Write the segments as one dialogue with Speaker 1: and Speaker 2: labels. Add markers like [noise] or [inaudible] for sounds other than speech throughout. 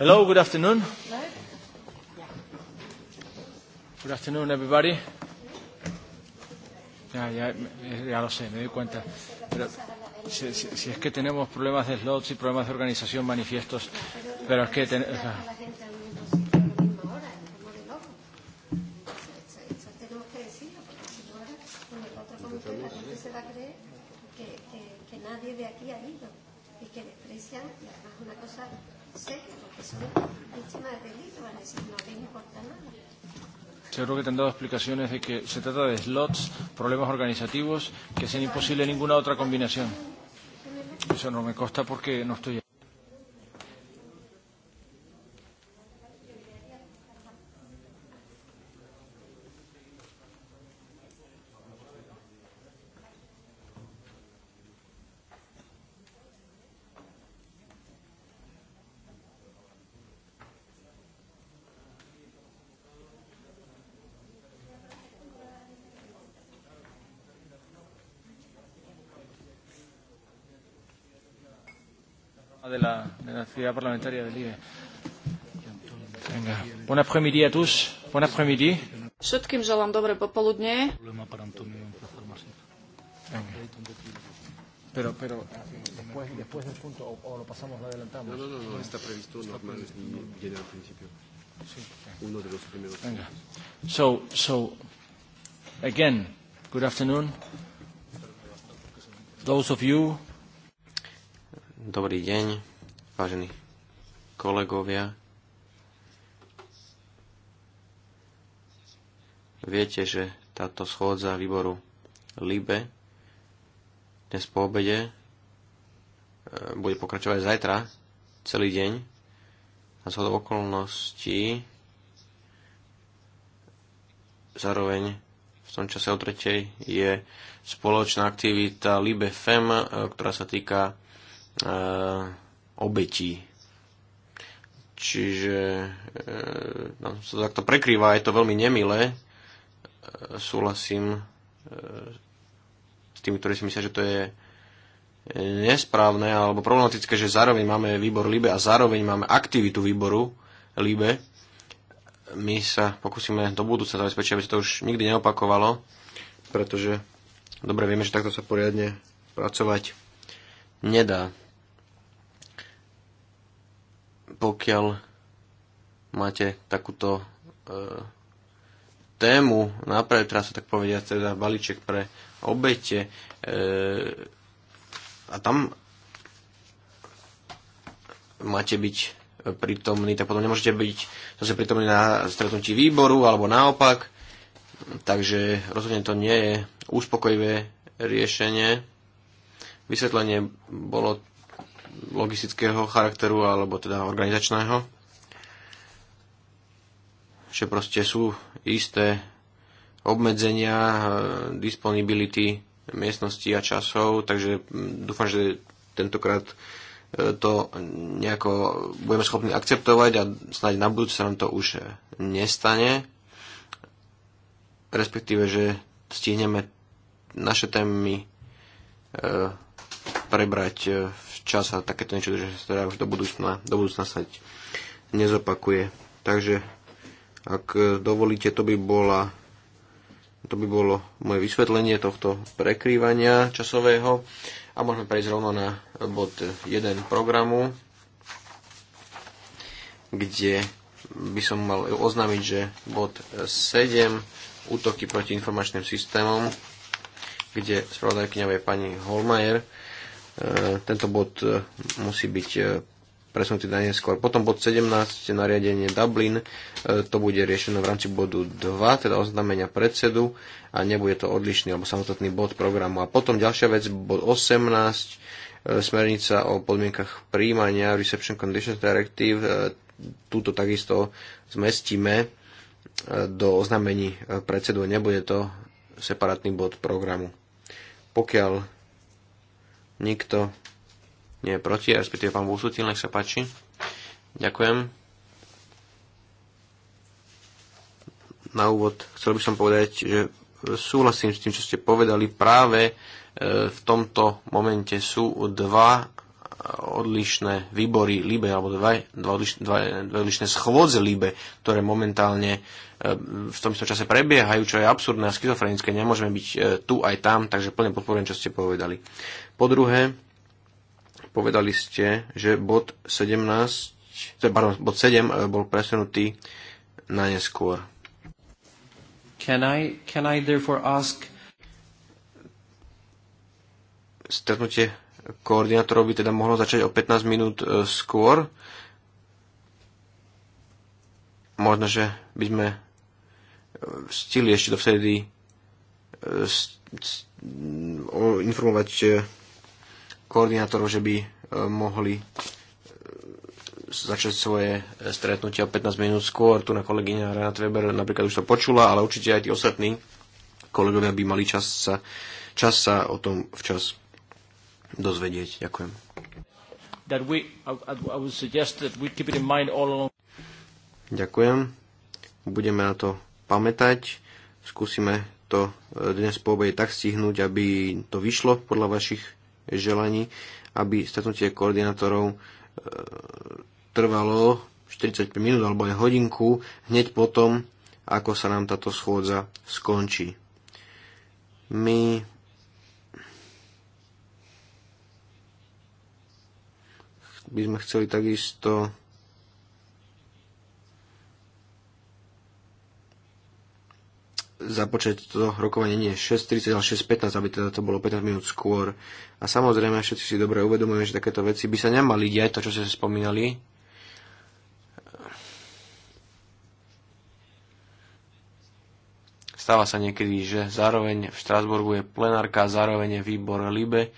Speaker 1: Hello, good afternoon. Good afternoon, everybody. Ya, ya, ya lo sé, me doy cuenta. Pero si, si, si es que tenemos problemas de slots y problemas de organización manifiestos, pero es que... Ten, o sea, dado explicaciones de que se trata de slots, problemas organizativos, que sean imposible ninguna otra combinación. Eso no me consta porque no estoy de la actividad parlamentaria del IBE. Venga. Buen après a todos. Buen après-midi.
Speaker 2: Všetkým želám dobré popoludne.
Speaker 1: Pero, pero, eh, después, después del punto, o, o lo pasamos, lo adelantamos. No, no, no, no está previsto normal y viene
Speaker 3: al principio. Sí. Uno de los primeros. Venga.
Speaker 1: So, so, again, good afternoon.
Speaker 3: Those of you. Dobrý deň vážení kolegovia. Viete, že táto schôdza výboru LIBE dnes po obede e, bude pokračovať zajtra celý deň a z okolností zároveň v tom čase o tretej je spoločná aktivita LIBE FEM, e, ktorá sa týka e, obetí. Čiže e, tam sa takto prekrýva, je to veľmi nemilé. E, súhlasím e, s tými, ktorí si myslia, že to je e, nesprávne alebo problematické, že zároveň máme výbor LIBE a zároveň máme aktivitu výboru LIBE. My sa pokúsime do budúca zabezpečiť, aby sa to už nikdy neopakovalo, pretože dobre vieme, že takto sa poriadne pracovať nedá pokiaľ máte takúto e, tému na teraz tak povedia, teda balíček pre obete. E, a tam máte byť prítomný, tak potom nemôžete byť zase prítomný na stretnutí výboru alebo naopak. Takže rozhodne to nie je uspokojivé riešenie. Vysvetlenie bolo logistického charakteru alebo teda organizačného. Že proste sú isté obmedzenia e, disponibility miestnosti a časov, takže mm, dúfam, že tentokrát e, to nejako budeme schopní akceptovať a snáď na budúce sa nám to už e, nestane. Respektíve, že stihneme naše témy prebrať v čas a takéto niečo, že sa teda už do budúcna, do budúcna sa nezopakuje. Takže ak dovolíte, to by bola to by bolo moje vysvetlenie tohto prekrývania časového a môžeme prejsť rovno na bod 1 programu, kde by som mal oznámiť, že bod 7 útoky proti informačným systémom, kde spravodajkňa je pani Holmajer, E, tento bod e, musí byť e, presunutý na neskôr. Potom bod 17, nariadenie Dublin, to bude riešené v rámci bodu 2, teda oznámenia predsedu a nebude to odlišný alebo samostatný bod programu. A potom ďalšia vec, bod 18, smernica o podmienkach príjmania Reception Conditions Directive, túto takisto zmestíme do oznámení predsedu, a nebude to separátny bod programu. Pokiaľ Nikto nie je proti, respektíve pán Vúsutil, nech sa páči. Ďakujem. Na úvod chcel by som povedať, že súhlasím s tým, čo ste povedali. Práve e, v tomto momente sú dva odlišné výbory LIBE, alebo dva, dva, odlišné, dva, dva odlišné schôdze LIBE, ktoré momentálne v tom istom čase prebiehajú, čo je absurdné a schizofrenické. Nemôžeme byť e, tu aj tam, takže plne podporujem, čo ste povedali. Po druhé, povedali ste, že bod 17, e, pardon, bod 7 e, bol presunutý na neskôr. Can I, can I therefore ask... Stretnutie koordinátorov by teda mohlo začať o 15 minút skôr. Možno, že by sme stili ešte dovtedy e, informovať e, koordinátorov, že by e, mohli začať svoje stretnutia 15 minút skôr. Tu na kolegyňa Renata Weber napríklad už to počula, ale určite aj tí ostatní kolegovia by mali čas sa, čas sa o tom včas dozvedieť. Ďakujem.
Speaker 1: That we, I, I would suggest that we keep it in mind all along.
Speaker 3: Ďakujem. Budeme na to pamätať. Skúsime to e, dnes po obede tak stihnúť, aby to vyšlo podľa vašich želaní, aby stretnutie koordinátorov e, trvalo 45 minút alebo aj hodinku hneď potom, ako sa nám táto schôdza skončí. My by sme chceli takisto započať to rokovanie nie 6.30, ale 6.15, aby teda to bolo 15 minút skôr. A samozrejme, všetci si dobre uvedomujeme, že takéto veci by sa nemali diať, to, čo ste spomínali. Stáva sa niekedy, že zároveň v Štrásburgu je plenárka, zároveň je výbor LIBE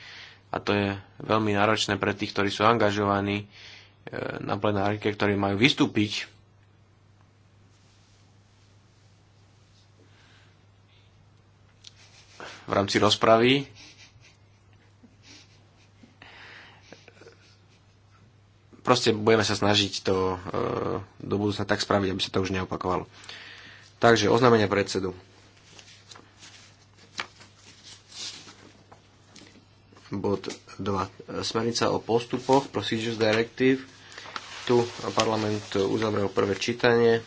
Speaker 3: a to je veľmi náročné pre tých, ktorí sú angažovaní eh, na plenárke, ktorí majú vystúpiť v rámci rozpravy. Proste budeme sa snažiť to e, do budúcna tak spraviť, aby sa to už neopakovalo. Takže oznámenia predsedu. Bod 2. Smernica o postupoch, Procedures Directive. Tu parlament uzavrel prvé čítanie,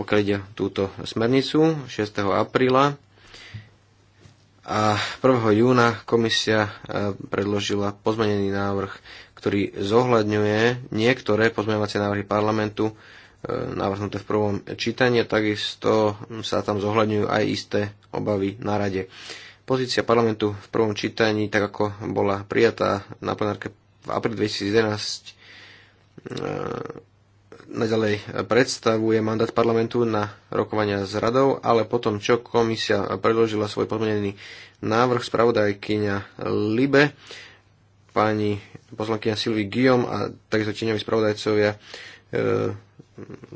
Speaker 3: pokiaľ ide túto smernicu 6. apríla a 1. júna komisia e, predložila pozmenený návrh, ktorý zohľadňuje niektoré pozmenovacie návrhy parlamentu e, navrhnuté v prvom čítaní a takisto sa tam zohľadňujú aj isté obavy na rade. Pozícia parlamentu v prvom čítaní, tak ako bola prijatá na plenárke v apríli 2011, naďalej predstavuje mandát parlamentu na rokovania s radou, ale potom, čo komisia predložila svoj podmenený návrh spravodajkyňa Libe, pani poslankyňa Silvi Guillaume a takisto tieňoví spravodajcovia e,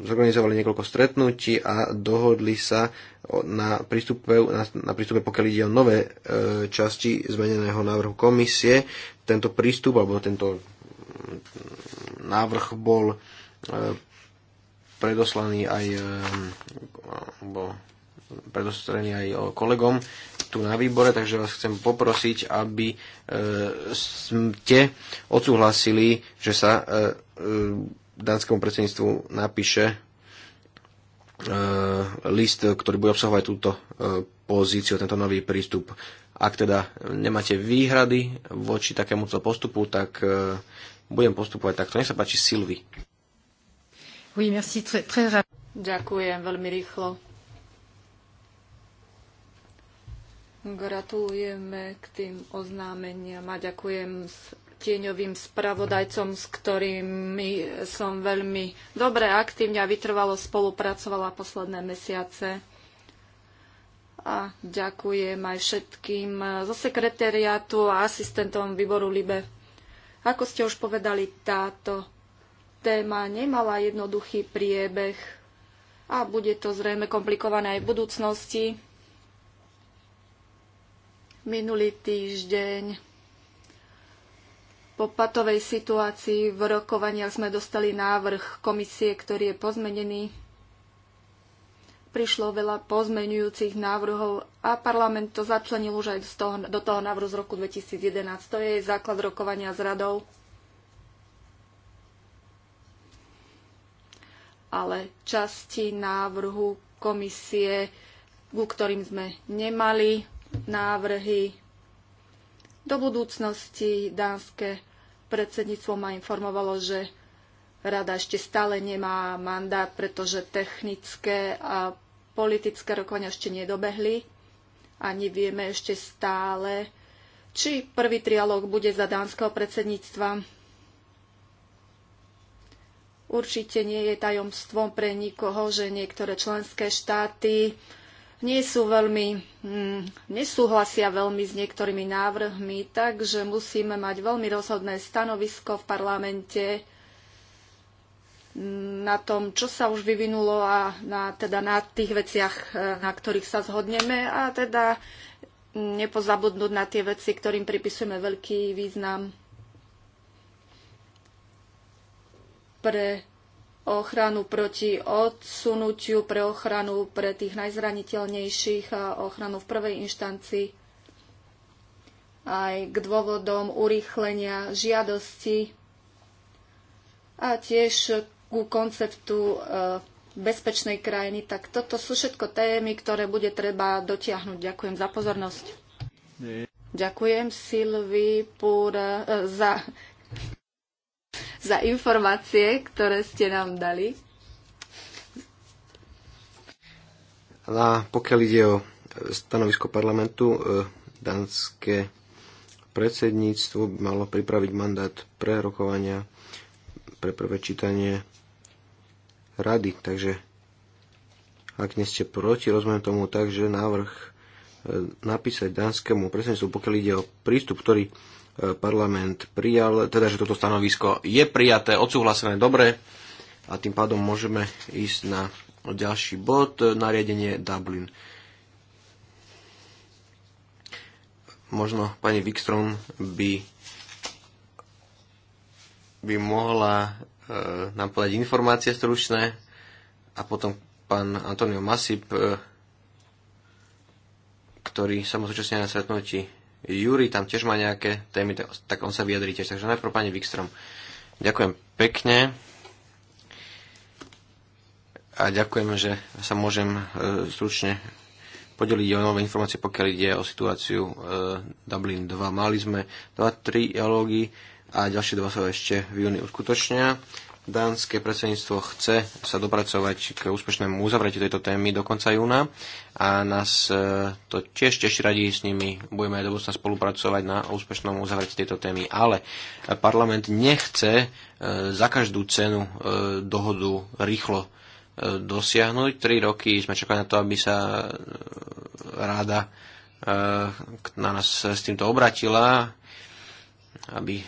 Speaker 3: zorganizovali niekoľko stretnutí a dohodli sa na prístupe, na, na prístupe pokiaľ ide o nové e, časti zmeneného návrhu komisie. Tento prístup alebo tento návrh bol e, predoslaný aj eh, bo, predostrený aj kolegom tu na výbore, takže vás chcem poprosiť, aby eh, ste odsúhlasili, že sa eh, dánskému predsedníctvu napíše list, ktorý bude obsahovať túto pozíciu, tento nový prístup. Ak teda nemáte výhrady voči takémuto postupu, tak budem postupovať takto. Nech sa páči Silvi.
Speaker 2: Oui, merci, très, très Ďakujem veľmi rýchlo. Gratulujeme k tým oznámeniam a ďakujem s tieňovým spravodajcom, s ktorými som veľmi dobre, aktívne a vytrvalo spolupracovala posledné mesiace a ďakujem aj všetkým zo sekretariátu a asistentom výboru LIBE. Ako ste už povedali, táto téma nemala jednoduchý priebeh a bude to zrejme komplikované aj v budúcnosti. Minulý týždeň po patovej situácii v rokovaniach sme dostali návrh komisie, ktorý je pozmenený. Prišlo veľa pozmenujúcich návrhov a parlament to začlenil už aj do toho, do toho návrhu z roku 2011. To je základ rokovania s radou ale časti návrhu komisie, ku ktorým sme nemali návrhy. Do budúcnosti dánske predsedníctvo ma informovalo, že rada ešte stále nemá mandát, pretože technické a politické rokovania ešte nedobehli a nevieme ešte stále, či prvý trialóg bude za dánskeho predsedníctva Určite nie je tajomstvom pre nikoho, že niektoré členské štáty nie sú veľmi, mm, nesúhlasia veľmi s niektorými návrhmi, takže musíme mať veľmi rozhodné stanovisko v parlamente mm, na tom, čo sa už vyvinulo a na, teda na tých veciach, e, na ktorých sa zhodneme a teda mm, nepozabudnúť na tie veci, ktorým pripisujeme veľký význam. pre ochranu proti odsunutiu, pre ochranu pre tých najzraniteľnejších a ochranu v prvej inštancii aj k dôvodom urýchlenia žiadosti a tiež ku konceptu e, bezpečnej krajiny. Tak toto sú všetko témy, ktoré bude treba dotiahnuť. Ďakujem za pozornosť. Ďakujem Silvi Púra, e, za za informácie, ktoré ste nám dali.
Speaker 3: A pokiaľ ide o stanovisko parlamentu, e, dánske predsedníctvo malo pripraviť mandát pre rokovania, pre prvé čítanie rady. Takže ak nie ste proti, rozumiem tomu tak, že návrh e, napísať dánskemu predsedníctvu, pokiaľ ide o prístup, ktorý parlament prijal, teda že toto stanovisko je prijaté, odsúhlasené, dobre a tým pádom môžeme ísť na ďalší bod, nariadenie Dublin. Možno pani Wikström by, by mohla e, nám podať informácie stručné a potom pán Antonio Masip, e, ktorý samozrejme na stretnutí Júri tam tiež má nejaké témy, tak, tak on sa vyjadrí tiež. Takže najprv pani Wikstrom. Ďakujem pekne a ďakujem, že sa môžem e, stručne podeliť o nové informácie, pokiaľ ide o situáciu e, Dublin 2. Mali sme 2-3 dialógy a ďalšie dva sa ešte v júni uskutočnia dánske predsedníctvo chce sa dopracovať k úspešnému uzavretiu tejto témy do konca júna a nás e, to tiež ešte radí s nimi. Budeme aj do budúcna spolupracovať na úspešnom uzavretí tejto témy, ale parlament nechce e, za každú cenu e, dohodu rýchlo dosiahnuť. Tri roky sme čakali na to, aby sa ráda na nás s týmto obratila aby e,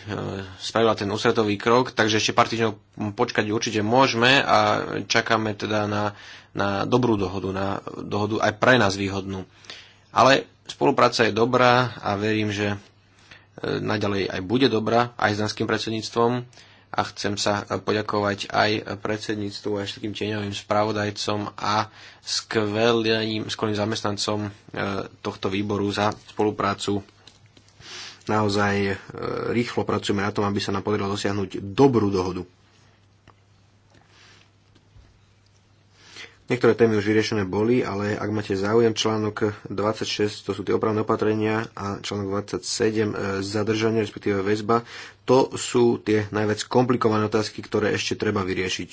Speaker 3: spravila ten úsvetový krok, takže ešte pár týždňov počkať určite môžeme a čakáme teda na, na dobrú dohodu, na dohodu aj pre nás výhodnú. Ale spolupráca je dobrá a verím, že e, naďalej aj bude dobrá aj s danským predsedníctvom a chcem sa poďakovať aj predsedníctvu, aj všetkým tieňovým spravodajcom a skvelým, skvelým zamestnancom e, tohto výboru za spoluprácu naozaj e, rýchlo pracujeme na tom, aby sa nám podarilo dosiahnuť dobrú dohodu. Niektoré témy už vyriešené boli, ale ak máte záujem, článok 26, to sú tie opravné opatrenia, a článok 27, e, zadržanie, respektíve väzba, to sú tie najviac komplikované otázky, ktoré ešte treba vyriešiť.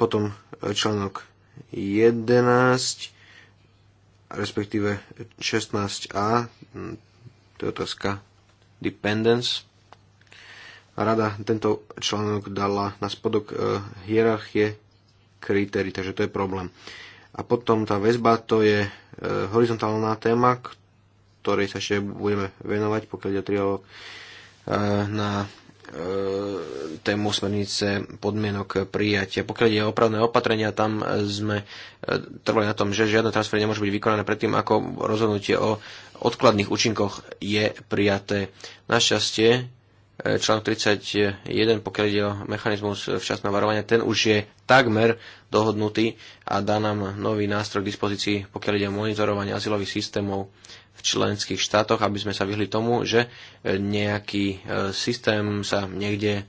Speaker 3: Potom e, článok 11, respektíve 16a, hm, to je otázka dependence. Rada tento článok dala na spodok e, hierarchie kritéri, takže to je problém. A potom tá väzba, to je e, horizontálna téma, ktorej sa ešte budeme venovať, pokiaľ ide trialog e, na E, tému smernice podmienok prijatia. Pokiaľ ide o opravné opatrenia, tam sme e, trvali na tom, že žiadne transfery nemôže byť vykonané predtým, ako rozhodnutie o odkladných účinkoch je prijaté. Našťastie e, článok 31, pokiaľ ide o mechanizmus včasného varovania, ten už je takmer dohodnutý a dá nám nový nástroj k dispozícii, pokiaľ ide o monitorovanie azylových systémov v členských štátoch, aby sme sa vyhli tomu, že e, nejaký e, systém sa niekde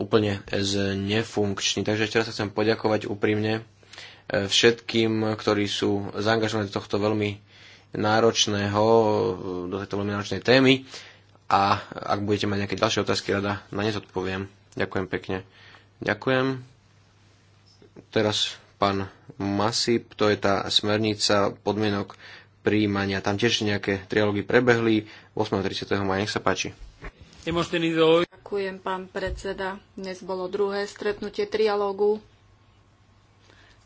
Speaker 3: úplne znefunkční. Takže ešte raz sa chcem poďakovať úprimne e, všetkým, ktorí sú zaangažovaní do tohto veľmi náročného, do tejto veľmi náročnej témy a ak budete mať nejaké ďalšie otázky, rada na ne zodpoviem. Ďakujem pekne. Ďakujem. Teraz pán Masip, to je tá smernica podmienok príjmania. Tam tiež nejaké trialógy prebehli 8.30. maja. Nech sa páči.
Speaker 1: Ďakujem, pán
Speaker 2: predseda. Dnes bolo druhé stretnutie trialógu.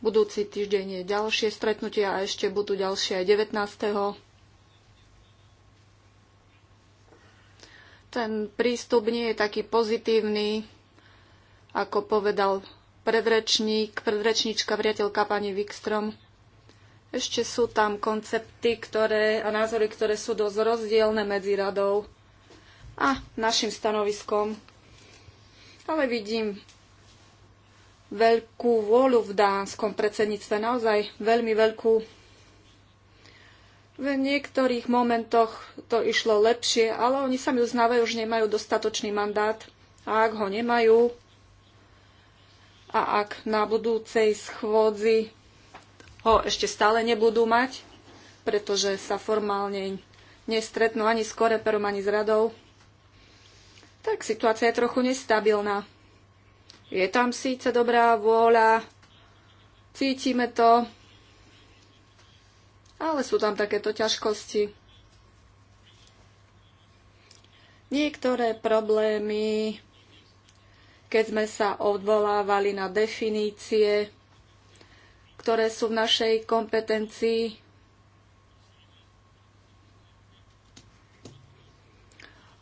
Speaker 2: Budúci týždeň je ďalšie stretnutie a ešte budú ďalšie aj 19. Ten prístup nie je taký pozitívny, ako povedal predrečník, predrečníčka, priateľka pani Wikstrom ešte sú tam koncepty ktoré, a názory, ktoré sú dosť rozdielne medzi radou a našim stanoviskom. Ale vidím veľkú vôľu v dánskom predsedníctve, naozaj veľmi veľkú. V niektorých momentoch to išlo lepšie, ale oni sami uznávajú, že nemajú dostatočný mandát a ak ho nemajú a ak na budúcej schôdzi ho ešte stále nebudú mať, pretože sa formálne nestretnú ani s Koreperom, ani s radou. Tak situácia je trochu nestabilná. Je tam síce dobrá vôľa, cítime to, ale sú tam takéto ťažkosti. Niektoré problémy, keď sme sa odvolávali na definície, ktoré sú v našej kompetencii.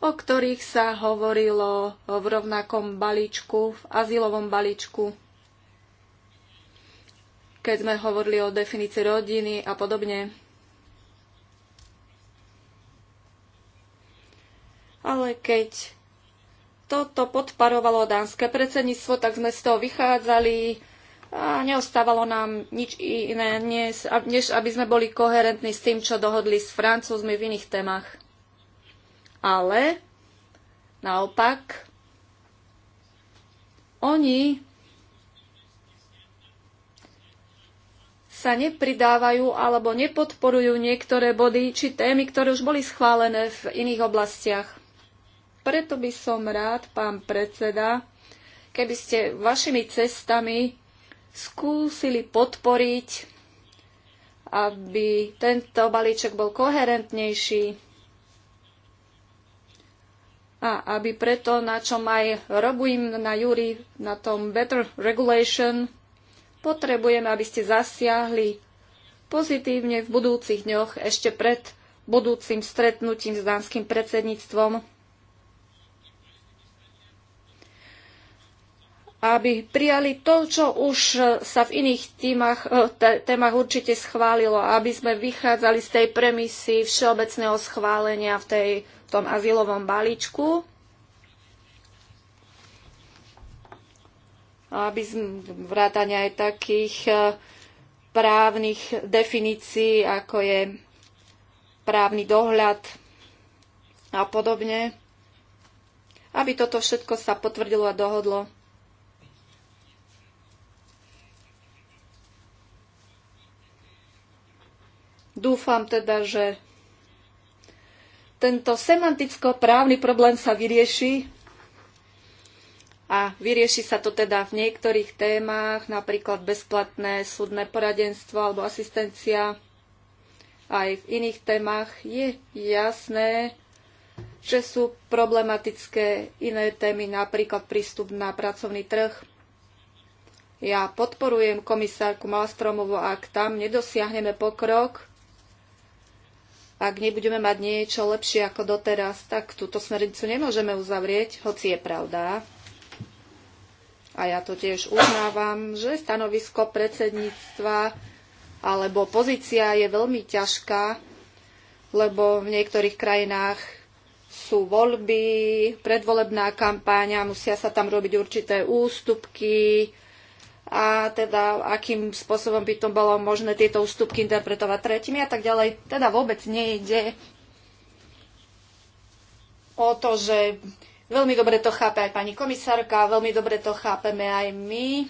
Speaker 2: o ktorých sa hovorilo v rovnakom balíčku, v azylovom balíčku, keď sme hovorili o definícii rodiny a podobne. Ale keď toto podparovalo dánske predsedníctvo, tak sme z toho vychádzali, a neostávalo nám nič iné, než aby sme boli koherentní s tým, čo dohodli s Francúzmi v iných témach. Ale naopak, oni sa nepridávajú alebo nepodporujú niektoré body či témy, ktoré už boli schválené v iných oblastiach. Preto by som rád, pán predseda, keby ste vašimi cestami skúsili podporiť, aby tento balíček bol koherentnejší a aby preto, na čom aj robím na Júri, na tom Better Regulation, potrebujeme, aby ste zasiahli pozitívne v budúcich dňoch ešte pred budúcim stretnutím s dánskym predsedníctvom aby prijali to, čo už eh, sa v iných týmach, eh, témach určite schválilo, aby sme vychádzali z tej premisy všeobecného schválenia v tej, v tom azylovom balíčku, aby vrátane aj takých eh, právnych definícií, ako je právny dohľad a podobne, aby toto všetko sa potvrdilo a dohodlo. Dúfam teda, že tento semanticko-právny problém sa vyrieši a vyrieši sa to teda v niektorých témach, napríklad bezplatné súdne poradenstvo alebo asistencia. Aj v iných témach je jasné, že sú problematické iné témy, napríklad prístup na pracovný trh. Ja podporujem komisárku Malstromovu, ak tam nedosiahneme pokrok, ak nebudeme mať niečo lepšie ako doteraz, tak túto smernicu nemôžeme uzavrieť, hoci je pravda. A ja to tiež uznávam, že stanovisko predsedníctva alebo pozícia je veľmi ťažká, lebo v niektorých krajinách sú voľby, predvolebná kampáňa, musia sa tam robiť určité ústupky, a teda akým spôsobom by to bolo možné tieto ústupky interpretovať tretimi a tak ďalej. Teda vôbec nejde o to, že veľmi dobre to chápe aj pani komisárka, veľmi dobre to chápeme aj my.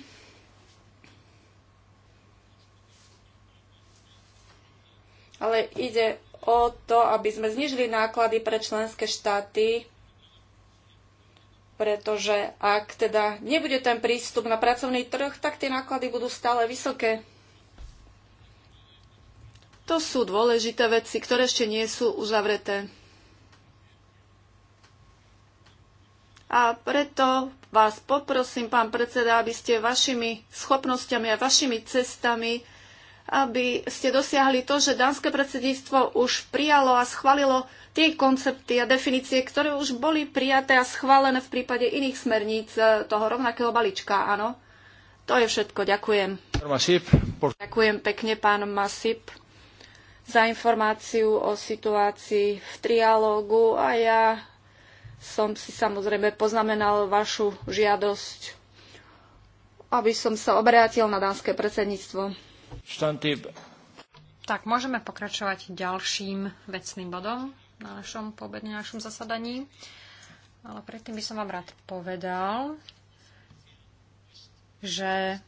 Speaker 2: Ale ide o to, aby sme znižili náklady pre členské štáty pretože ak teda nebude ten prístup na pracovný trh, tak tie náklady budú stále vysoké. To sú dôležité veci, ktoré ešte nie sú uzavreté. A preto vás poprosím, pán predseda, aby ste vašimi schopnosťami a vašimi cestami, aby ste dosiahli to, že dánske predsedníctvo už prijalo a schválilo tie koncepty a definície, ktoré už boli prijaté a schválené v prípade iných smerníc e, toho rovnakého balíčka, áno? To je všetko, ďakujem. Ďakujem pekne, pán Masip, za informáciu o situácii v trialógu a ja som si samozrejme poznamenal vašu žiadosť, aby som sa obrátil na dánske predsedníctvo.
Speaker 1: Štantýb.
Speaker 4: Tak, môžeme pokračovať ďalším vecným bodom na našom pobedne, na našom zasadaní. Ale predtým by som vám rád povedal, že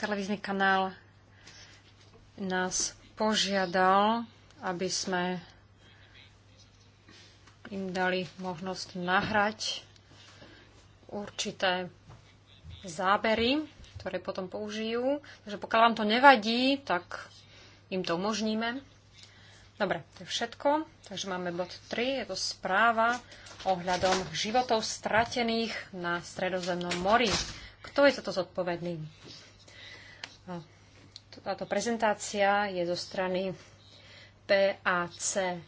Speaker 4: televízny kanál nás požiadal, aby sme im dali možnosť nahrať určité zábery, ktoré potom použijú. Takže pokiaľ vám to nevadí, tak im to umožníme. Dobre, to je všetko. Takže máme bod 3, je to správa ohľadom životov stratených na Stredozemnom mori. Kto je toto zodpovedný? No, táto prezentácia je zo strany PACE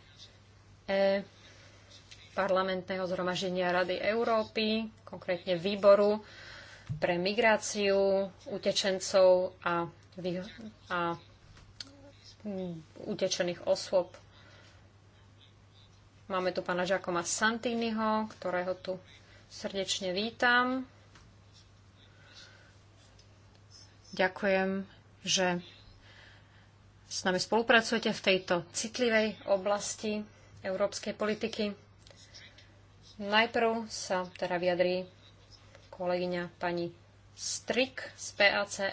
Speaker 4: parlamentného zhromaždenia Rady Európy, konkrétne výboru pre migráciu, utečencov a, a utečených osôb. Máme tu pána Žakoma Santiniho, ktorého tu srdečne vítam. Ďakujem, že s nami spolupracujete v tejto citlivej oblasti európskej politiky. Najprv sa teda vyjadrí kolegyňa pani Strik z PACE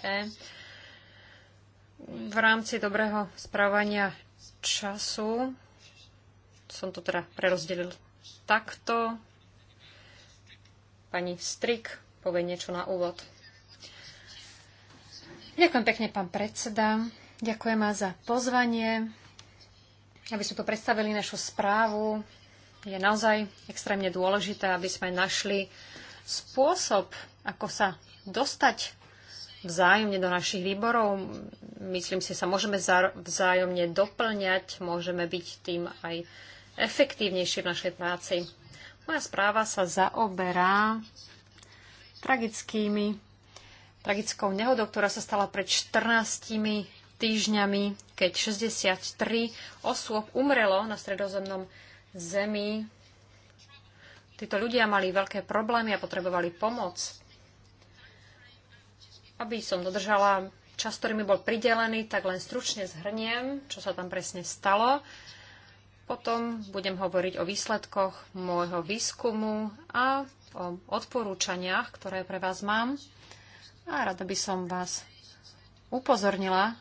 Speaker 4: v rámci dobrého správania času som to teda prerozdelil takto. Pani Strik povie niečo na úvod. Ďakujem pekne, pán predseda. Ďakujem vám za pozvanie, aby sme tu predstavili našu správu. Je naozaj extrémne dôležité, aby sme našli spôsob, ako sa dostať vzájomne do našich výborov. Myslím si, sa môžeme vzájomne doplňať, môžeme byť tým aj efektívnejší v našej práci. Moja správa sa zaoberá tragickými, tragickou nehodou, ktorá sa stala pred 14 týždňami, keď 63 osôb umrelo na stredozemnom zemi. Títo ľudia mali veľké problémy a potrebovali pomoc. Aby som dodržala čas, ktorý mi bol pridelený, tak len stručne zhrniem, čo sa tam presne stalo. Potom budem hovoriť o výsledkoch môjho výskumu a o odporúčaniach, ktoré pre vás mám. A rada by som vás upozornila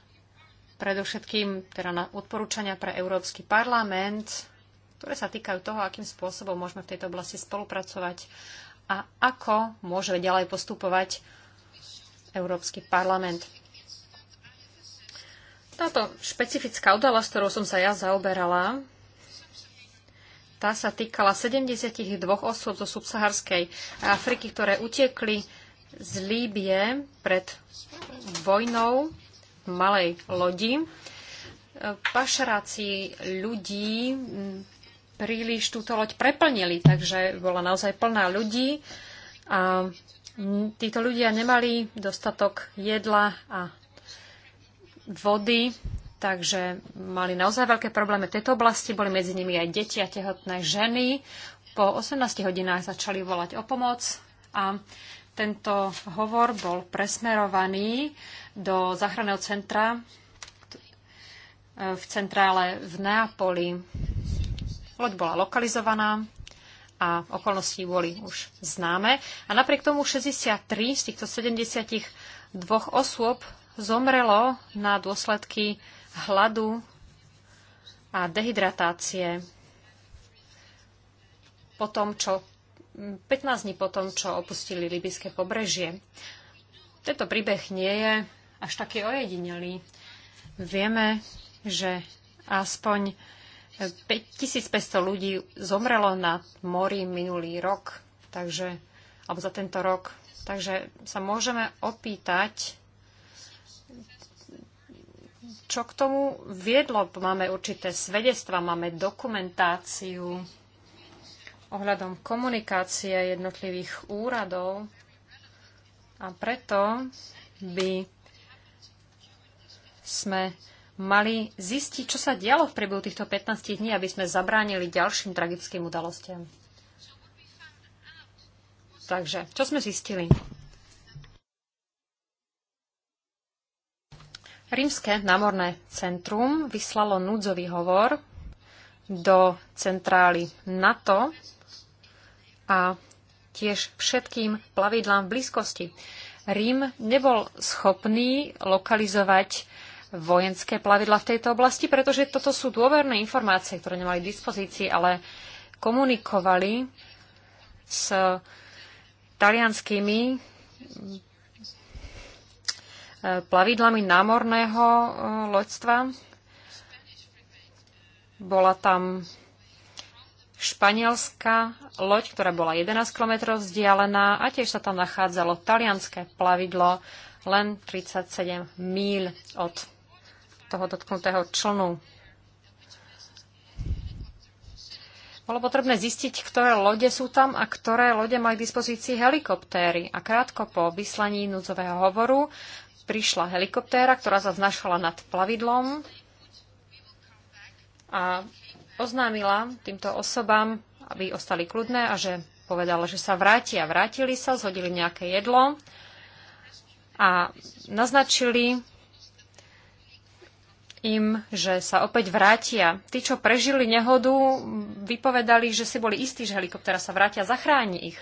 Speaker 4: predovšetkým teda na odporúčania pre Európsky parlament, ktoré sa týkajú toho, akým spôsobom môžeme v tejto oblasti spolupracovať a ako môžeme ďalej postupovať Európsky parlament. Táto špecifická udalosť, ktorou som sa ja zaoberala, tá sa týkala 72 osôb zo subsaharskej Afriky, ktoré utekli z Líbie pred vojnou v malej lodi. Pašeráci ľudí príliš túto loď preplnili, takže bola naozaj plná ľudí a Mm, títo ľudia nemali dostatok jedla a vody, takže mali naozaj veľké problémy v tejto oblasti. Boli medzi nimi aj deti a tehotné ženy. Po 18 hodinách začali volať o pomoc a tento hovor bol presmerovaný do záchranného centra e, v centrále v Neapoli. Loď bola lokalizovaná a okolnosti boli už známe. A napriek tomu 63 z týchto 72 osôb zomrelo na dôsledky hladu a dehydratácie po tom, čo 15 dní po tom, čo opustili libyské pobrežie. Tento príbeh nie je až taký ojedinelý. Vieme, že aspoň 5500 ľudí zomrelo na mori minulý rok, takže, alebo za tento rok. Takže sa môžeme opýtať, čo k tomu viedlo. Máme určité svedectva, máme dokumentáciu ohľadom komunikácie jednotlivých úradov a preto by sme mali zistiť, čo sa dialo v priebehu týchto 15 dní, aby sme zabránili ďalším tragickým udalostiam. Takže, čo sme zistili? Rímske námorné centrum vyslalo núdzový hovor do centrály NATO a tiež všetkým plavidlám v blízkosti. Rím nebol schopný lokalizovať vojenské plavidla v tejto oblasti, pretože toto sú dôverné informácie, ktoré nemali k dispozícii, ale komunikovali s talianskými e, plavidlami námorného e, loďstva. Bola tam španielská loď, ktorá bola 11 km vzdialená a tiež sa tam nachádzalo talianské plavidlo len 37 míľ od toho dotknutého člnu. Bolo potrebné zistiť, ktoré lode sú tam a ktoré lode majú k dispozícii helikoptéry. A krátko po vyslaní núdzového hovoru prišla helikoptéra, ktorá sa znašala nad plavidlom a oznámila týmto osobám, aby ostali kľudné a že povedala, že sa vrátia. Vrátili sa, zhodili nejaké jedlo a naznačili im, že sa opäť vrátia. Tí, čo prežili nehodu, vypovedali, že si boli istí, že helikoptéra sa vrátia, zachráni ich.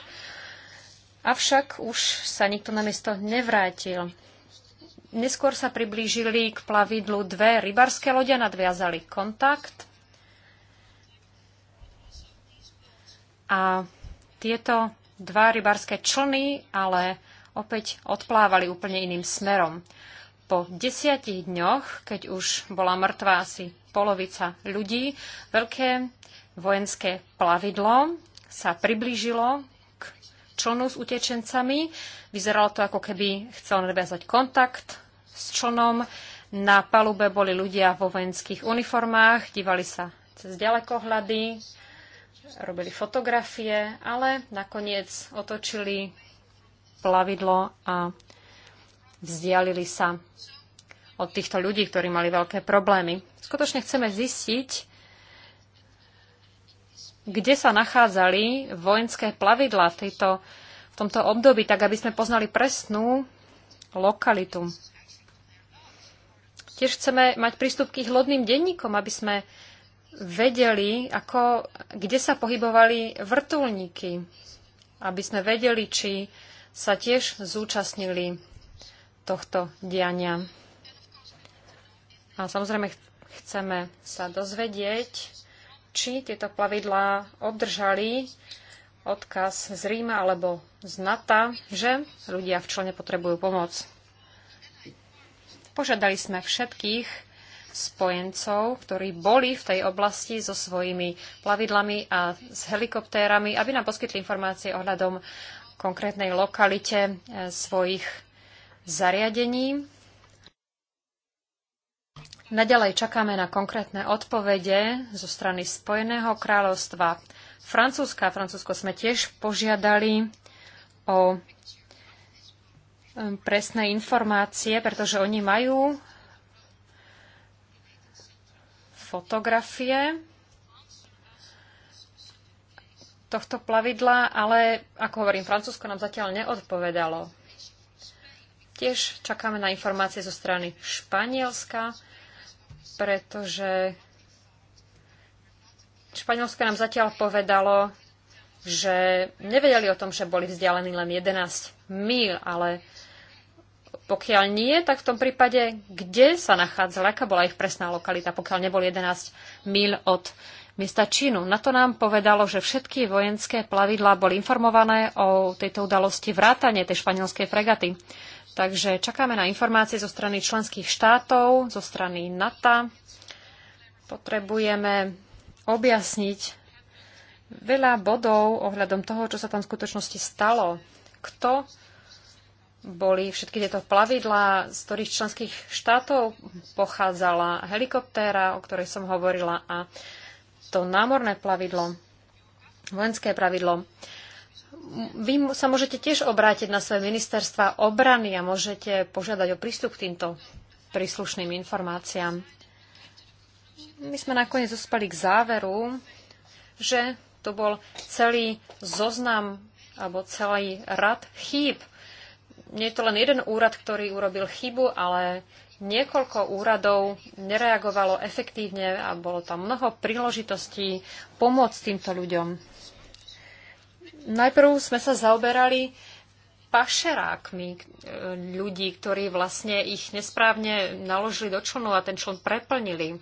Speaker 4: Avšak už sa nikto na miesto nevrátil. Neskôr sa priblížili k plavidlu dve rybarské lode, nadviazali kontakt a tieto dva rybarské člny ale opäť odplávali úplne iným smerom po desiatich dňoch, keď už bola mŕtva asi polovica ľudí, veľké vojenské plavidlo sa priblížilo k člnu s utečencami. Vyzeralo to, ako keby chcel nadviazať kontakt s člnom. Na palube boli ľudia vo vojenských uniformách, dívali sa cez ďalekohľady, robili fotografie, ale nakoniec otočili plavidlo a vzdialili sa od týchto ľudí, ktorí mali veľké problémy. Skutočne chceme zistiť, kde sa nachádzali vojenské plavidla v, tejto, v tomto období, tak aby sme poznali presnú lokalitu. Tiež chceme mať prístup k ich lodným denníkom, aby sme vedeli, ako, kde sa pohybovali vrtulníky, aby sme vedeli, či sa tiež zúčastnili tohto diania. A samozrejme chceme sa dozvedieť, či tieto plavidlá obdržali odkaz z Ríma alebo z NATO, že ľudia v člene potrebujú pomoc. Požiadali sme všetkých spojencov, ktorí boli v tej oblasti so svojimi plavidlami a s helikoptérami, aby nám poskytli informácie ohľadom konkrétnej lokalite eh, svojich zariadení. Naďalej čakáme na konkrétne odpovede zo strany Spojeného kráľovstva Francúzska. Francúzsko sme tiež požiadali o um, presné informácie, pretože oni majú fotografie tohto plavidla, ale ako hovorím, Francúzsko nám zatiaľ neodpovedalo. Tiež čakáme na informácie zo strany Španielska, pretože Španielsko nám zatiaľ povedalo, že nevedeli o tom, že boli vzdialení len 11 mil, ale pokiaľ nie, tak v tom prípade, kde sa nachádzala, aká bola ich presná lokalita, pokiaľ nebol 11 mil od miesta Čínu. Na to nám povedalo, že všetky vojenské plavidlá boli informované o tejto udalosti vrátane tej španielskej fregaty. Takže čakáme na informácie zo strany členských štátov, zo strany NATO. Potrebujeme objasniť veľa bodov ohľadom toho, čo sa tam v skutočnosti stalo. Kto boli všetky tieto plavidlá, z ktorých členských štátov pochádzala helikoptéra, o ktorej som hovorila, a to námorné plavidlo, vojenské pravidlo vy sa môžete tiež obrátiť na svoje ministerstva obrany a môžete požiadať o prístup k týmto príslušným informáciám. My sme nakoniec dospeli k záveru, že to bol celý zoznam alebo celý rad chýb. Nie je to len jeden úrad, ktorý urobil chybu, ale niekoľko úradov nereagovalo efektívne a bolo tam mnoho príležitostí pomôcť týmto ľuďom najprv sme sa zaoberali pašerákmi e, ľudí, ktorí vlastne ich nesprávne naložili do člnu a ten čln preplnili.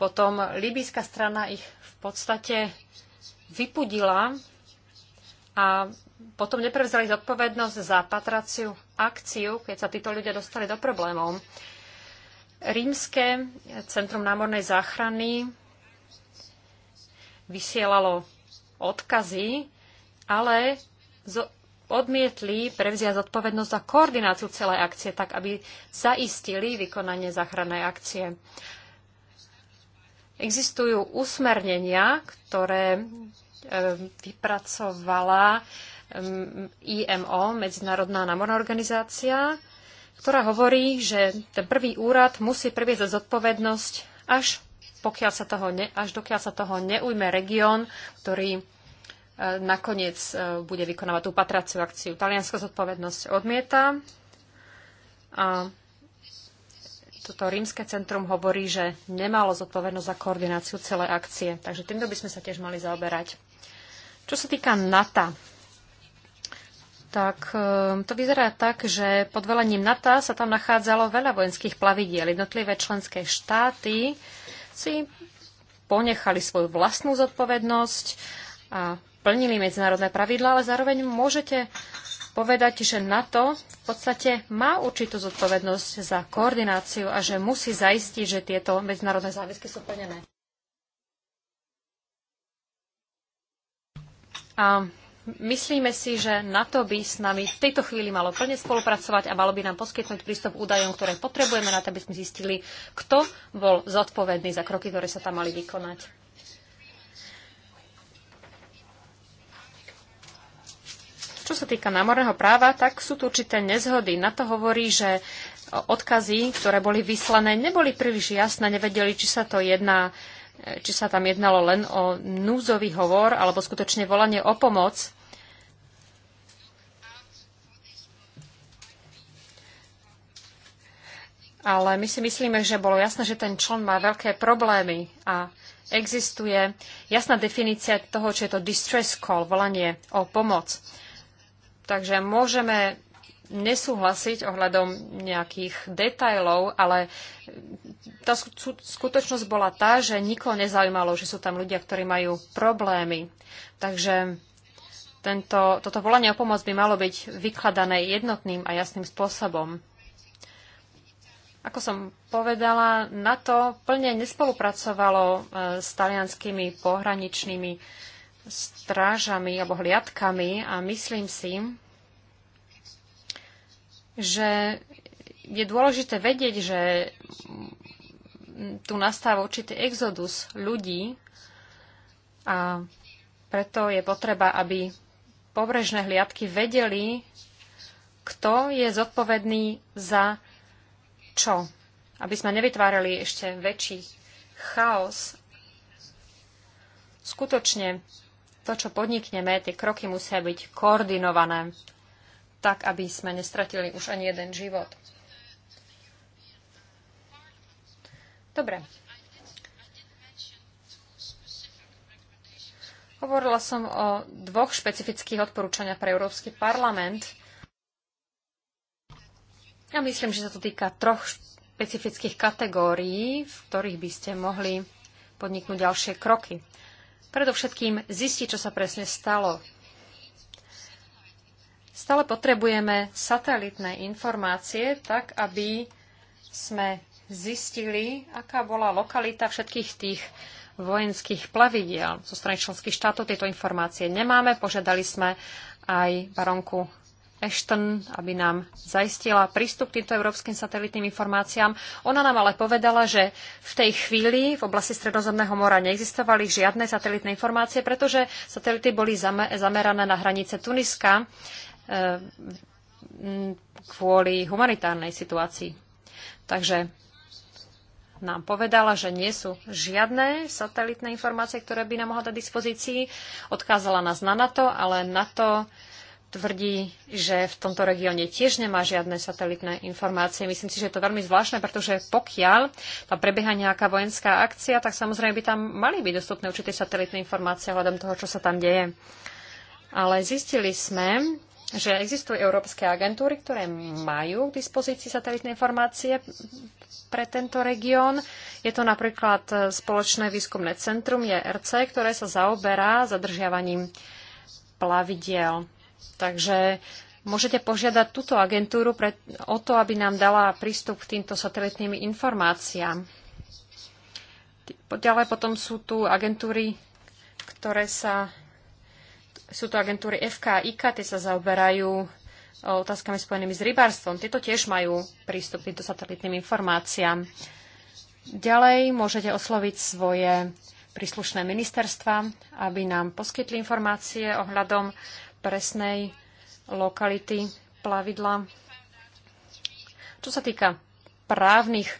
Speaker 4: Potom libýska strana ich v podstate vypudila a potom neprevzali zodpovednosť za patraciu akciu, keď sa títo ľudia dostali do problémov. Rímske centrum námornej záchrany vysielalo odkazy, ale odmietli prevziať zodpovednosť za koordináciu celej akcie, tak aby zaistili vykonanie záchrannej akcie. Existujú usmernenia, ktoré e, vypracovala IMO, Medzinárodná námorná organizácia, ktorá hovorí, že ten prvý úrad musí previesť zodpovednosť až pokiaľ sa toho ne, až dokiaľ sa toho neujme región, ktorý e, nakoniec e, bude vykonávať tú patraciu akciu. Talianska zodpovednosť odmieta. A toto rímske centrum hovorí, že nemalo zodpovednosť za koordináciu celej akcie. Takže týmto by sme sa tiež mali zaoberať. Čo sa týka NATO, tak e, to vyzerá tak, že pod velením NATO sa tam nachádzalo veľa vojenských plavidiel. Jednotlivé členské štáty si ponechali svoju vlastnú zodpovednosť a plnili medzinárodné pravidlá, ale zároveň môžete povedať, že NATO v podstate má určitú zodpovednosť za koordináciu a že musí zaistiť, že tieto medzinárodné záväzky sú plnené. A Myslíme si, že NATO by s nami v tejto chvíli malo plne spolupracovať a malo by nám poskytnúť prístup k údajom, ktoré potrebujeme na to, aby sme zistili, kto bol zodpovedný za kroky, ktoré sa tam mali vykonať. Čo sa týka námorného práva, tak sú tu určité nezhody. Na to hovorí, že odkazy, ktoré boli vyslané, neboli príliš jasné, nevedeli, či sa to jedná či sa tam jednalo len o núzový hovor alebo skutočne volanie o pomoc. Ale my si myslíme, že bolo jasné, že ten člen má veľké problémy a existuje jasná definícia toho, čo je to distress call, volanie o pomoc. Takže môžeme nesúhlasiť ohľadom nejakých detajlov, ale tá skutočnosť bola tá, že nikoho nezaujímalo, že sú tam ľudia, ktorí majú problémy. Takže tento, toto volanie o pomoc by malo byť vykladané jednotným a jasným spôsobom. Ako som povedala, na to plne nespolupracovalo e, s talianskými pohraničnými strážami alebo hliadkami a myslím si, že je dôležité vedieť, že tu nastáva určitý exodus ľudí a preto je potreba, aby pobrežné hliadky vedeli, kto je zodpovedný za čo. Aby sme nevytvárali ešte väčší chaos. Skutočne to, čo podnikneme, tie kroky musia byť koordinované tak aby sme nestratili už ani jeden život. Dobre. Hovorila som o dvoch špecifických odporúčaniach pre Európsky parlament. Ja myslím, že sa to týka troch špecifických kategórií, v ktorých by ste mohli podniknúť ďalšie kroky. Predovšetkým zistiť, čo sa presne stalo, Stále potrebujeme satelitné informácie, tak aby sme zistili, aká bola lokalita všetkých tých vojenských plavidiel zo strany členských štátov. Tieto informácie nemáme. Požiadali sme aj baronku Ashton, aby nám zaistila prístup k týmto európskym satelitným informáciám. Ona nám ale povedala, že v tej chvíli v oblasti Stredozemného mora neexistovali žiadne satelitné informácie, pretože satelity boli zamerané na hranice Tuniska Eh, kvôli humanitárnej situácii. Takže nám povedala, že nie sú žiadne satelitné informácie, ktoré by nám mohla dať dispozícii. Odkázala nás na NATO, ale NATO tvrdí, že v tomto regióne tiež nemá žiadne satelitné informácie. Myslím si, že je to veľmi zvláštne, pretože pokiaľ tam prebieha nejaká vojenská akcia, tak samozrejme by tam mali byť dostupné určité satelitné informácie hľadom toho, čo sa tam deje. Ale zistili sme, že existujú európske agentúry, ktoré majú k dispozícii satelitné informácie pre tento región. Je to napríklad e, spoločné výskumné centrum JRC, ktoré sa zaoberá zadržiavaním plavidiel. Takže môžete požiadať túto agentúru pre, o to, aby nám dala prístup k týmto satelitným informáciám. Ďalej potom sú tu agentúry, ktoré sa sú to agentúry FK a IK, tie sa zaoberajú eh, otázkami spojenými s rybárstvom. Tieto tiež majú prístup k satelitným informáciám. Ďalej môžete osloviť svoje príslušné ministerstva, aby nám poskytli informácie ohľadom presnej lokality plavidla. Čo sa týka právnych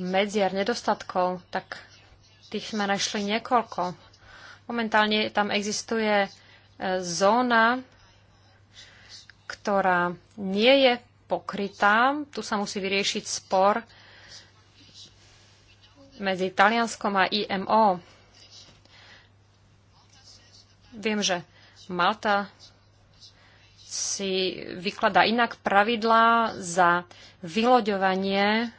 Speaker 4: medziar nedostatkov, tak tých sme našli niekoľko. Momentálne tam existuje zóna, ktorá nie je pokrytá. Tu sa musí vyriešiť spor medzi Talianskom a IMO. Viem, že Malta si vykladá inak pravidlá za vyloďovanie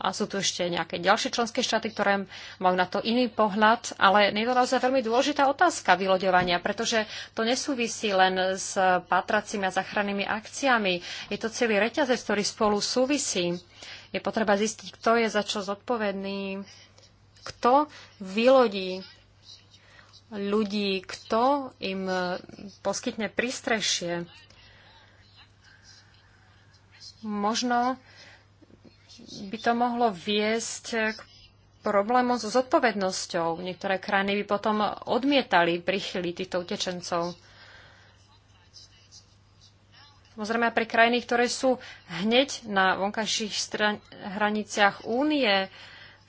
Speaker 4: a sú tu ešte nejaké ďalšie členské štáty, ktoré majú na to iný pohľad, ale je to naozaj veľmi dôležitá otázka vyloďovania, pretože to nesúvisí len s pátracími a zachrannými akciami. Je to celý reťazec, ktorý spolu súvisí. Je potreba zistiť, kto je za čo zodpovedný, kto vylodí ľudí, kto im poskytne prístrešie. Možno by to mohlo viesť k problémom so zodpovednosťou. Niektoré krajiny by potom odmietali prichylí týchto utečencov. Samozrejme aj pre krajiny, ktoré sú hneď na vonkajších stran- hraniciach únie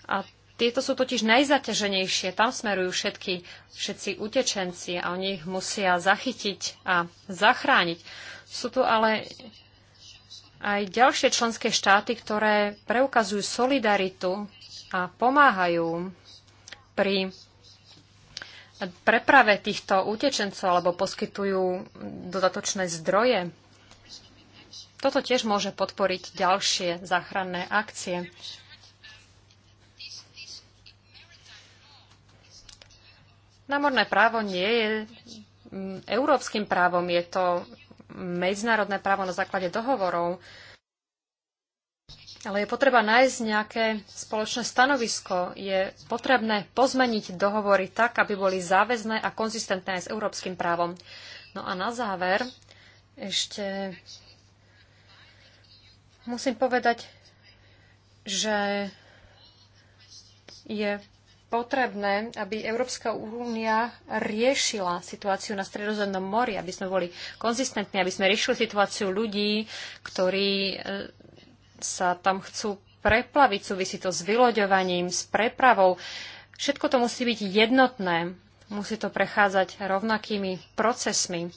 Speaker 4: a tieto sú totiž najzaťaženejšie. Tam smerujú všetky, všetci utečenci a oni ich musia zachytiť a zachrániť. Sú tu ale aj ďalšie členské štáty, ktoré preukazujú solidaritu a pomáhajú pri preprave týchto utečencov alebo poskytujú dodatočné zdroje. Toto tiež môže podporiť ďalšie záchranné akcie. Námorné právo nie je mm, európskym právom, je to medzinárodné právo na základe dohovorov, ale je potreba nájsť nejaké spoločné stanovisko. Je potrebné pozmeniť dohovory tak, aby boli záväzné a konzistentné aj s európskym právom. No a na záver ešte musím povedať, že je potrebné, aby Európska únia riešila situáciu na Stredozemnom mori, aby sme boli konzistentní, aby sme riešili situáciu ľudí, ktorí e, sa tam chcú preplaviť, súvisí to s vyloďovaním, s prepravou. Všetko to musí byť jednotné, musí to prechádzať rovnakými procesmi.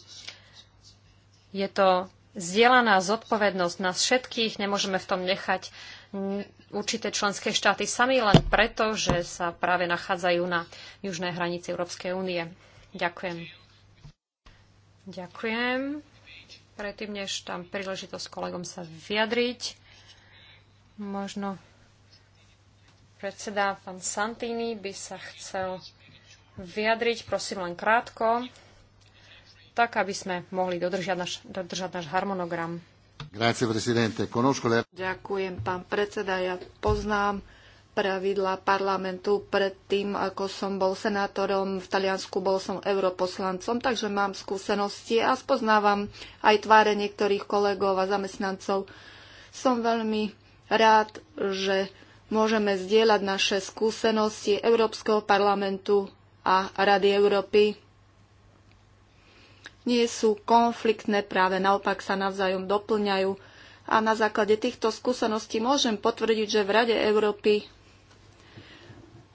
Speaker 4: Je to zdieľaná zodpovednosť nás všetkých, nemôžeme v tom nechať určité členské štáty sami len preto, že sa práve nachádzajú na južnej hranici Európskej únie. Ďakujem. Ďakujem. Predtým, než tam príležitosť kolegom sa vyjadriť, možno predseda pán Santini by sa chcel vyjadriť, prosím len krátko, tak aby sme mohli náš, dodržať náš harmonogram. Ďakujem, pán predseda.
Speaker 2: Ja poznám pravidla parlamentu. Predtým, ako som bol senátorom v Taliansku, bol som europoslancom, takže mám skúsenosti a spoznávam aj tváre niektorých kolegov a zamestnancov. Som veľmi rád, že môžeme zdieľať naše skúsenosti Európskeho parlamentu a Rady Európy nie sú konfliktné, práve naopak sa navzájom doplňajú. A na základe týchto skúseností môžem potvrdiť, že v Rade Európy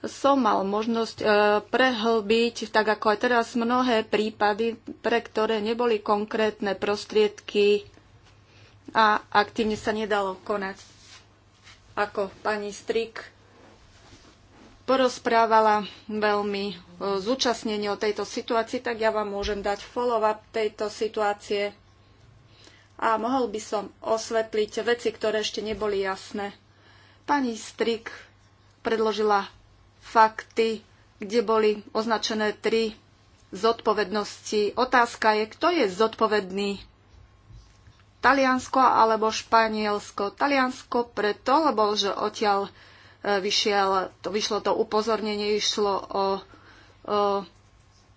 Speaker 2: som mal možnosť e, prehlbiť, tak ako aj teraz, mnohé prípady, pre ktoré neboli konkrétne prostriedky a aktívne sa nedalo konať. Ako pani Strik porozprávala veľmi e, zúčastnenie o tejto situácii, tak ja vám môžem dať follow-up tejto situácie a mohol by som osvetliť veci, ktoré ešte neboli jasné. Pani Strik predložila fakty, kde boli označené tri zodpovednosti. Otázka je, kto je zodpovedný? Taliansko alebo Španielsko? Taliansko preto, lebo že odtiaľ E, vyšiel, to, vyšlo to upozornenie, išlo o, o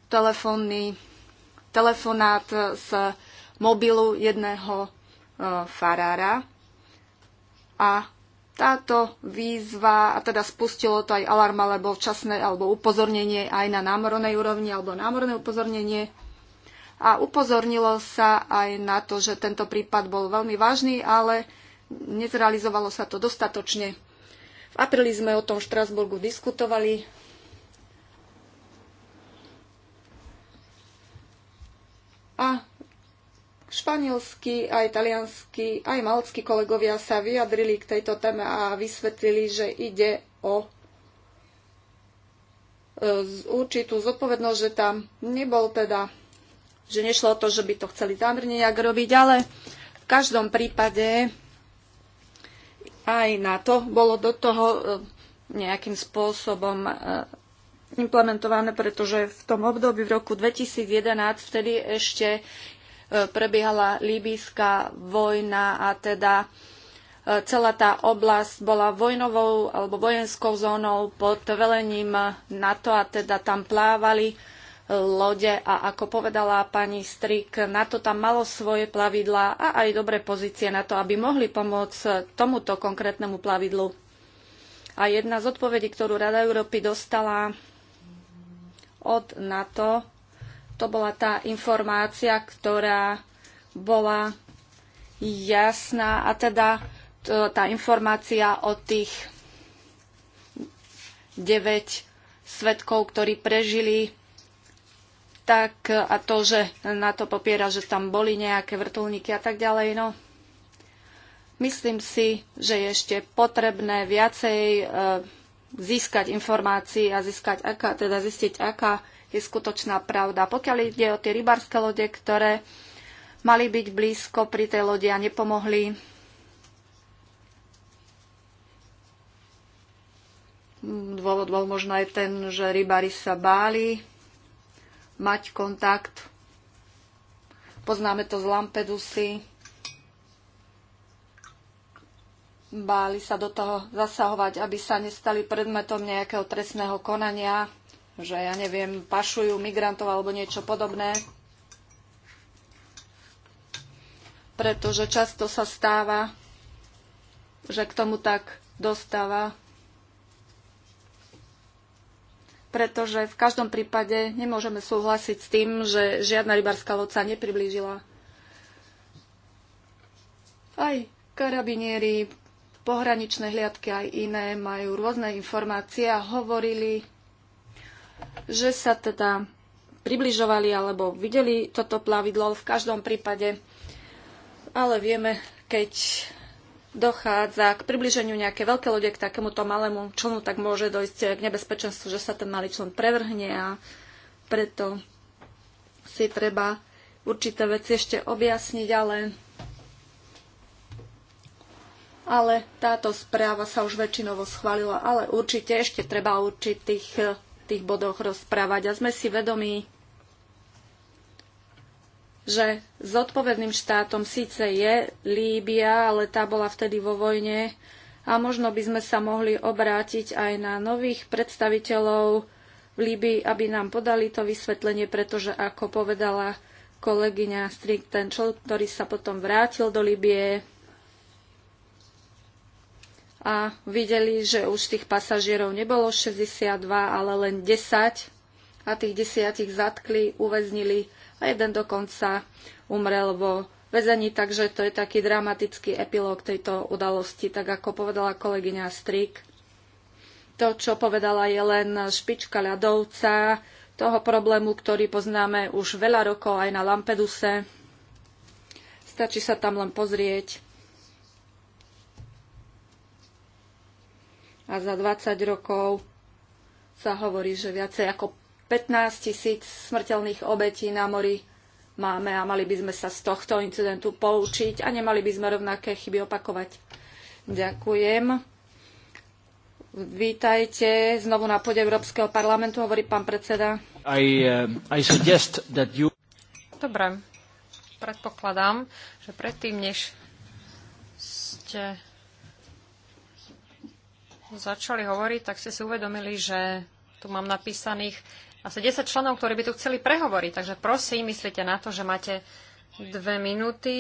Speaker 2: telefónny, telefonát z mobilu jedného e, farára. A táto výzva, a teda spustilo to aj alarm alebo včasné alebo upozornenie aj na námornej úrovni alebo námorné upozornenie. A upozornilo sa aj na to, že tento prípad bol veľmi vážny, ale nezrealizovalo sa to dostatočne. V apríli sme o tom v Štrasburgu diskutovali. A španielskí, aj italianskí, aj malckí kolegovia sa vyjadrili k tejto téme a vysvetlili, že ide o e, určitú zodpovednosť, že tam nebol teda, že nešlo o to, že by to chceli zámerne nejak robiť, ale v každom prípade aj na to bolo do toho e, nejakým spôsobom e, implementované, pretože v tom období v roku 2011 vtedy ešte e, prebiehala líbyská vojna a teda celá tá oblasť bola vojnovou alebo vojenskou zónou pod velením NATO a teda tam plávali lode a ako povedala pani Strik, na to tam malo svoje plavidlá a aj dobré pozície na to, aby mohli pomôcť tomuto konkrétnemu plavidlu. A jedna z odpovedí, ktorú Rada Európy dostala od NATO, to bola tá informácia, ktorá bola jasná a teda tá informácia o tých 9 svetkov, ktorí prežili tak a to, že na to popiera, že tam boli nejaké vrtulníky a tak ďalej, no myslím si, že je ešte potrebné viacej e, získať informácií a získať, aká, teda zistiť, aká je skutočná pravda. Pokiaľ ide o tie rybárske lode, ktoré mali byť blízko pri tej lodi a nepomohli, dôvod bol možno aj ten, že rybári sa báli mať kontakt. Poznáme to z Lampedusy. Báli sa do toho zasahovať, aby sa nestali predmetom nejakého trestného konania, že ja neviem, pašujú migrantov alebo niečo podobné. Pretože často sa stáva, že k tomu tak dostáva pretože v každom prípade nemôžeme súhlasiť s tým, že žiadna rybárska loď sa nepriblížila. Aj karabinieri, pohraničné hliadky aj iné majú rôzne informácie a hovorili, že sa teda približovali alebo videli toto plavidlo v každom prípade. Ale vieme, keď dochádza k približeniu nejaké veľké lode k takémuto malému člnu, tak môže dojsť k nebezpečenstvu, že sa ten malý člen prevrhne a preto si treba určité veci ešte objasniť, ale, ale táto správa sa už väčšinovo schválila, ale určite ešte treba o určitých tých bodoch rozprávať a sme si vedomí že zodpovedným štátom síce je Líbia, ale tá bola vtedy vo vojne a možno by sme sa mohli obrátiť aj na nových predstaviteľov v Líbii, aby nám podali to vysvetlenie, pretože ako povedala kolegyňa Strik, ten človek, ktorý sa potom vrátil do Libie a videli, že už tých pasažierov nebolo 62, ale len 10 a tých desiatich zatkli, uväznili a jeden dokonca umrel vo väzení, takže to je taký dramatický epilóg tejto udalosti, tak ako povedala kolegyňa Strik. To, čo povedala, je len špička ľadovca toho problému, ktorý poznáme už veľa rokov aj na Lampeduse. Stačí sa tam len pozrieť. A za 20 rokov sa hovorí, že viacej ako 15 tisíc smrteľných obetí na mori máme a mali by sme sa z tohto incidentu poučiť a nemali by sme rovnaké chyby opakovať. Ďakujem. Vítajte znovu na pôde Európskeho parlamentu, hovorí pán predseda.
Speaker 1: I, uh, I you...
Speaker 4: Dobre, predpokladám, že predtým, než ste začali hovoriť, tak ste si uvedomili, že tu mám napísaných asi 10 členov, ktorí by tu chceli prehovoriť. Takže prosím, myslíte na to, že máte dve minúty.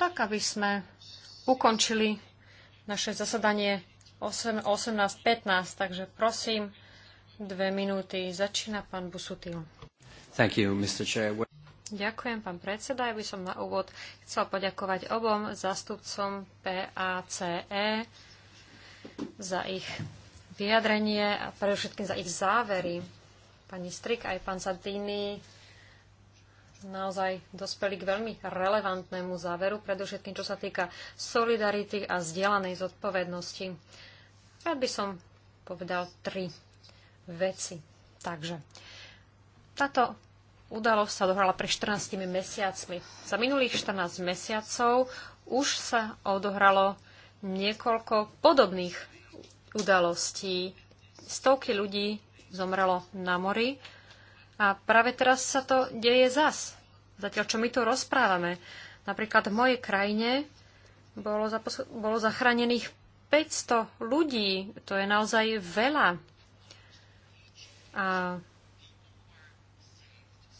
Speaker 4: Tak, aby sme ukončili naše zasadanie 18.15. Takže prosím, dve minúty. Začína pán Busutil. Thank you, Mr. Chair. Ďakujem, pán predseda. Ja by som na úvod chcel poďakovať obom zástupcom PACE za ich vyjadrenie a všetkým za ich závery. Pani Strik aj pán Sardini naozaj dospeli k veľmi relevantnému záveru, predovšetkým čo sa týka solidarity a zdieľanej zodpovednosti. Rád by som povedal tri veci. Takže táto udalosť sa dohrala pre 14 mesiacmi. Za minulých 14 mesiacov už sa odohralo niekoľko podobných udalostí. Stovky ľudí zomrelo na mori a práve teraz sa to deje zas. Zatiaľ, čo my tu rozprávame. Napríklad v mojej krajine bolo, zapos- bolo zachránených 500 ľudí. To je naozaj veľa. A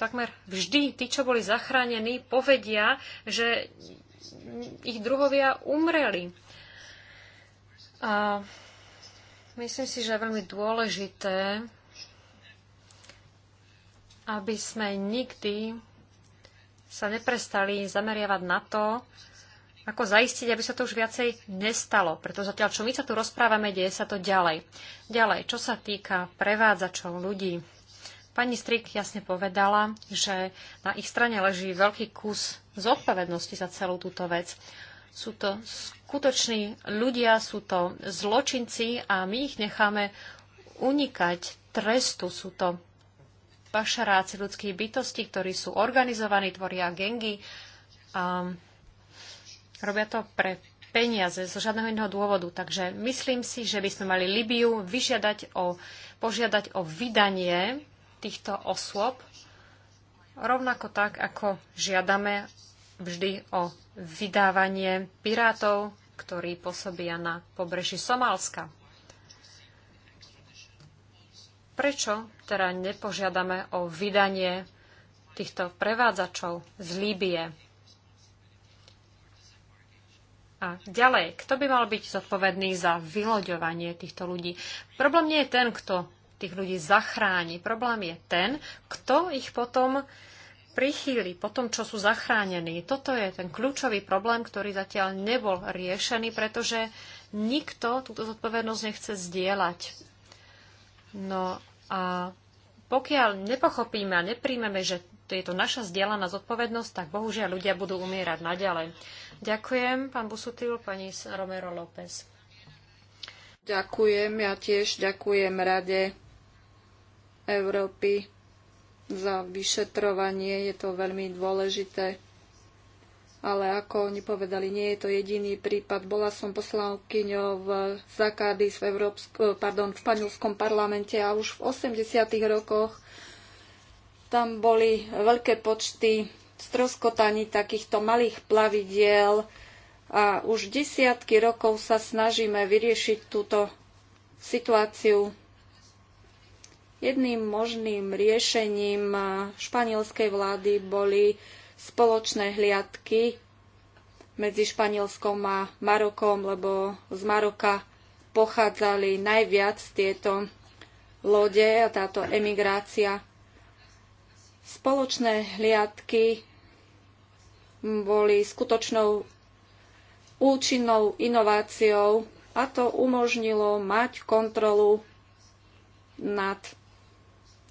Speaker 4: takmer vždy tí, čo boli zachránení, povedia, že ich druhovia umreli. A myslím si, že je veľmi dôležité, aby sme nikdy sa neprestali zameriavať na to, ako zaistiť, aby sa to už viacej nestalo. Preto zatiaľ, čo my sa tu rozprávame, deje sa to ďalej. Ďalej, čo sa týka prevádzačov ľudí. Pani Strik jasne povedala, že na ich strane leží veľký kus zodpovednosti za celú túto vec. Sú to skutoční ľudia, sú to zločinci a my ich necháme unikať trestu. Sú to pašaráci ľudských bytostí, ktorí sú organizovaní, tvoria gengy a robia to pre peniaze z žiadneho iného dôvodu. Takže myslím si, že by sme mali Libiu vyžiadať o, požiadať o vydanie týchto osôb, rovnako tak, ako žiadame vždy o vydávanie pirátov, ktorí pôsobia na pobreží Somálska. Prečo teda nepožiadame o vydanie týchto prevádzačov z Líbie? A ďalej, kto by mal byť zodpovedný za vyloďovanie týchto ľudí? Problém nie je ten, kto tých ľudí zachráni. Problém je ten, kto ich potom prichýli po tom, čo sú zachránení. Toto je ten kľúčový problém, ktorý zatiaľ nebol riešený, pretože nikto túto zodpovednosť nechce zdieľať. No a pokiaľ nepochopíme a nepríjmeme, že to je to naša zdieľaná zodpovednosť, tak bohužiaľ ľudia budú umierať naďalej. Ďakujem, pán Busutil, pani Romero López.
Speaker 2: Ďakujem, ja tiež ďakujem Rade Európy za vyšetrovanie, je to veľmi dôležité. Ale ako oni povedali, nie je to jediný prípad. Bola som poslankyňou v Zakády v, Európsk- eh, pardon, v španielskom parlamente a už v 80. rokoch tam boli veľké počty stroskotaní takýchto malých plavidiel a už desiatky rokov sa snažíme vyriešiť túto situáciu Jedným možným riešením španielskej vlády boli spoločné hliadky medzi Španielskom a Marokom, lebo z Maroka pochádzali najviac tieto lode a táto emigrácia. Spoločné hliadky boli skutočnou účinnou inováciou a to umožnilo mať kontrolu nad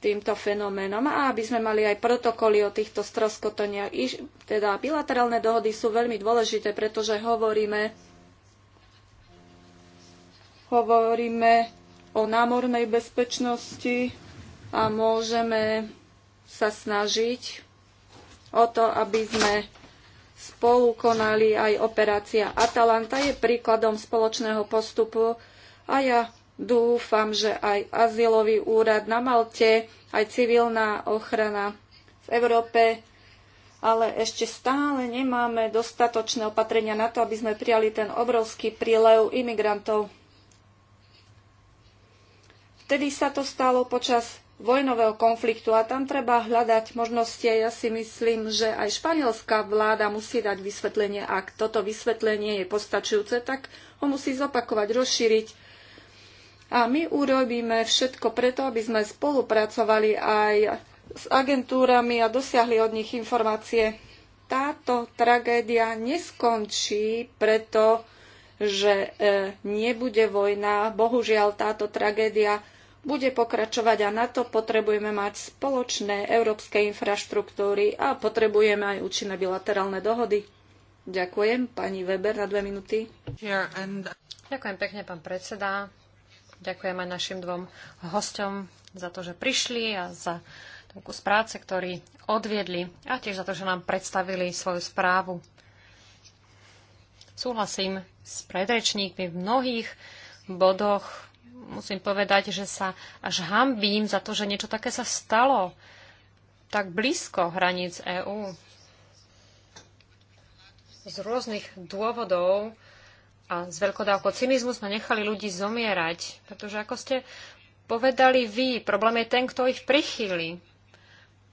Speaker 2: týmto fenoménom a aby sme mali aj protokoly o týchto stroskotaniach. Teda bilaterálne dohody sú veľmi dôležité, pretože hovoríme, hovoríme o námornej bezpečnosti a môžeme sa snažiť o to, aby sme spolu konali aj operácia Atalanta je príkladom spoločného postupu a ja Dúfam, že aj azylový úrad na Malte, aj civilná ochrana v Európe, ale ešte stále nemáme dostatočné opatrenia na to, aby sme prijali ten obrovský prílev imigrantov. Vtedy sa to stalo počas vojnového konfliktu a tam treba hľadať možnosti. Ja si myslím, že aj španielská vláda musí dať vysvetlenie. Ak toto vysvetlenie je postačujúce, tak ho musí zopakovať, rozšíriť a my urobíme všetko preto, aby sme spolupracovali aj s agentúrami a dosiahli od nich informácie. Táto tragédia neskončí preto, že e, nebude vojna. Bohužiaľ, táto tragédia bude pokračovať a na to potrebujeme mať spoločné európske infraštruktúry a potrebujeme aj účinné bilaterálne dohody. Ďakujem.
Speaker 4: Pani Weber na dve minúty. Ďakujem pekne, pán predseda. Ďakujem aj našim dvom hostom za to, že prišli a za ten kus práce, ktorý odviedli a tiež za to, že nám predstavili svoju správu. Súhlasím s predrečníkmi v mnohých bodoch. Musím povedať, že sa až hambím za to, že niečo také sa stalo tak blízko hraníc EÚ. Z rôznych dôvodov a s veľkodávkou cynizmu sme nechali ľudí zomierať, pretože ako ste povedali vy, problém je ten, kto ich prichýli.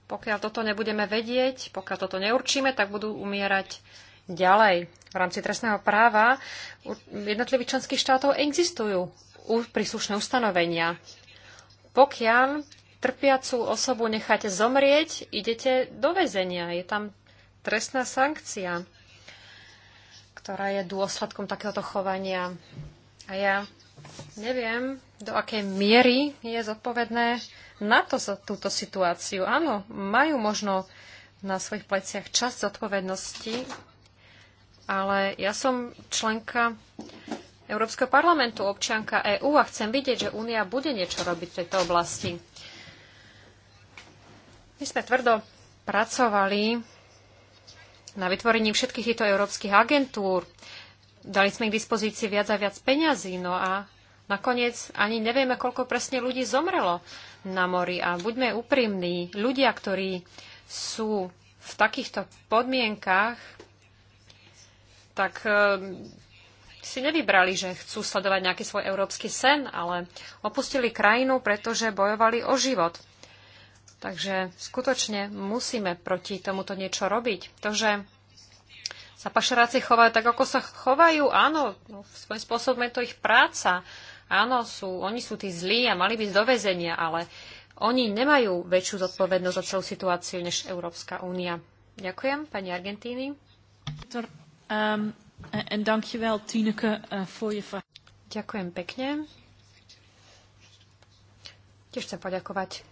Speaker 4: Pokiaľ toto nebudeme vedieť, pokiaľ toto neurčíme, tak budú umierať ďalej. V rámci trestného práva jednotlivých členských štátov existujú príslušné ustanovenia. Pokiaľ trpiacú osobu necháte zomrieť, idete do väzenia. Je tam trestná sankcia ktorá je dôsledkom takéhoto chovania. A ja neviem, do akej miery je zodpovedné na to za túto situáciu. Áno, majú možno na svojich pleciach časť zodpovednosti, ale ja som členka Európskeho parlamentu, občianka EÚ a chcem vidieť, že Únia bude niečo robiť v tejto oblasti. My sme tvrdo pracovali na vytvorení všetkých týchto európskych agentúr. Dali sme k dispozícii viac a viac peňazí, no a nakoniec ani nevieme, koľko presne ľudí zomrelo na mori. A buďme úprimní, ľudia, ktorí sú v takýchto podmienkách, tak eh, si nevybrali, že chcú sledovať nejaký svoj európsky sen, ale opustili krajinu, pretože bojovali o život. Takže skutočne musíme proti tomuto niečo robiť. To, že sa pašeráci chovajú tak, ako sa chovajú, áno, no, svojím spôsobom je to ich práca. Áno, sú, oni sú tí zlí a mali byť do väzenia, ale oni nemajú väčšiu zodpovednosť za celú situáciu než Európska únia. Ďakujem, pani Argentíny. Ehm, eh, Ďakujem pekne. Tiež chcem poďakovať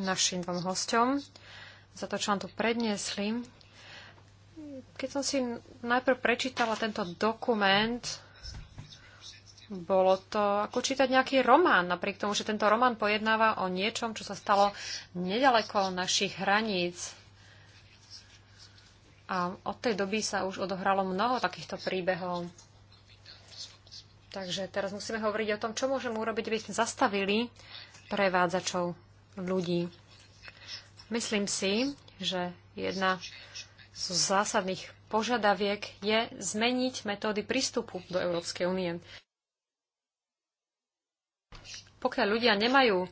Speaker 4: našim dvom hosťom za to, čo vám tu predniesli. Keď som si najprv prečítala tento dokument, bolo to ako čítať nejaký román, napriek tomu, že tento román pojednáva o niečom, čo sa stalo nedaleko našich hraníc. A od tej doby sa už odohralo mnoho takýchto príbehov. Takže teraz musíme hovoriť o tom, čo môžeme urobiť, aby sme zastavili prevádzačov ľudí. Myslím si, že jedna z zásadných požiadaviek je zmeniť metódy prístupu do Európskej únie. Pokiaľ ľudia nemajú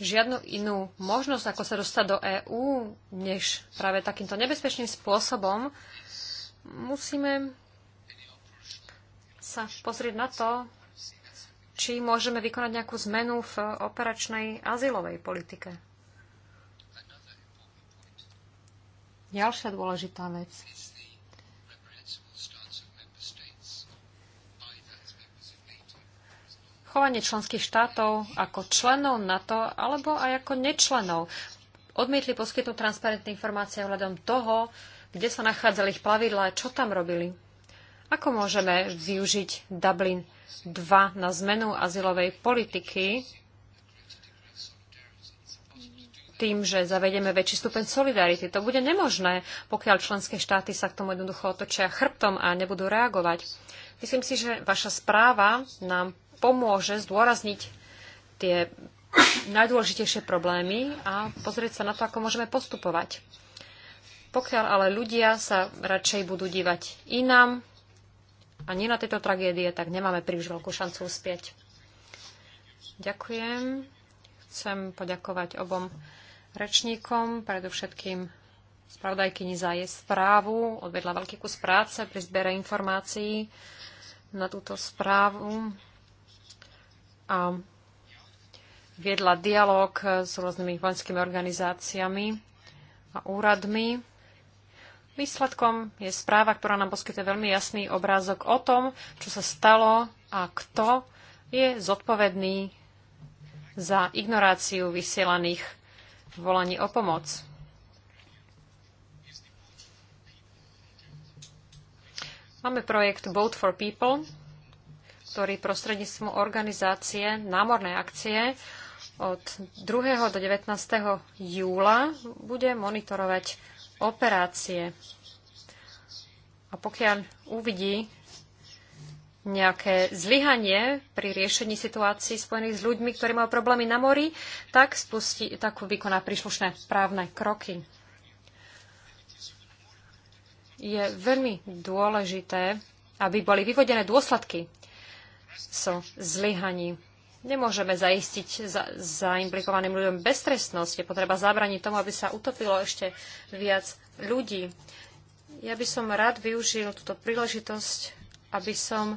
Speaker 4: žiadnu inú možnosť, ako sa dostať do EÚ, než práve takýmto nebezpečným spôsobom, musíme sa pozrieť na to, či môžeme vykonať nejakú zmenu v operačnej azylovej politike. Ďalšia dôležitá vec. Chovanie členských štátov ako členov NATO alebo aj ako nečlenov odmietli poskytnúť transparentné informácie ohľadom toho, kde sa nachádzali ich plavidla, čo tam robili. Ako môžeme využiť Dublin 2 na zmenu azylovej politiky tým, že zavedeme väčší stupeň solidarity. To bude nemožné, pokiaľ členské štáty sa k tomu jednoducho otočia chrbtom a nebudú reagovať. Myslím si, že vaša správa nám pomôže zdôrazniť tie najdôležitejšie problémy a pozrieť sa na to, ako môžeme postupovať. Pokiaľ ale ľudia sa radšej budú dívať inám, a nie na tejto tragédie, tak nemáme príliš veľkú šancu uspieť. Ďakujem. Chcem poďakovať obom rečníkom, predovšetkým spravodajkyni za jej správu. Odvedla veľký kus práce pri zbere informácií na túto správu a viedla dialog s rôznymi vojenskými organizáciami a úradmi Výsledkom je správa, ktorá nám poskytuje veľmi jasný obrázok o tom, čo sa stalo a kto je zodpovedný za ignoráciu vysielaných volaní o pomoc. Máme projekt Boat for People, ktorý prostredníctvom organizácie námornej akcie od 2. do 19. júla bude monitorovať operácie. A pokiaľ uvidí nejaké zlyhanie pri riešení situácií spojených s ľuďmi, ktorí majú problémy na mori, tak, spustí, tak vykoná príslušné právne kroky. Je veľmi dôležité, aby boli vyvodené dôsledky so zlyhaním Nemôžeme zaistiť za, implikovaným ľuďom beztrestnosť. Je potreba zabraniť tomu, aby sa utopilo ešte viac ľudí. Ja by som rád využil túto príležitosť, aby som e,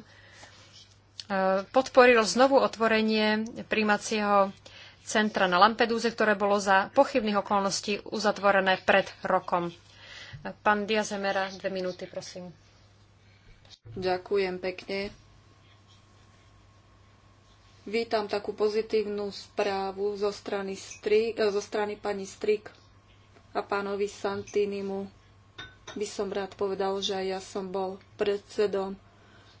Speaker 4: podporil znovu otvorenie príjmacieho centra na Lampedúze, ktoré bolo za pochybných okolností uzatvorené pred rokom. Pán Diazemera, dve minúty, prosím. Ďakujem pekne.
Speaker 2: Vítam takú pozitívnu správu zo strany, Strik, eh, zo strany pani Strik a pánovi Santinimu. By som rád povedal, že aj ja som bol predsedom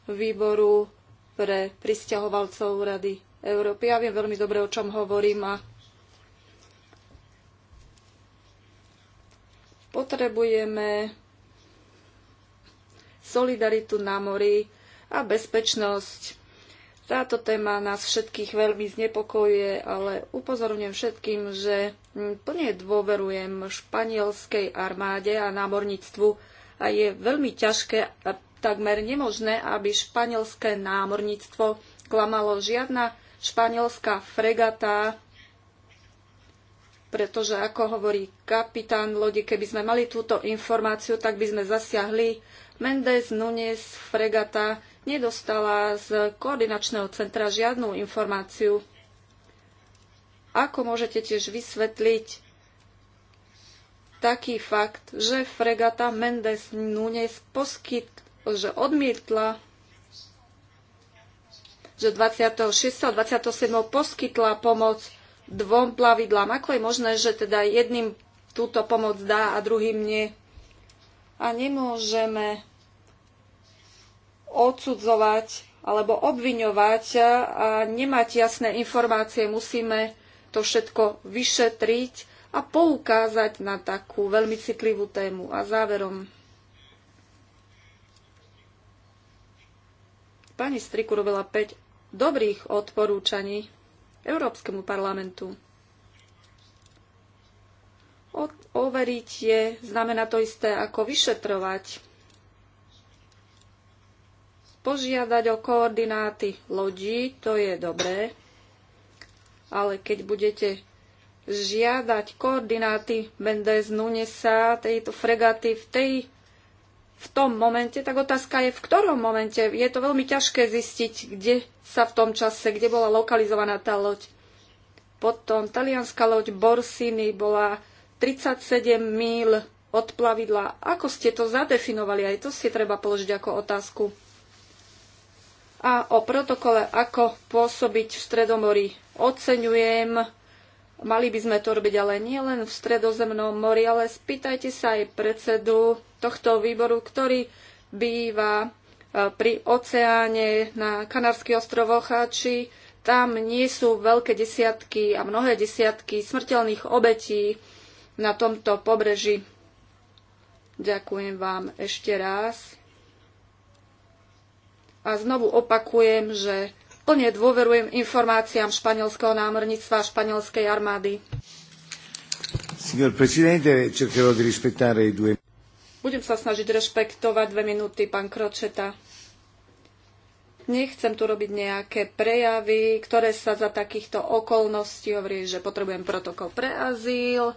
Speaker 2: výboru pre pristahovalcov Rady Európy. Ja viem veľmi dobre, o čom hovorím a potrebujeme solidaritu na mori a bezpečnosť táto téma nás všetkých veľmi znepokojuje, ale upozorňujem všetkým, že plne dôverujem španielskej armáde a námorníctvu a je veľmi ťažké a takmer nemožné, aby španielské námorníctvo klamalo žiadna španielská fregata, pretože ako hovorí kapitán lodi, keby sme mali túto informáciu, tak by sme zasiahli Mendes Nunes fregata nedostala z koordinačného centra žiadnu informáciu. Ako môžete tiež vysvetliť taký fakt, že fregata Mendes Nunes poskyt, že odmietla že 26. a 27. poskytla pomoc dvom plavidlám. Ako je možné, že teda jedným túto pomoc dá a druhým nie? A nemôžeme odsudzovať alebo obviňovať a nemať jasné informácie. Musíme to všetko vyšetriť a poukázať na takú veľmi citlivú tému. A záverom. Pani Striku robila 5 dobrých odporúčaní Európskemu parlamentu. Overiť je znamená to isté ako vyšetrovať požiadať o koordináty lodí, to je dobré, ale keď budete žiadať koordináty Mendez Nunesa, tejto fregaty v tej v tom momente, tak otázka je, v ktorom momente. Je to veľmi ťažké zistiť, kde sa v tom čase, kde bola lokalizovaná tá loď. Potom talianská loď Borsiny bola 37 míl od plavidla. Ako ste to zadefinovali? Aj to si treba položiť ako otázku a o protokole, ako pôsobiť v Stredomorí. Oceňujem, mali by sme to robiť ale nie len v Stredozemnom mori, ale spýtajte sa aj predsedu tohto výboru, ktorý býva e, pri oceáne na Kanárskych ostrovoch a či tam nie sú veľké desiatky a mnohé desiatky smrteľných obetí na tomto pobreží. Ďakujem vám ešte raz a znovu opakujem, že plne dôverujem informáciám španielského námorníctva a španielskej armády. Budem sa snažiť rešpektovať dve minúty, pán Kročeta. Nechcem tu robiť nejaké prejavy, ktoré sa za takýchto okolností hovorí, že potrebujem protokol pre azyl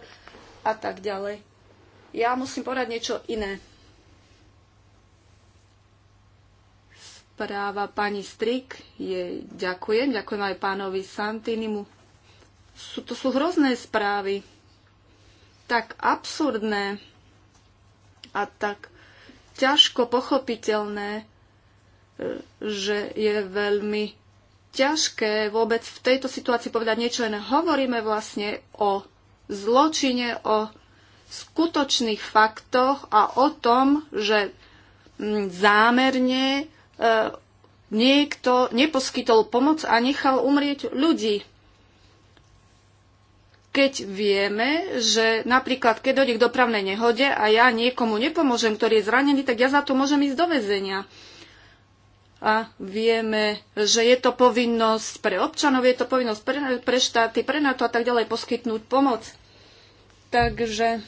Speaker 2: a tak ďalej. Ja musím povedať niečo iné. správa pani Strik. Je, ďakujem. Ďakujem aj pánovi Santinimu. Sú, to sú hrozné správy. Tak absurdné a tak ťažko pochopiteľné, e, že je veľmi ťažké vôbec v tejto situácii povedať niečo iné. Hovoríme vlastne o zločine, o skutočných faktoch a o tom, že mm, zámerne E, niekto neposkytol pomoc a nechal umrieť ľudí. Keď vieme, že napríklad keď dojde k dopravnej nehode a ja niekomu nepomôžem, ktorý je zranený, tak ja za to môžem ísť do väzenia. A vieme, že je to povinnosť pre občanov, je to povinnosť pre, pre štáty, pre NATO a tak ďalej poskytnúť pomoc. Takže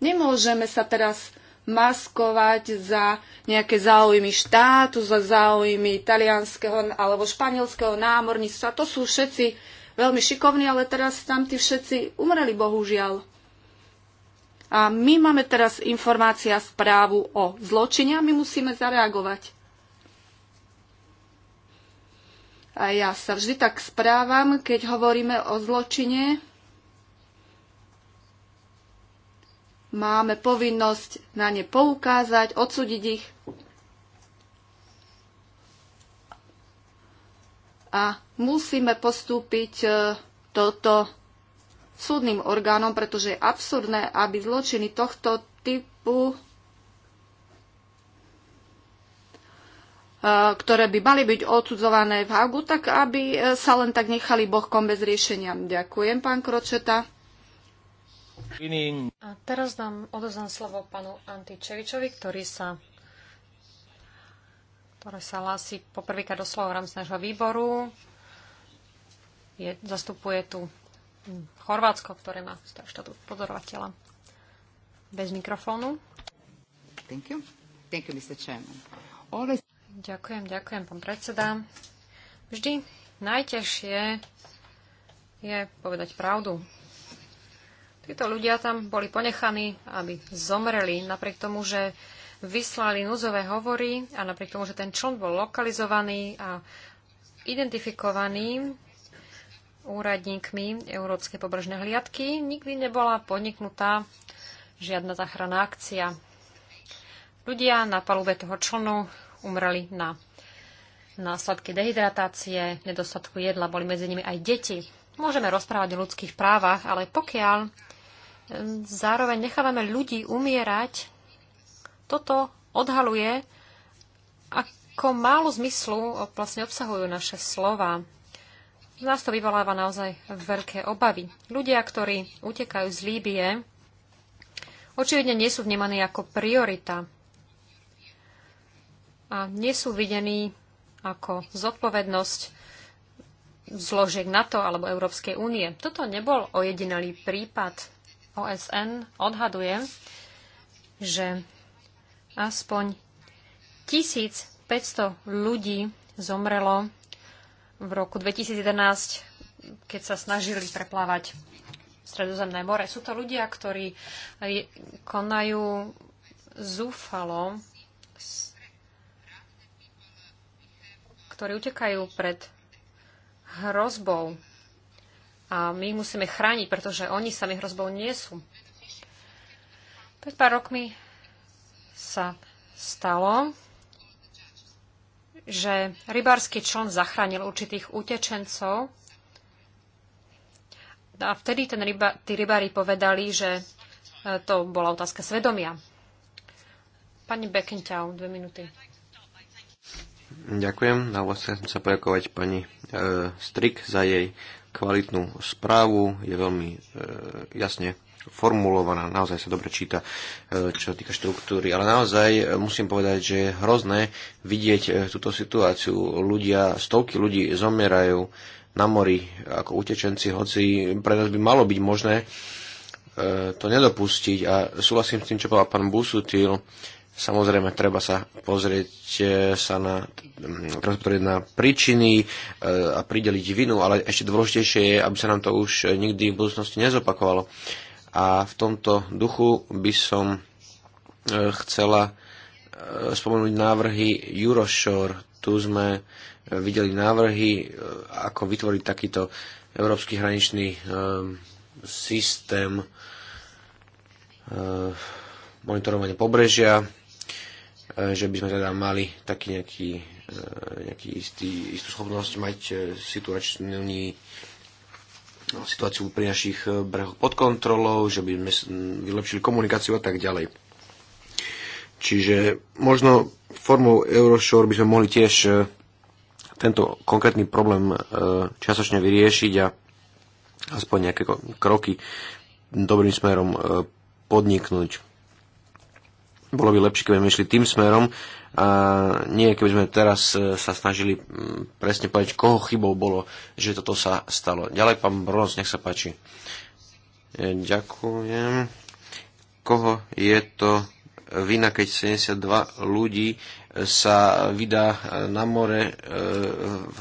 Speaker 2: nemôžeme sa teraz maskovať za nejaké záujmy štátu, za záujmy italianského alebo španielského námorníctva. To sú všetci veľmi šikovní, ale teraz tam tí všetci umreli, bohužiaľ. A my máme teraz informácia správu o zločine a my musíme zareagovať. A ja sa vždy tak správam, keď hovoríme o zločine, Máme povinnosť na ne poukázať, odsúdiť ich. A musíme postúpiť e, toto súdnym orgánom, pretože je absurdné, aby zločiny tohto typu e, ktoré by mali byť odsudzované v Hagu, tak aby e, sa len tak nechali bohkom bez riešenia. Ďakujem, pán Kročeta.
Speaker 1: A
Speaker 4: teraz dám, odozdám slovo panu Antičevičovi, ktorý sa ktoré sa hlási poprvýkrát do slova v rámci nášho výboru. Je, zastupuje tu Chorvátsko, ktoré má štatút pozorovateľa Bez mikrofónu.
Speaker 1: Thank you. Thank
Speaker 2: you, Mr. Chairman.
Speaker 4: Always... Ďakujem, ďakujem, pán predseda. Vždy najťažšie je povedať pravdu. Títo ľudia tam boli ponechaní, aby zomreli, napriek tomu, že vyslali núzové hovory a napriek tomu, že ten čln bol lokalizovaný a identifikovaný úradníkmi Európskej pobrežnej hliadky, nikdy nebola podniknutá žiadna záchranná akcia. Ľudia na palube toho člnu umreli na následky dehydratácie, nedostatku jedla, boli medzi nimi aj deti. Môžeme rozprávať o ľudských právach, ale pokiaľ zároveň nechávame ľudí umierať, toto odhaluje, ako málo zmyslu vlastne obsahujú naše slova. Z nás to vyvoláva naozaj veľké obavy. Ľudia, ktorí utekajú z Líbie, očividne nie sú vnímaní ako priorita a nie sú videní ako zodpovednosť zložiek NATO alebo Európskej únie. Toto nebol ojedinelý prípad. OSN odhaduje, že aspoň 1500 ľudí zomrelo v roku 2011, keď sa snažili preplávať Stredozemné more. Sú to ľudia, ktorí konajú zúfalo, ktorí utekajú pred hrozbou a my ich musíme chrániť, pretože oni sami hrozbou nie sú. Pred pár rokmi sa stalo, že rybársky čln zachránil určitých utečencov a vtedy ten ryba, tí rybári povedali, že e, to bola otázka svedomia. Pani Bekenťau, dve minúty.
Speaker 3: Ďakujem. Na vás vlastne chcem sa poďakovať pani e, Strik za jej kvalitnú správu, je veľmi e, jasne formulovaná, naozaj sa dobre číta, e, čo sa týka štruktúry. Ale naozaj e, musím povedať, že je hrozné vidieť e, túto situáciu. Ľudia, stovky ľudí zomierajú na mori ako utečenci, hoci pre nás by malo byť možné to nedopustiť. A súhlasím s tým, čo povedal pán Busutil, Samozrejme, treba sa pozrieť e, sa na, mm, na príčiny e, a prideliť vinu, ale ešte dôležitejšie je, aby sa nám to už nikdy v budúcnosti nezopakovalo. A v tomto duchu by som e, chcela spomenúť návrhy Euroshore. Tu sme videli návrhy, ako vytvoriť takýto európsky hraničný systém monitorovania pobrežia Eh, že by sme teda mali taký nejaký, eh, nejaký istý, istú schopnosť mať eh, situačný no, situáciu pri našich brehoch pod kontrolou, že by sme vylepšili komunikáciu a tak ďalej. Čiže možno formou Euroshore by sme mohli tiež tento konkrétny problém časočne vyriešiť a aspoň nejaké kroky dobrým smerom podniknúť bolo by lepšie, keby sme išli tým smerom a nie, keby sme teraz e, sa snažili presne povedať, koho chybou bolo, že toto sa stalo. Ďalej, pán Bronos, nech sa páči. E, ďakujem. Koho je to vina, keď 72 ľudí e, sa vydá na more v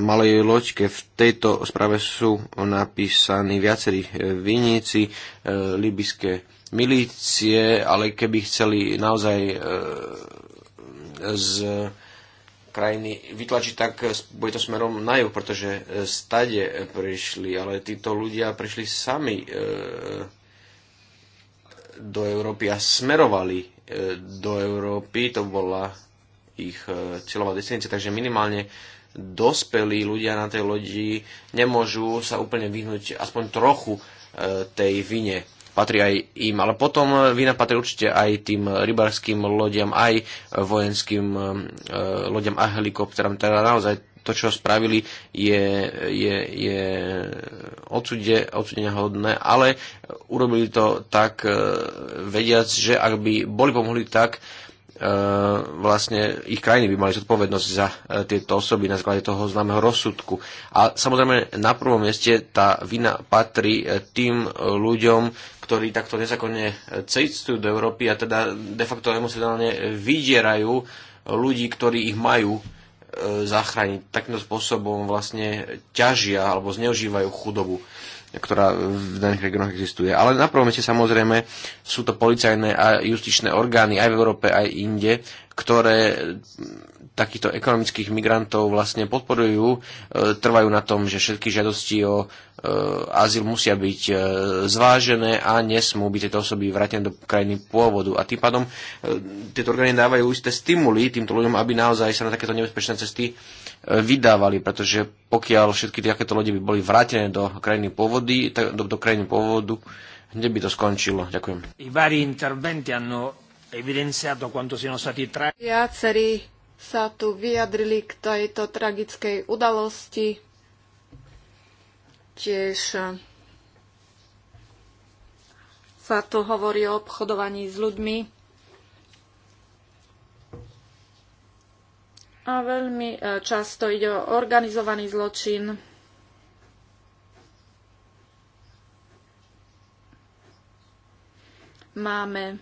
Speaker 3: malej loďke. V tejto správe sú napísaní viacerí viníci, libyské milície, ale keby chceli naozaj e, z krajiny vytlačiť, tak bude to smerom na juh, pretože e, stade prišli, ale títo ľudia prišli sami e, do Európy a smerovali do Európy, to bola ich cieľová destinácia, takže minimálne dospelí ľudia na tej lodi nemôžu sa úplne vyhnúť aspoň trochu tej vine patrí aj im, ale potom e, vina patrí určite aj tým rybarským lodiam, aj vojenským e, e, lodiam a helikopterom. Teda naozaj to, čo spravili, je, je, je odsudie, odsudenia hodné, ale urobili to tak, vediac, že ak by boli pomohli tak, E, vlastne ich krajiny by mali zodpovednosť za e, tieto osoby na základe toho známeho rozsudku. A samozrejme na prvom mieste tá vina patrí e, tým ľuďom, ktorí takto nezakonne cestujú do Európy a teda de facto emocionálne vydierajú ľudí, ktorí ich majú zachrániť. Takýmto spôsobom vlastne ťažia alebo zneužívajú chudobu ktorá v daných regiónoch existuje. Ale na prvom mieste samozrejme sú to policajné a justičné orgány aj v Európe, aj inde, ktoré takýchto ekonomických migrantov vlastne podporujú, e, trvajú na tom, že všetky žiadosti o e, azyl musia byť e, zvážené a nesmú byť tieto osoby vrátené do krajiny pôvodu. A tým pádom tieto orgány dávajú isté stimuly týmto ľuďom, aby naozaj sa na takéto nebezpečné cesty vydávali, pretože pokiaľ všetky takéto lode by boli vrátené do krajiny pôvody, do, do krajiny pôvodu, kde by to skončilo? Ďakujem.
Speaker 2: Viacerí sa tu vyjadrili k tejto tragickej udalosti. Tiež eh, sa tu hovorí o obchodovaní s ľuďmi. A veľmi e, často ide o organizovaný zločin. Máme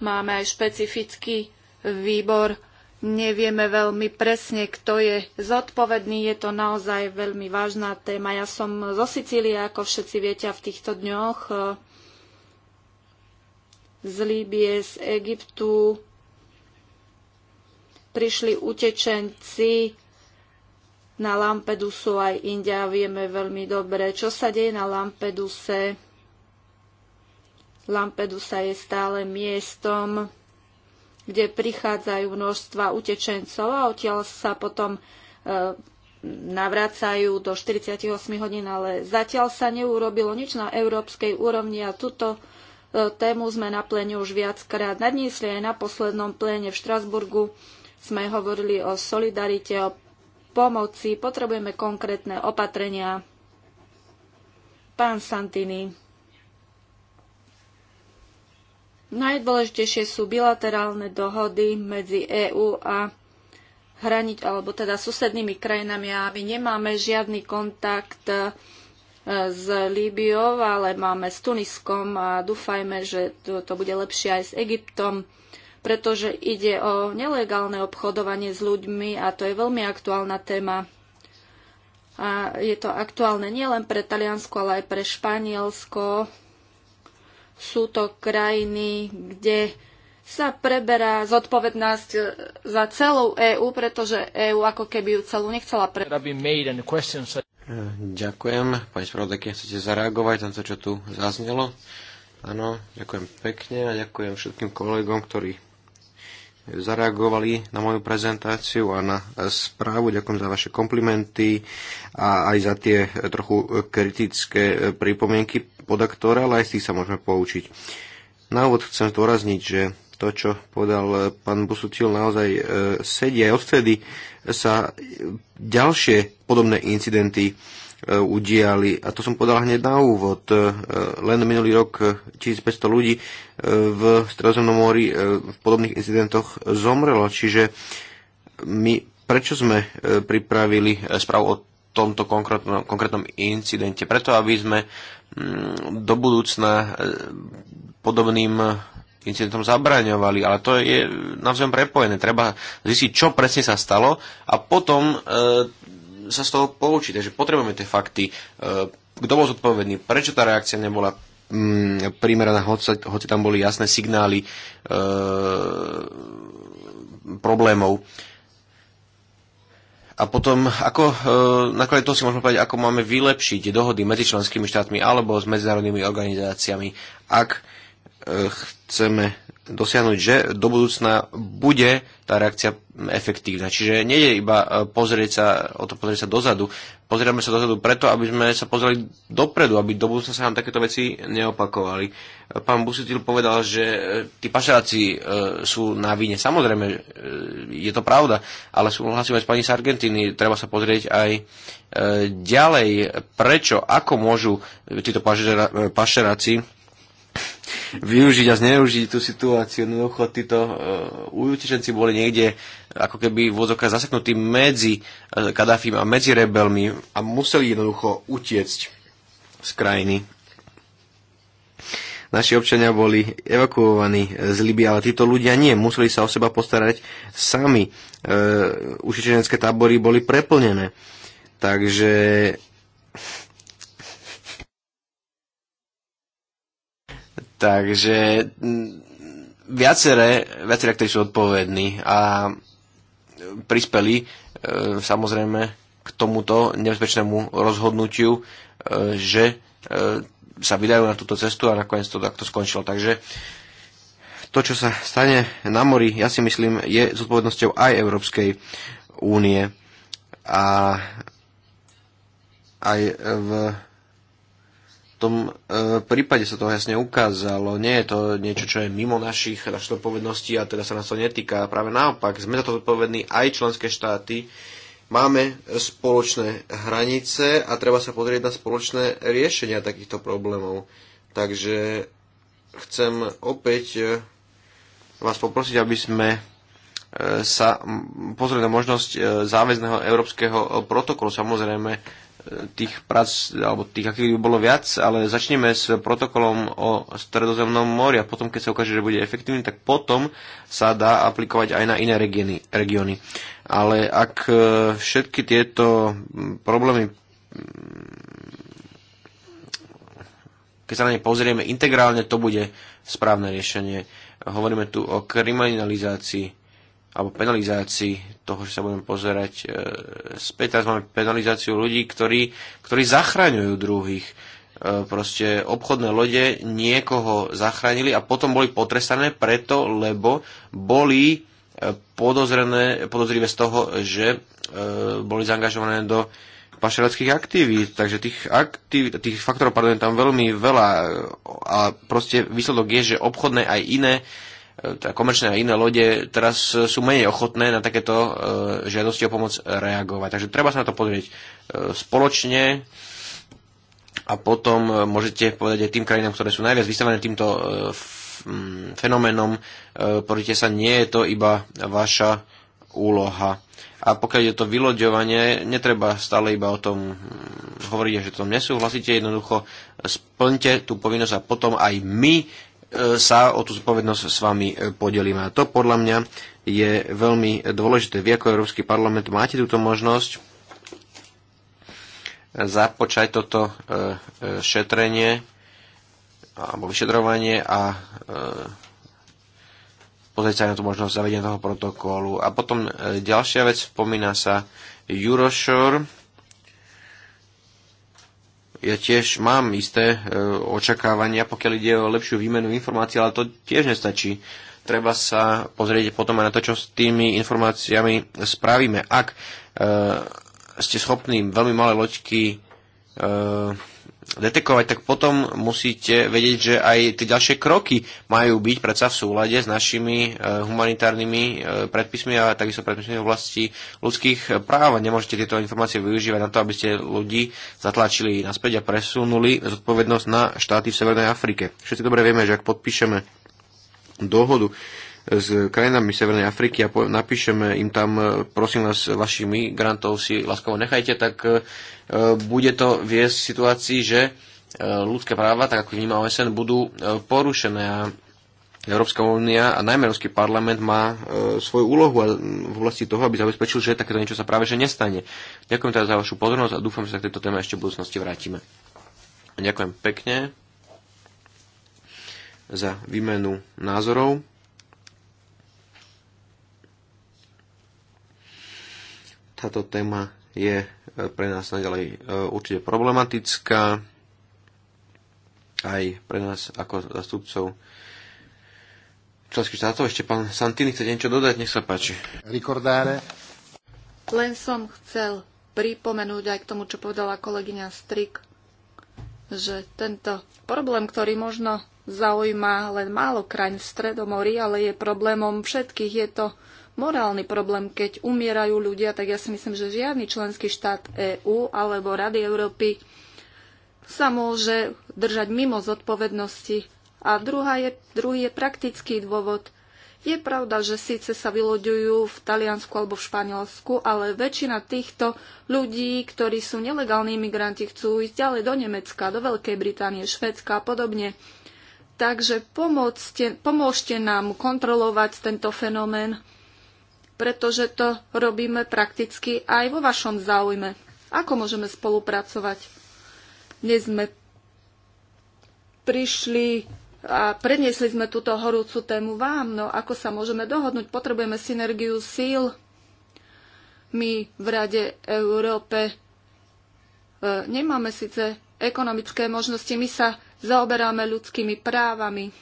Speaker 2: máme aj špecifický výbor. Nevieme veľmi presne, kto je zodpovedný. Je to naozaj veľmi vážna téma. Ja som zo Sicílie, ako všetci viete, a v týchto dňoch e, z Líbie, z Egyptu. Prišli utečenci na Lampedusu aj India, vieme veľmi dobre, čo sa deje na Lampeduse. Lampedusa je stále miestom, kde prichádzajú množstva utečencov a odtiaľ sa potom e, navracajú do 48 hodín, ale zatiaľ sa neurobilo nič na európskej úrovni a tuto tému sme na pléne už viackrát nadniesli. Aj na poslednom pléne v Štrasburgu sme hovorili o solidarite, o pomoci. Potrebujeme konkrétne opatrenia. Pán Santini. Najdôležitejšie sú bilaterálne dohody medzi EÚ a hraniť, alebo teda susednými krajinami a my nemáme žiadny kontakt s Líbiou, ale máme s Tuniskom a dúfajme, že to, to bude lepšie aj s Egyptom, pretože ide o nelegálne obchodovanie s ľuďmi a to je veľmi aktuálna téma. A je to aktuálne nielen pre Taliansko, ale aj pre Španielsko. Sú to krajiny, kde sa preberá zodpovednosť e, za celú EÚ, pretože EÚ ako keby ju celú nechcela
Speaker 1: preberať.
Speaker 3: Eh, ďakujem. Pani spravodajky, chcete zareagovať na to, čo tu zaznelo? Áno, ďakujem pekne a ďakujem všetkým kolegom, ktorí zareagovali na moju prezentáciu a na správu. Ďakujem za vaše komplimenty a aj za tie trochu kritické pripomienky podaktora, ale aj z tých sa môžeme poučiť. Na úvod chcem zdôrazniť, že to, čo povedal eh, pán Busutil, naozaj eh, sedia. Odvtedy sa ďalšie podobné incidenty eh, udiali. A to som podal hneď na úvod. Len minulý rok 1500 ľudí v Stredozemnom mori v podobných incidentoch zomrelo. Čiže my prečo sme pripravili správu o tomto konkrétnom, konkrétnom incidente? Preto, aby sme mm, do budúcna podobným incidentom zabraňovali, ale to je navzájom prepojené. Treba zistiť, čo presne sa stalo a potom e, sa z toho poučiť. Takže potrebujeme tie fakty. E, kto bol zodpovedný, prečo tá reakcia nebola mm, primeraná, hoci, hoci tam boli jasné signály e, problémov. A potom, ako, e, nakoniec to si môžeme povedať, ako máme vylepšiť dohody medzi členskými štátmi alebo s medzinárodnými organizáciami, ak chceme dosiahnuť, že do budúcna bude tá reakcia efektívna. Čiže nie je iba e, pozrieť sa, o to pozrieť sa dozadu. Pozrieme sa dozadu preto, aby sme sa pozreli dopredu, aby do budúcna sa nám takéto veci neopakovali. E, pán busitil povedal, že e, tí pašeráci sú na víne. Samozrejme, je to pravda, ale súhlasím aj s pani z Argentíny, treba sa pozrieť aj ďalej, prečo, ako môžu títo pašeráci využiť a zneužiť tú situáciu. Jednoducho títo uh, e, utečenci boli niekde ako keby vôzoka zaseknutí medzi e, Kadáfim a medzi rebelmi a museli jednoducho utiecť z krajiny. Naši občania boli evakuovaní z Libie, ale títo ľudia nie, museli sa o seba postarať sami. E, uh, utečenecké tábory boli preplnené. Takže Takže mm, viaceré, viaceré ktorí sú odpovední a prispeli e, samozrejme k tomuto nebezpečnému rozhodnutiu, e, že e, sa vydajú na túto cestu a nakoniec to takto skončilo. Takže to, čo sa stane na mori, ja si myslím, je zodpovednosťou aj Európskej únie a aj v tom e, prípade sa to jasne ukázalo. Nie je to niečo, čo je mimo našich, našich odpovedností a teda sa nás to netýka. Práve naopak, sme za to zodpovední aj členské štáty. Máme spoločné hranice a treba sa pozrieť na spoločné riešenia takýchto problémov. Takže chcem opäť e, vás poprosiť, aby sme e, sa pozrieť na možnosť záväzného európskeho protokolu. Samozrejme, tých prác alebo tých akých by bolo viac, ale začneme s protokolom o stredozemnom mori a potom, keď sa ukáže, že bude efektívny, tak potom sa dá aplikovať aj na iné regióny. regióny. Ale ak e, všetky tieto problémy keď sa na ne pozrieme integrálne, to bude správne riešenie. Hovoríme tu o kriminalizácii alebo penalizácii toho, že sa budeme pozerať e, späť. Teraz máme penalizáciu ľudí, ktorí, ktorí zachraňujú druhých. E, proste obchodné lode niekoho zachránili a potom boli potrestané preto, lebo boli e, podozrené, podozrivé z toho, že boli zaangažované do pašeleckých aktivít, takže tých, aktivít, tých faktorov pardon, tam veľmi veľa a proste výsledok je, že obchodné aj iné e, E, teda komerčné a iné lode teraz e, sú menej ochotné na takéto e, žiadosti o pomoc reagovať. Takže treba sa na to pozrieť spoločne a potom môžete povedať aj tým krajinám, ktoré sú najviac vystavené týmto fenoménom, pozrite sa, nie je to iba vaša úloha. A pokiaľ je to vyloďovanie, netreba stále iba o tom hm, hovoriť, že to nesúhlasíte, jednoducho splňte tú povinnosť a potom aj my sa o tú zodpovednosť s vami e, podelíme. A to podľa mňa je veľmi dôležité. Vy ako Európsky parlament máte túto možnosť započať toto e, e, šetrenie alebo vyšetrovanie a pozrieť sa na tú možnosť zavedenia toho protokolu. A potom ďalšia vec, spomína sa Euroshore, ja tiež mám isté e, očakávania, pokiaľ ide o lepšiu výmenu informácií, ale to tiež nestačí. Treba sa pozrieť potom aj na to, čo s tými informáciami spravíme. Ak e, ste schopní veľmi malé loďky e, detekovať, tak potom musíte vedieť, že aj tie ďalšie kroky majú byť predsa v súlade s našimi e, humanitárnymi e, predpismi a takisto predpismi v oblasti ľudských práv. Nemôžete tieto informácie využívať na to, aby ste ľudí zatlačili naspäť a presunuli zodpovednosť na štáty v Severnej Afrike. Všetci dobre vieme, že ak podpíšeme dohodu, s krajinami Severnej Afriky a napíšeme im tam, e, prosím vás, vašich migrantov si láskovo nechajte, tak e, bude to viesť v situácii, že e, ľudské práva, tak ako vníma OSN, budú porušené a Európska únia a najmä Európsky parlament má e, svoju úlohu v oblasti toho, aby zabezpečil, že takéto niečo sa práve že nestane. Ďakujem teda za vašu pozornosť a dúfam, že sa k tejto téme ešte v budúcnosti vrátime. Ďakujem pekne za výmenu názorov. Táto téma je e, pre nás naďalej e, určite problematická aj pre nás ako zastupcov členských štátov. Ešte pán Santini chce niečo dodať, nech sa páči. Ricordáre.
Speaker 2: Len som chcel pripomenúť aj k tomu, čo povedala kolegyňa Strik, že tento problém, ktorý možno zaujíma len málo krajín v Stredomorí, ale je problémom všetkých. Je to morálny problém. Keď umierajú ľudia, tak ja si myslím, že žiadny členský štát EÚ alebo Rady Európy sa môže držať mimo zodpovednosti. A druhá je, druhý je praktický dôvod. Je pravda, že síce sa vyloďujú v Taliansku alebo v Španielsku, ale väčšina týchto ľudí, ktorí sú nelegálni imigranti, chcú ísť ďalej do Nemecka, do Veľkej Británie, Švedska a podobne. Takže pomôžte, pomôžte nám kontrolovať tento fenomén pretože to robíme prakticky aj vo vašom záujme. Ako môžeme spolupracovať? Dnes sme prišli a predniesli sme túto horúcu tému vám. No ako sa môžeme dohodnúť? Potrebujeme synergiu síl. My v Rade Európe e, nemáme síce ekonomické možnosti, my sa zaoberáme ľudskými právami.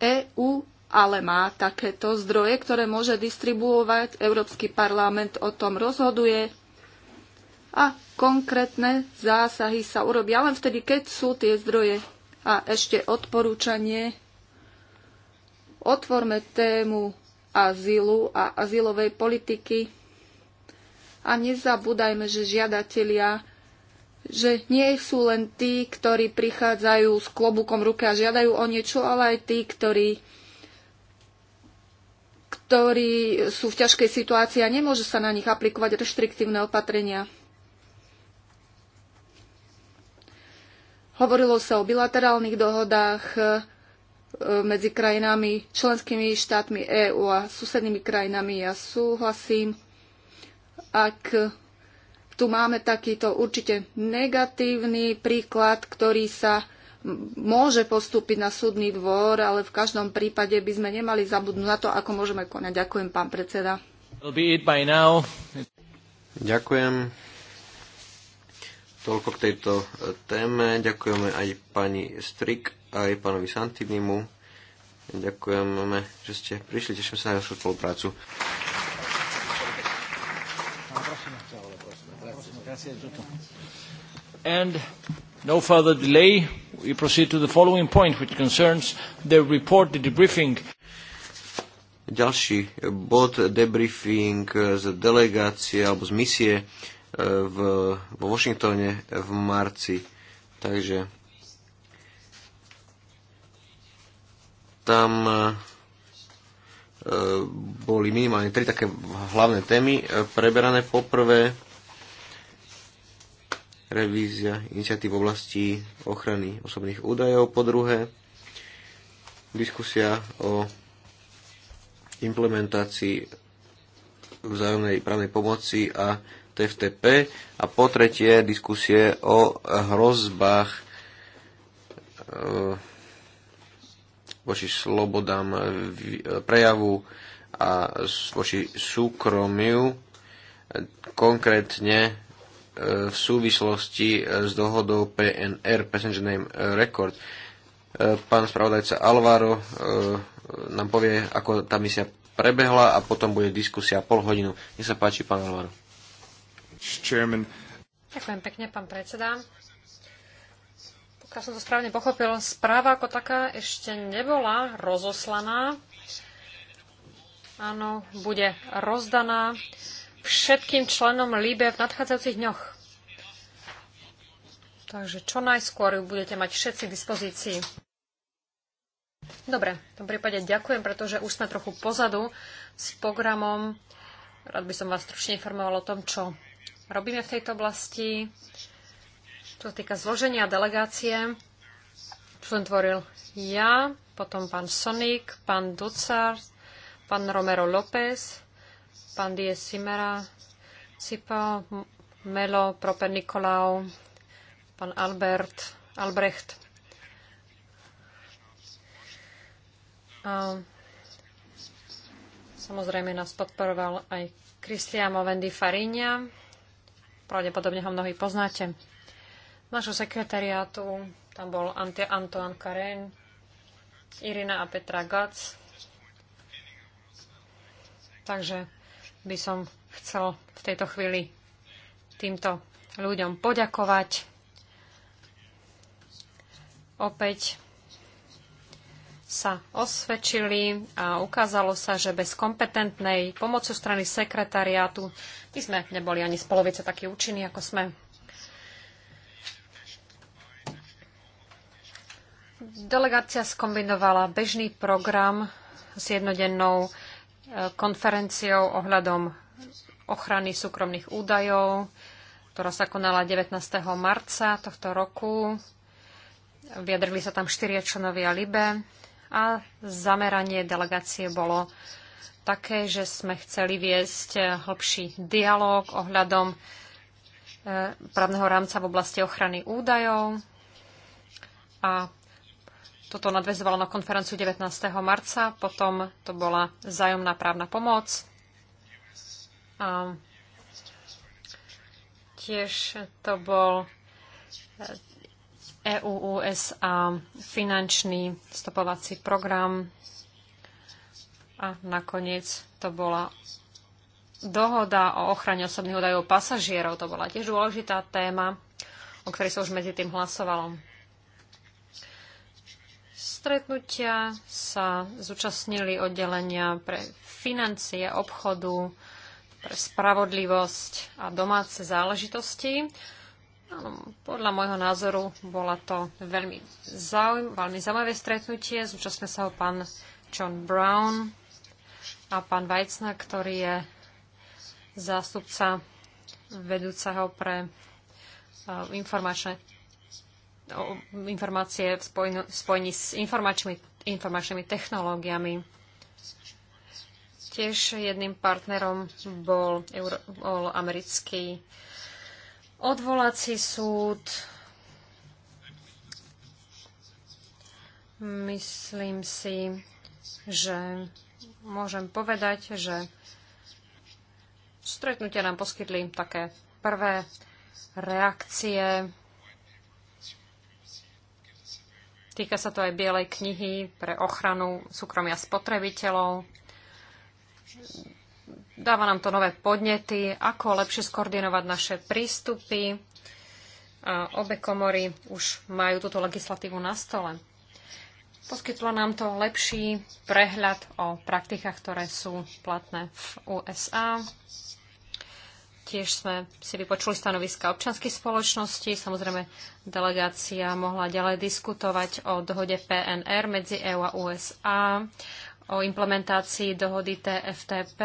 Speaker 2: EÚ ale má takéto zdroje, ktoré môže distribuovať. Európsky parlament o tom rozhoduje a konkrétne zásahy sa urobia len vtedy, keď sú tie zdroje. A ešte odporúčanie. Otvorme tému azylu a azylovej politiky a nezabúdajme, že žiadatelia že nie sú len tí, ktorí prichádzajú s klobukom ruke a žiadajú o niečo, ale aj tí, ktorí ktorí sú v ťažkej situácii a nemôže sa na nich aplikovať reštriktívne opatrenia. Hovorilo sa o bilaterálnych dohodách e, medzi krajinami, členskými štátmi EÚ a susednými krajinami. Ja súhlasím, ak tu máme takýto určite negatívny príklad, ktorý sa môže postúpiť na súdny dvor, ale v každom prípade by sme nemali zabudnúť na to, ako môžeme konať. Ďakujem, pán predseda.
Speaker 3: Ďakujem. Toľko k tejto e, téme. Ďakujeme aj pani Strik, aj pánovi Santinimu. Ďakujeme, že ste prišli. Teším sa na vašu spoluprácu.
Speaker 1: And no further delay we proceed to the following point, which concerns the report, the debriefing.
Speaker 3: Ďalší bod, debriefing z delegácie alebo z misie eh, v, vo Washingtone v marci. Takže tam eh, eh, boli minimálne tri také hlavné témy preberané. Poprvé revízia iniciatív v oblasti ochrany osobných údajov, po druhé diskusia o implementácii vzájomnej právnej pomoci a TFTP a po tretie diskusie o hrozbách eh, voči slobodám prejavu a voči súkromiu konkrétne v súvislosti e, s dohodou PNR, Passenger Name Record. E, pán spravodajca Alvaro e, nám povie, ako tá misia prebehla a potom bude diskusia pol hodinu. Nech sa páči, pán Alvaro. Chairman.
Speaker 4: Ďakujem pekne, pán predseda. Pokiaľ som to správne pochopil, správa ako taká ešte nebola rozoslaná. Áno, bude rozdaná všetkým členom líbe v nadchádzajúcich dňoch. Takže čo najskôr ju budete mať všetci k dispozícii. Dobre, v tom prípade ďakujem, pretože už sme trochu pozadu s programom. Rád by som vás stručne informoval o tom, čo robíme v tejto oblasti. Čo sa týka zloženia delegácie, čo som tvoril ja, potom pán Sonik, pán Ducar, pán Romero López, pán Simera, Sipa, Melo, Proper Nikolau, pán Albert, Albrecht. A samozrejme nás podporoval aj Cristiano Vendy Farinia. Pravdepodobne ho mnohí poznáte. Našho sekretariátu tam bol Ante Antoine Karen, Irina a Petra Gac. Takže by som chcel v tejto chvíli týmto ľuďom poďakovať. Opäť sa osvedčili a ukázalo sa, že bez kompetentnej pomoci strany sekretariátu my sme neboli ani spolovice takí účinní, ako sme. Delegácia skombinovala bežný program s jednodennou konferenciou ohľadom ochrany súkromných údajov, ktorá sa konala 19. marca tohto roku. Vyjadrili sa tam štyria členovia LIBE a zameranie delegácie bolo také, že sme chceli viesť hlbší dialog ohľadom e, právneho rámca v oblasti ochrany údajov a toto nadvezovalo na konferenciu 19. marca, potom to bola zájomná právna pomoc. A tiež to bol EU-USA eh, e finančný stopovací program a nakoniec to bola dohoda o ochrane osobných údajov pasažierov. To bola tiež dôležitá téma, o ktorej sa už medzi tým hlasovalo. Stretnutia sa zúčastnili oddelenia pre financie, obchodu, pre spravodlivosť a domáce záležitosti. Podľa môjho názoru bola to veľmi, zaujím, veľmi zaujímavé stretnutie. Zúčastnil sa ho pán John Brown a pán Weizna, ktorý je zástupca vedúceho pre eh, informačné informácie v spojení s informačnými, informačnými technológiami. Tiež jedným partnerom bol, Euro, bol americký odvolací súd. Myslím si, že môžem povedať, že stretnutia nám poskytli také prvé reakcie Týka sa to aj Bielej knihy pre ochranu súkromia spotrebiteľov. Dáva nám to nové podnety, ako lepšie skoordinovať naše prístupy. A obe komory už majú túto legislatívu na stole. Poskytlo nám to lepší prehľad o praktikách, ktoré sú platné v USA. Tiež sme si vypočuli stanoviska občanských spoločností. Samozrejme, delegácia mohla ďalej diskutovať o dohode PNR medzi EU a USA, o implementácii dohody TFTP.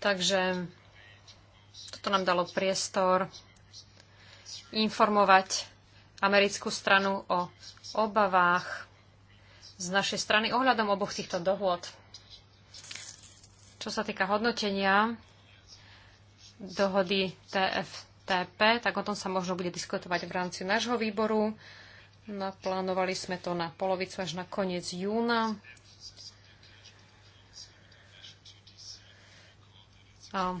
Speaker 4: Takže toto nám dalo priestor informovať americkú stranu o obavách z našej strany ohľadom oboch týchto dohôd. Čo sa týka hodnotenia dohody TFTP, tak o tom sa možno bude diskutovať v rámci nášho výboru. Naplánovali sme to na polovicu až na koniec júna. A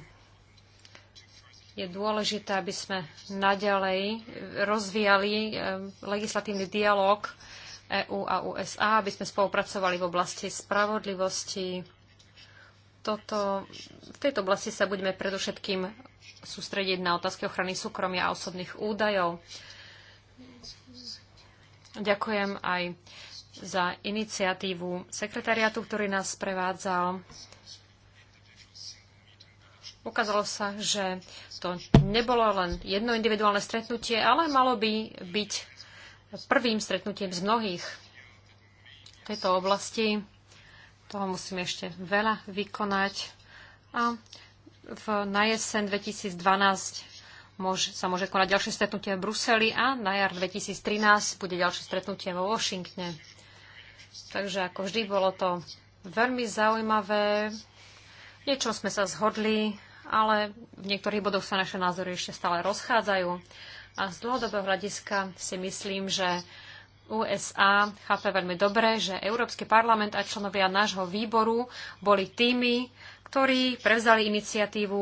Speaker 4: je dôležité, aby sme naďalej rozvíjali e, legislatívny dialog EÚ a USA, aby sme spolupracovali v oblasti spravodlivosti, toto, v tejto oblasti sa budeme predovšetkým sústrediť na otázky ochrany súkromia a osobných údajov. Ďakujem aj za iniciatívu sekretariátu, ktorý nás prevádzal. Ukázalo sa, že to nebolo len jedno individuálne stretnutie, ale malo by byť prvým stretnutím z mnohých v tejto oblasti toho musíme ešte veľa vykonať. A v, na jeseň 2012 môže, sa môže konať ďalšie stretnutie v Bruseli a na jar 2013 bude ďalšie stretnutie vo Washingtone. Takže ako vždy bolo to veľmi zaujímavé. Niečo sme sa zhodli, ale v niektorých bodoch sa naše názory ešte stále rozchádzajú. A z dlhodobého hľadiska si myslím, že USA chápe veľmi dobre, že Európsky parlament a členovia nášho výboru boli tými, ktorí prevzali iniciatívu,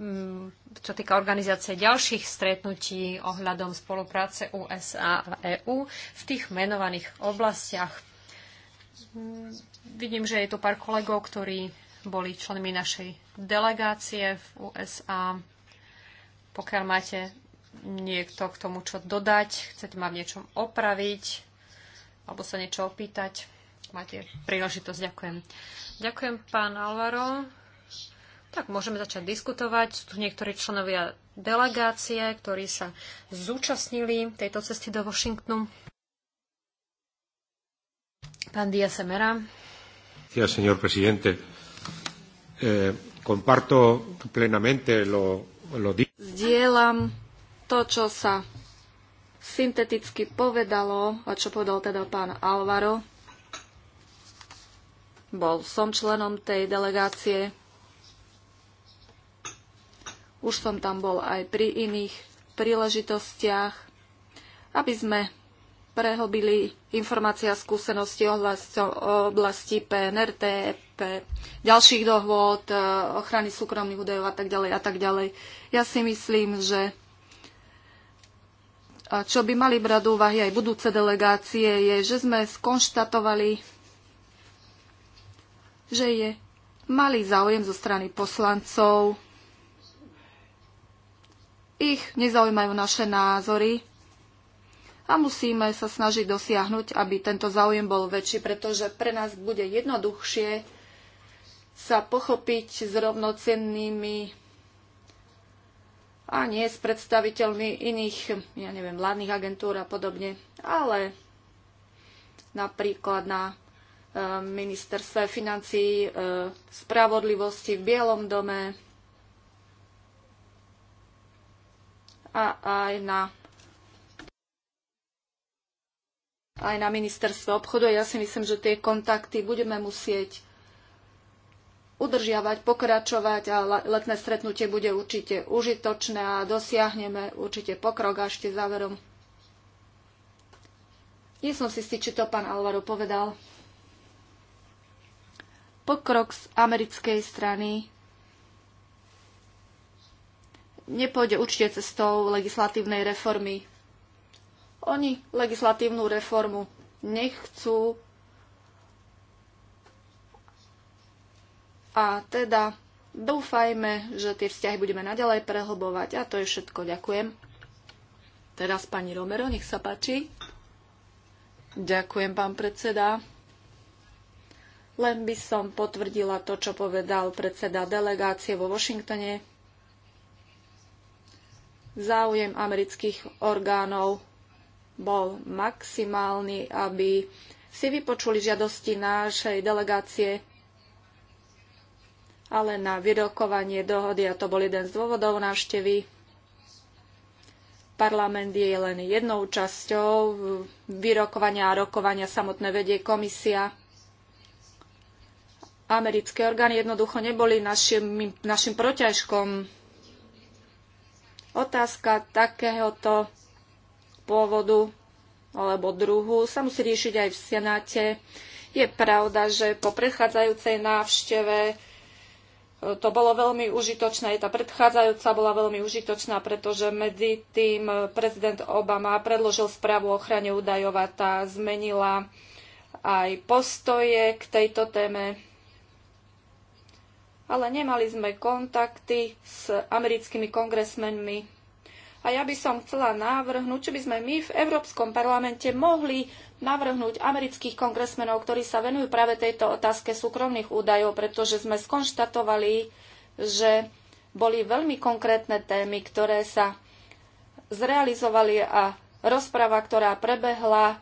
Speaker 4: mm, čo týka organizácie ďalších stretnutí ohľadom spolupráce USA a EÚ v tých menovaných oblastiach. Mm, vidím, že je tu pár kolegov, ktorí boli členmi našej delegácie v USA. Pokiaľ máte niekto k tomu čo dodať, chcete ma v niečom opraviť alebo sa niečo opýtať, máte príležitosť. Ďakujem. Ďakujem, pán Alvaro. Tak môžeme začať diskutovať. Sú tu niektorí členovia delegácie, ktorí sa zúčastnili tejto cesty do Washingtonu. Pán Díaz Semera.
Speaker 1: Ja, señor presidente. Eh, comparto plenamente lo, lo...
Speaker 4: Zdieľam
Speaker 2: to, čo sa synteticky povedalo, a čo povedal teda pán Alvaro, bol som členom tej delegácie. Už som tam bol aj pri iných príležitostiach, aby sme prehobili informácie a skúsenosti o oblasti PNRT, e ďalších dohôd, eh, ochrany súkromných údajov a tak ďalej a tak ďalej. Ja si myslím, že a čo by mali brať do úvahy aj budúce delegácie, je, že sme skonštatovali, že je malý záujem zo strany poslancov. Ich nezaujímajú naše názory a musíme sa snažiť dosiahnuť, aby tento záujem bol väčší, pretože pre nás bude jednoduchšie sa pochopiť s rovnocennými a nie s predstaviteľmi iných, ja neviem, vládnych agentúr a podobne, ale napríklad na e, ministerstve financí, e, spravodlivosti v Bielom dome a aj na aj na ministerstvo obchodu. Ja si myslím, že tie kontakty budeme musieť udržiavať, pokračovať a letné stretnutie bude určite užitočné a dosiahneme určite pokrok a ešte záverom. Nie som si si, či to pán Alvaro povedal. Pokrok z americkej strany nepôjde určite cestou legislatívnej reformy. Oni legislatívnu reformu nechcú A teda dúfajme, že tie vzťahy budeme naďalej prehlbovať. A to je všetko. Ďakujem. Teraz pani Romero, nech sa páči. Ďakujem, pán predseda. Len by som potvrdila to, čo povedal predseda delegácie vo Washingtone. Záujem amerických orgánov bol maximálny, aby si vypočuli žiadosti našej delegácie ale na vyrokovanie dohody, a to bol jeden z dôvodov návštevy, parlament je len jednou časťou vyrokovania a rokovania samotné vedie komisia. Americké orgány jednoducho neboli našim, našim protiažkom. Otázka takéhoto pôvodu alebo druhu sa musí riešiť aj v Senáte. Je pravda, že po predchádzajúcej návšteve to bolo veľmi užitočné. Tá predchádzajúca bola veľmi užitočná, pretože medzi tým prezident Obama predložil správu o ochrane údajov a tá zmenila aj postoje k tejto téme. Ale nemali sme kontakty s americkými kongresmenmi. A ja by som chcela návrhnúť, či by sme my v Európskom parlamente mohli navrhnúť amerických kongresmenov, ktorí sa venujú práve tejto otázke súkromných údajov, pretože sme skonštatovali, že boli veľmi konkrétne témy, ktoré sa zrealizovali a rozprava, ktorá prebehla e,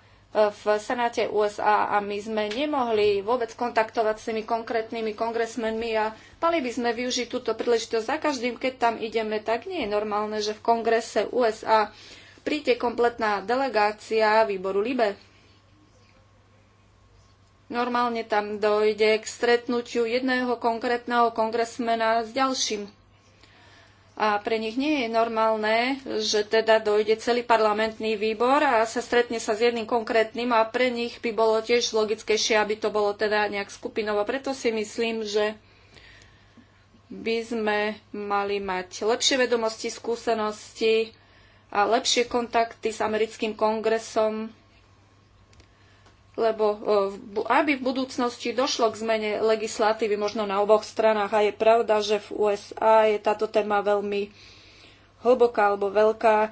Speaker 2: v Senáte USA a my sme nemohli vôbec kontaktovať s tými konkrétnymi kongresmenmi a mali by sme využiť túto príležitosť za každým, keď tam ideme, tak nie je normálne, že v kongrese USA príde kompletná delegácia výboru LIBE. Normálne tam dojde k stretnutiu jedného konkrétneho kongresmena s ďalším. A pre nich nie je normálne, že teda dojde celý parlamentný výbor a sa stretne sa s jedným konkrétnym a pre nich by bolo tiež logickejšie, aby to bolo teda nejak skupinovo. Preto si myslím, že by sme mali mať lepšie vedomosti, skúsenosti a lepšie kontakty s americkým kongresom lebo e, aby v budúcnosti došlo k zmene legislatívy možno na oboch stranách a je pravda, že v USA je táto téma veľmi hlboká alebo veľká. E,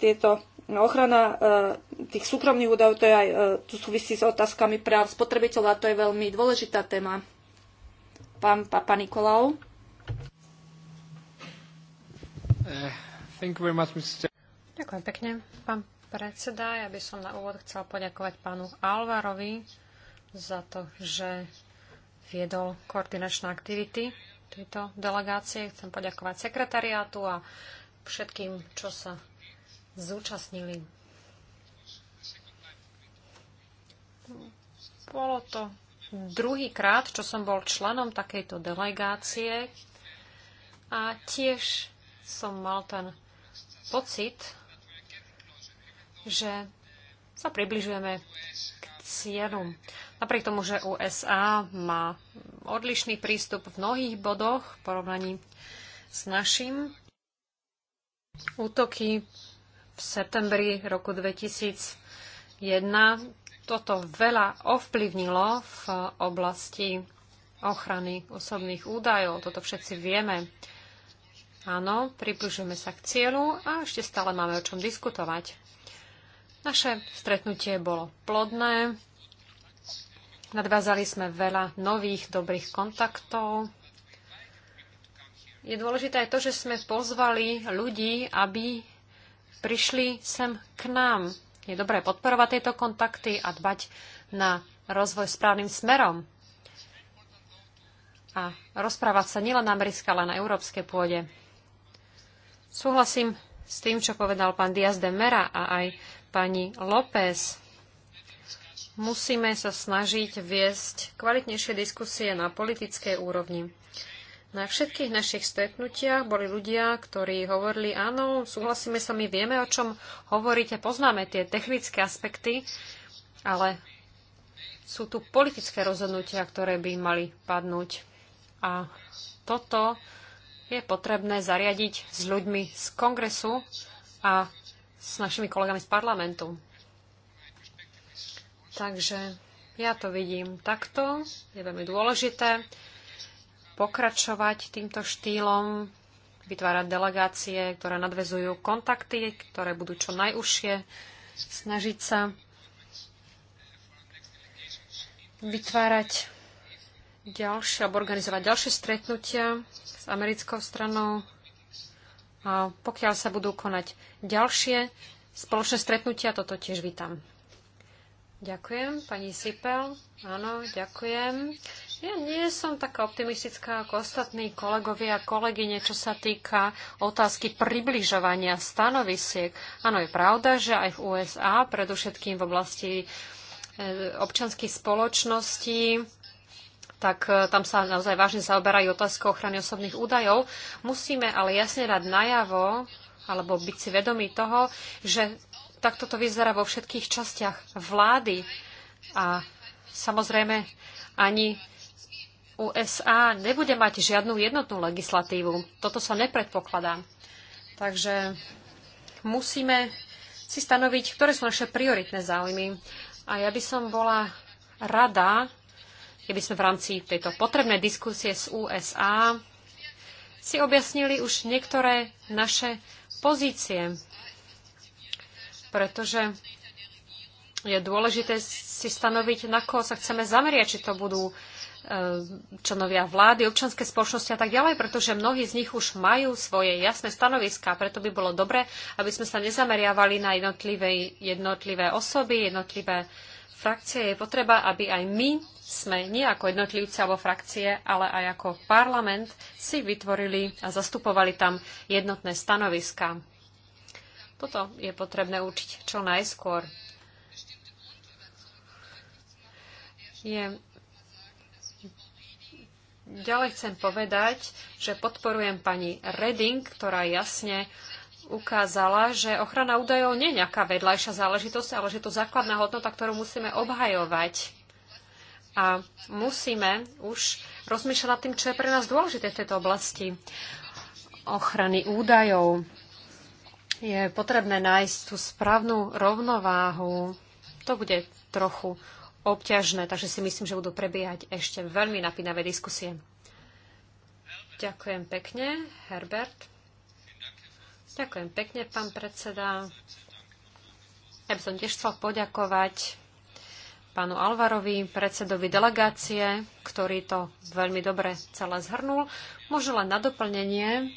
Speaker 2: tieto ochrana e, tých súkromných údajov, to je aj, tu súvisí s otázkami práv spotrebiteľa, to je veľmi dôležitá téma. Pán Papa Nikolau.
Speaker 3: Uh, much,
Speaker 4: Ďakujem pekne, pán predseda. Ja by som na úvod chcel poďakovať pánu Alvarovi za to, že viedol koordinačné aktivity tejto delegácie. Chcem poďakovať sekretariátu a všetkým, čo sa zúčastnili. Bolo to druhý krát, čo som bol členom takejto delegácie a tiež som mal ten pocit, že sa približujeme k cieľu. Napriek tomu, že USA má odlišný prístup v mnohých bodoch v porovnaní s našim, útoky v septembri roku 2001 toto veľa ovplyvnilo v oblasti ochrany osobných údajov. Toto všetci vieme. Áno, približujeme sa k cieľu a ešte stále máme o čom diskutovať. Naše stretnutie bolo plodné. Nadvázali sme veľa nových dobrých kontaktov. Je dôležité aj to, že sme pozvali ľudí, aby prišli sem k nám. Je dobré podporovať tieto kontakty a dbať na rozvoj správnym smerom. A rozprávať sa nielen na americké, ale na európskej pôde. Súhlasím s tým, čo povedal pán Diaz de Mera a aj pani López. Musíme sa snažiť viesť kvalitnejšie diskusie na politickej úrovni. Na všetkých našich stretnutiach boli ľudia, ktorí hovorili, áno, súhlasíme sa, my vieme, o čom hovoríte, poznáme tie technické aspekty, ale sú tu politické rozhodnutia, ktoré by mali padnúť. A toto je potrebné zariadiť s ľuďmi z kongresu a s našimi kolegami z parlamentu. Takže ja to vidím takto. Je veľmi dôležité pokračovať týmto štýlom, vytvárať delegácie, ktoré nadvezujú kontakty, ktoré budú čo najúžšie, snažiť sa vytvárať ďalšie alebo organizovať ďalšie stretnutia s americkou stranou, a pokiaľ sa budú konať ďalšie spoločné stretnutia, toto tiež vítam. Ďakujem, pani Sipel. Áno, ďakujem. Ja nie som taká optimistická ako ostatní kolegovia a kolegyne, čo sa týka otázky približovania stanovisiek. Áno, je pravda, že aj v USA, predovšetkým v oblasti e, občanských spoločností, tak e, tam sa naozaj vážne zaoberajú otázkou ochrany osobných údajov. Musíme ale jasne dať najavo, alebo byť si vedomí toho, že takto to vyzerá vo všetkých častiach vlády. A samozrejme ani USA nebude mať žiadnu jednotnú legislatívu. Toto sa nepredpokladá. Takže musíme si stanoviť, ktoré sú naše prioritné záujmy. A ja by som bola rada, keby sme v rámci tejto potrebnej diskusie s USA si objasnili už niektoré naše pozície, pretože je dôležité si stanoviť, na koho sa chceme zameriať, či to budú e, členovia vlády, občanské spoločnosti a tak ďalej, pretože mnohí z nich už majú svoje jasné stanoviská, preto by bolo dobre, aby sme sa nezameriavali na jednotlivé, jednotlivé osoby, jednotlivé frakcie je potreba, aby aj my sme nie ako jednotlivci alebo frakcie, ale aj ako parlament si vytvorili a zastupovali tam jednotné stanoviska. Toto je potrebné určiť čo najskôr. Je... Ďalej chcem povedať, že podporujem pani Reding, ktorá jasne uh, ukázala, že ochrana údajov nie je nejaká vedľajšia záležitosť, ale že je to základná hodnota, ktorú musíme obhajovať. A musíme už rozmýšľať nad tým, čo je pre nás dôležité v tejto oblasti ochrany údajov. Je potrebné nájsť tú správnu rovnováhu. To bude trochu obťažné, takže si myslím, že budú prebiehať ešte veľmi napínavé diskusie. Ďakujem pekne, Herbert. Ďakujem pekne, pán predseda. Ja by som tiež chcel poďakovať pánu Alvarovi, predsedovi delegácie, ktorý to veľmi dobre celé zhrnul. Možno len na doplnenie.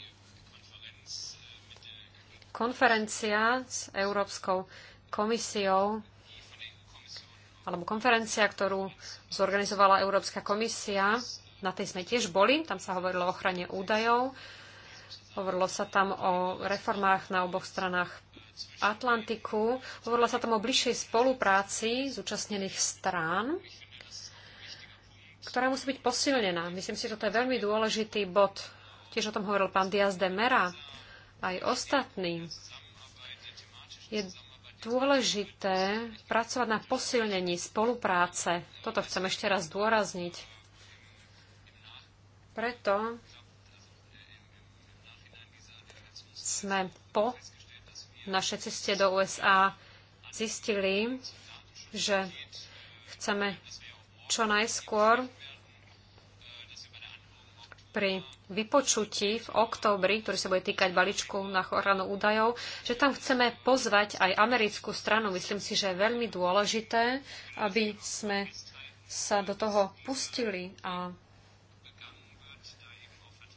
Speaker 4: Konferencia s Európskou komisiou alebo konferencia, ktorú zorganizovala Európska komisia. Na tej sme tiež boli, tam sa hovorilo o ochrane údajov. Hovorilo sa tam o reformách na oboch stranách Atlantiku. Hovorilo sa tam o bližšej spolupráci zúčastnených strán, ktorá musí byť posilnená. Myslím si, že to je veľmi dôležitý bod. Tiež o tom hovoril pán Diaz de Mera, aj ostatní. Je dôležité pracovať na posilnení spolupráce. Toto chcem ešte raz dôrazniť. Preto sme po našej ceste do USA zistili, že chceme čo najskôr pri vypočutí v októbri, ktorý sa bude týkať balíčku na ochranu údajov, že tam chceme pozvať aj americkú stranu. Myslím si, že je veľmi dôležité, aby sme sa do toho pustili a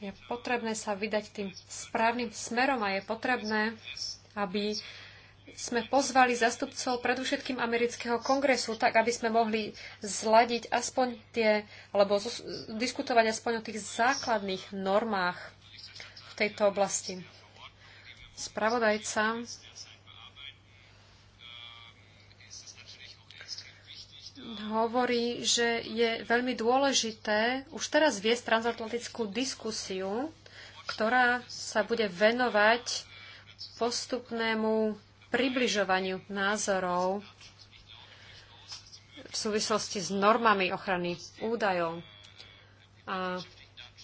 Speaker 4: je potrebné sa vydať tým správnym smerom a je potrebné, aby sme pozvali zastupcov predovšetkým amerického kongresu, tak aby sme mohli zladiť aspoň tie, alebo diskutovať aspoň o tých základných normách v tejto oblasti. Spravodajca hovorí, že je veľmi dôležité už teraz viesť transatlantickú diskusiu, ktorá sa bude venovať postupnému približovaniu názorov v súvislosti s normami ochrany údajov. A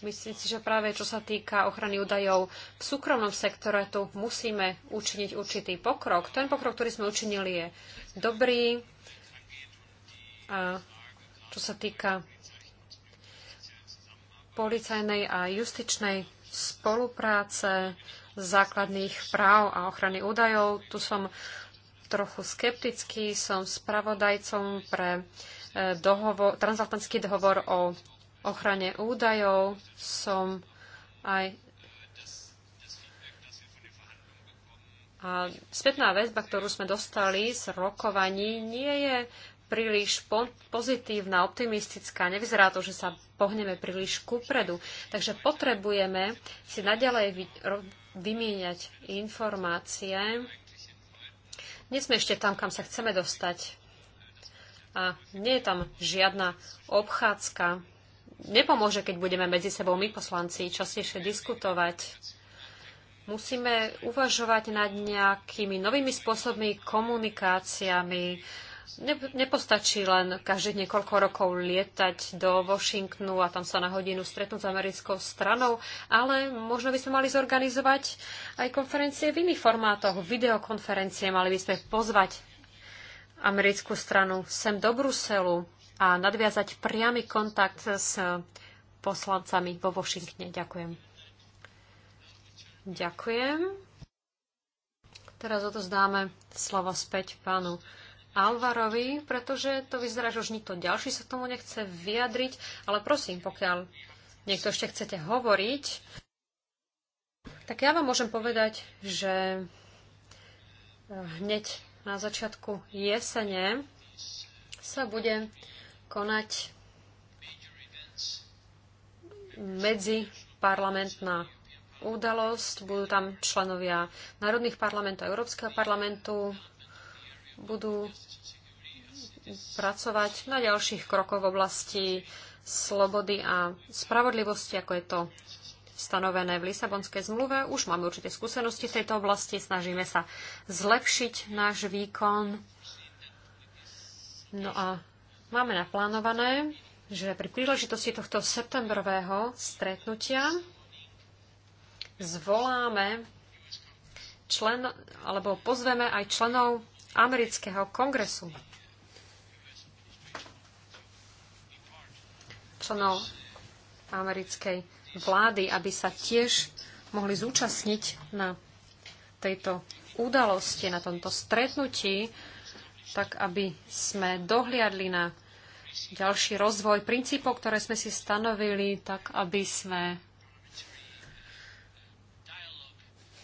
Speaker 4: myslím si, že práve čo sa týka ochrany údajov v súkromnom sektore, tu musíme učiniť určitý pokrok. Ten pokrok, ktorý sme učinili, je dobrý. A čo sa týka policajnej a justičnej spolupráce základných práv a ochrany údajov. Tu som trochu skeptický, som spravodajcom pre e, dohovor, transatlantický dohovor o ochrane údajov, som aj A spätná väzba, ktorú sme dostali z rokovaní, nie je príliš po- pozitívna, optimistická. Nevyzerá to, že sa pohneme príliš kupredu. Takže potrebujeme si naďalej vymieňať informácie. Nie sme ešte tam, kam sa chceme dostať. A nie je tam žiadna obchádzka. Nepomôže, keď budeme medzi sebou my poslanci častejšie diskutovať. Musíme uvažovať nad nejakými novými spôsobmi komunikáciami, nepostačí len každých niekoľko rokov lietať do Washingtonu a tam sa na hodinu stretnúť s americkou stranou, ale možno by sme mali zorganizovať aj konferencie v iných formátoch, videokonferencie, mali by sme pozvať americkú stranu sem do Bruselu a nadviazať priamy kontakt s poslancami vo Washingtone. Ďakujem. Ďakujem. Teraz zdáme slovo späť pánu Alvarovi, pretože to vyzerá, že už nikto ďalší sa tomu nechce vyjadriť, ale prosím, pokiaľ niekto ešte chcete hovoriť, tak ja vám môžem povedať, že eh, hneď na začiatku jesene sa bude konať medziparlamentná udalosť. Budú tam členovia národných parlamentov a Európskeho parlamentu, budú pracovať na ďalších krokoch v oblasti slobody a spravodlivosti, ako je to stanovené v Lisabonskej zmluve. Už máme určité skúsenosti v tejto oblasti, snažíme sa zlepšiť náš výkon. No a máme naplánované, že pri príležitosti tohto septembrového stretnutia zvoláme člen, alebo pozveme aj členov amerického kongresu. Členov americkej vlády, aby sa tiež mohli zúčastniť na tejto udalosti, na tomto stretnutí, tak aby sme dohliadli na ďalší rozvoj princípov, ktoré sme si stanovili, tak aby sme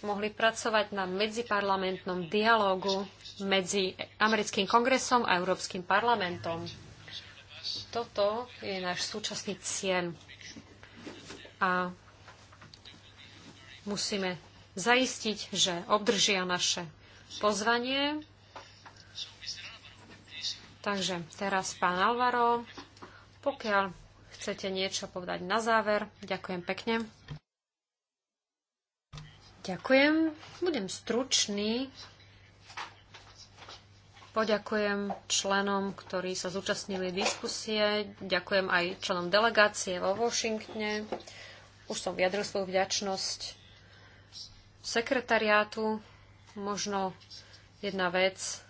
Speaker 4: mohli pracovať na medziparlamentnom dialogu medzi americkým kongresom a Európskym parlamentom. Toto je náš súčasný cieľ. A musíme zaistiť, že obdržia naše pozvanie. Takže teraz pán Alvaro, pokiaľ chcete niečo povedať na záver, ďakujem pekne. Ďakujem. Budem stručný. Poďakujem členom, ktorí sa zúčastnili diskusie. Ďakujem aj členom delegácie vo Washingtone. Už som vyjadril svoju vďačnosť sekretariátu. Možno jedna vec.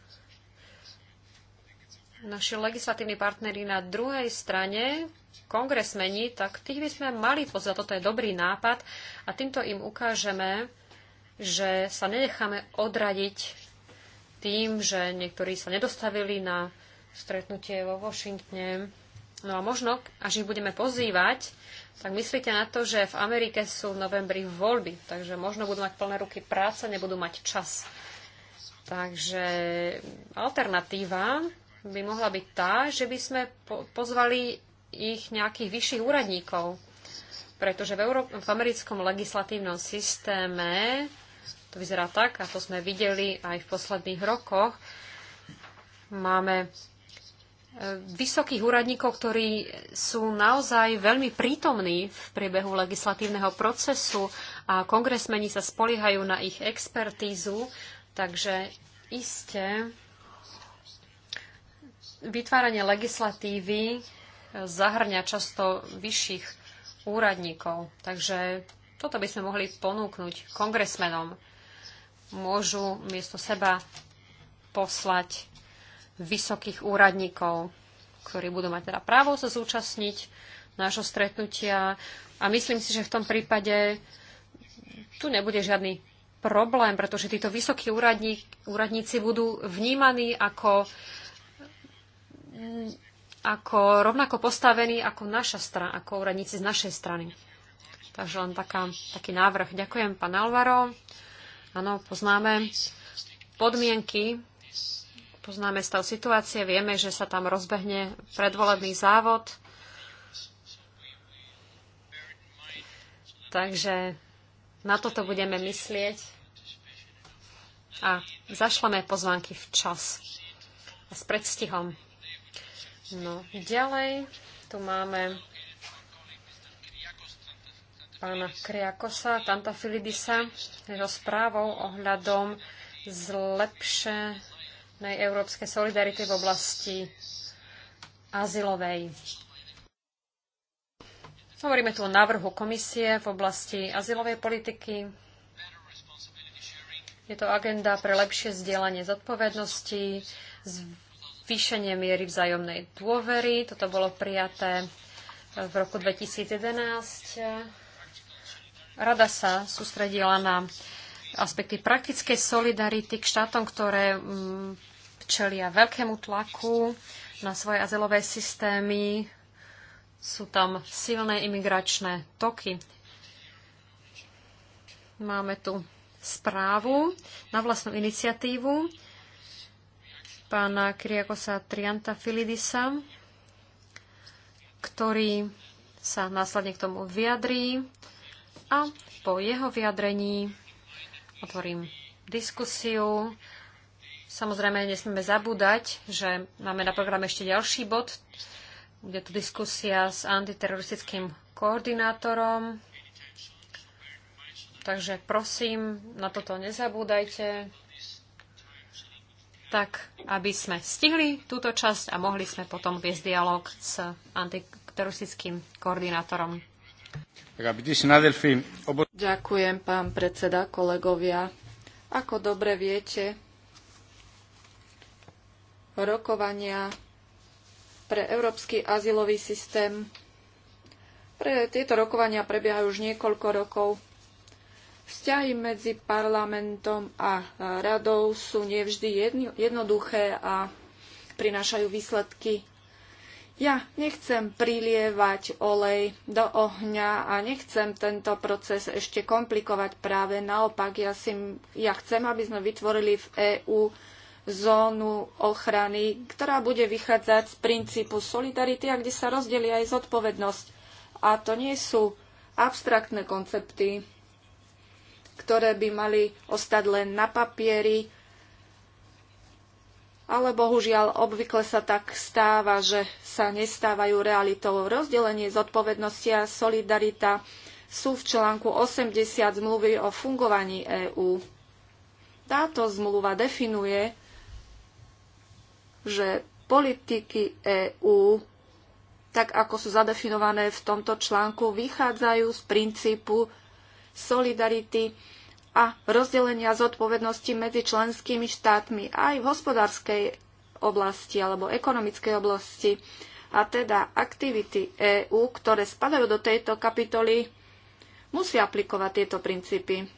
Speaker 4: Naši legislatívni partnery na druhej strane kongresmeni, tak tých by sme mali pozvať. Toto je dobrý nápad a týmto im ukážeme, že sa nenecháme odradiť tým, že niektorí sa nedostavili na stretnutie vo Washingtone. No a možno, až ich budeme pozývať, tak myslíte na to, že v Amerike sú v novembri voľby, takže možno budú mať plné ruky práce, nebudú mať čas. Takže alternatíva by mohla byť tá, že by sme pozvali ich nejakých vyšších úradníkov, pretože v, Euró- v americkom legislatívnom systéme to vyzerá tak, a to sme videli aj v posledných rokoch, máme e, vysokých úradníkov, ktorí sú naozaj veľmi prítomní v priebehu legislatívneho procesu a kongresmeni sa spoliehajú na ich expertízu, takže iste vytváranie legislatívy e, zahrňa často vyšších úradníkov. Takže toto by sme mohli ponúknuť kongresmenom môžu miesto seba poslať vysokých úradníkov, ktorí budú mať teda právo sa zúčastniť nášho stretnutia. A myslím si, že v tom prípade tu nebude žiadny problém, pretože títo vysokí úradník, úradníci budú vnímaní ako, ako rovnako postavení ako naša strana, ako úradníci z našej strany. Takže len taká, taký návrh. Ďakujem, pán Alvaro. Áno, poznáme podmienky, poznáme stav situácie, vieme, že sa tam rozbehne predvolebný závod. Takže na toto budeme myslieť a zašleme pozvánky včas a s predstihom. No, ďalej tu máme pána Kriakosa, Tantafilidisa, jeho správou ohľadom zlepšenej európskej solidarity v oblasti azylovej. Hovoríme tu o návrhu komisie v oblasti azylovej politiky. Je to agenda pre lepšie vzdielanie zodpovednosti, zvýšenie miery vzájomnej dôvery. Toto bolo prijaté v roku 2011 Rada sa sústredila na aspekty praktickej solidarity k štátom, ktoré mm, čelia veľkému tlaku na svoje azylové systémy. Sú tam silné imigračné toky. Máme tu správu na vlastnú iniciatívu pána Kriakosa Trianta Filidisa, ktorý sa následne k tomu vyjadrí a po jeho vyjadrení otvorím diskusiu. Samozrejme, nesmieme zabúdať, že máme na programe ešte ďalší bod. Bude to diskusia s antiteroristickým koordinátorom. Takže prosím, na toto nezabúdajte, tak aby sme stihli túto časť a mohli sme potom viesť dialog s antiteroristickým koordinátorom. Ďakujem, pán predseda, kolegovia. Ako dobre
Speaker 2: viete, rokovania pre európsky azylový systém. Pre tieto rokovania prebiehajú už niekoľko rokov. Vzťahy medzi parlamentom a radou sú nevždy jednoduché a prinášajú výsledky ja nechcem prilievať olej do ohňa a nechcem tento proces ešte komplikovať. Práve naopak, ja, si, ja chcem, aby sme vytvorili v EÚ zónu ochrany, ktorá bude vychádzať z princípu solidarity a kde sa rozdelia aj zodpovednosť. A to nie sú abstraktné koncepty, ktoré by mali ostať len na papieri, ale bohužiaľ obvykle sa tak stáva, že sa nestávajú realitou. Rozdelenie zodpovednosti a solidarita sú v článku 80 zmluvy o fungovaní EÚ. Táto zmluva definuje, že politiky EÚ, tak ako sú zadefinované v tomto článku, vychádzajú z princípu solidarity a rozdelenia zodpovednosti medzi členskými štátmi aj v hospodárskej oblasti alebo ekonomickej oblasti. A teda aktivity EÚ, ktoré spadajú do tejto kapitoly, musia aplikovať tieto princípy.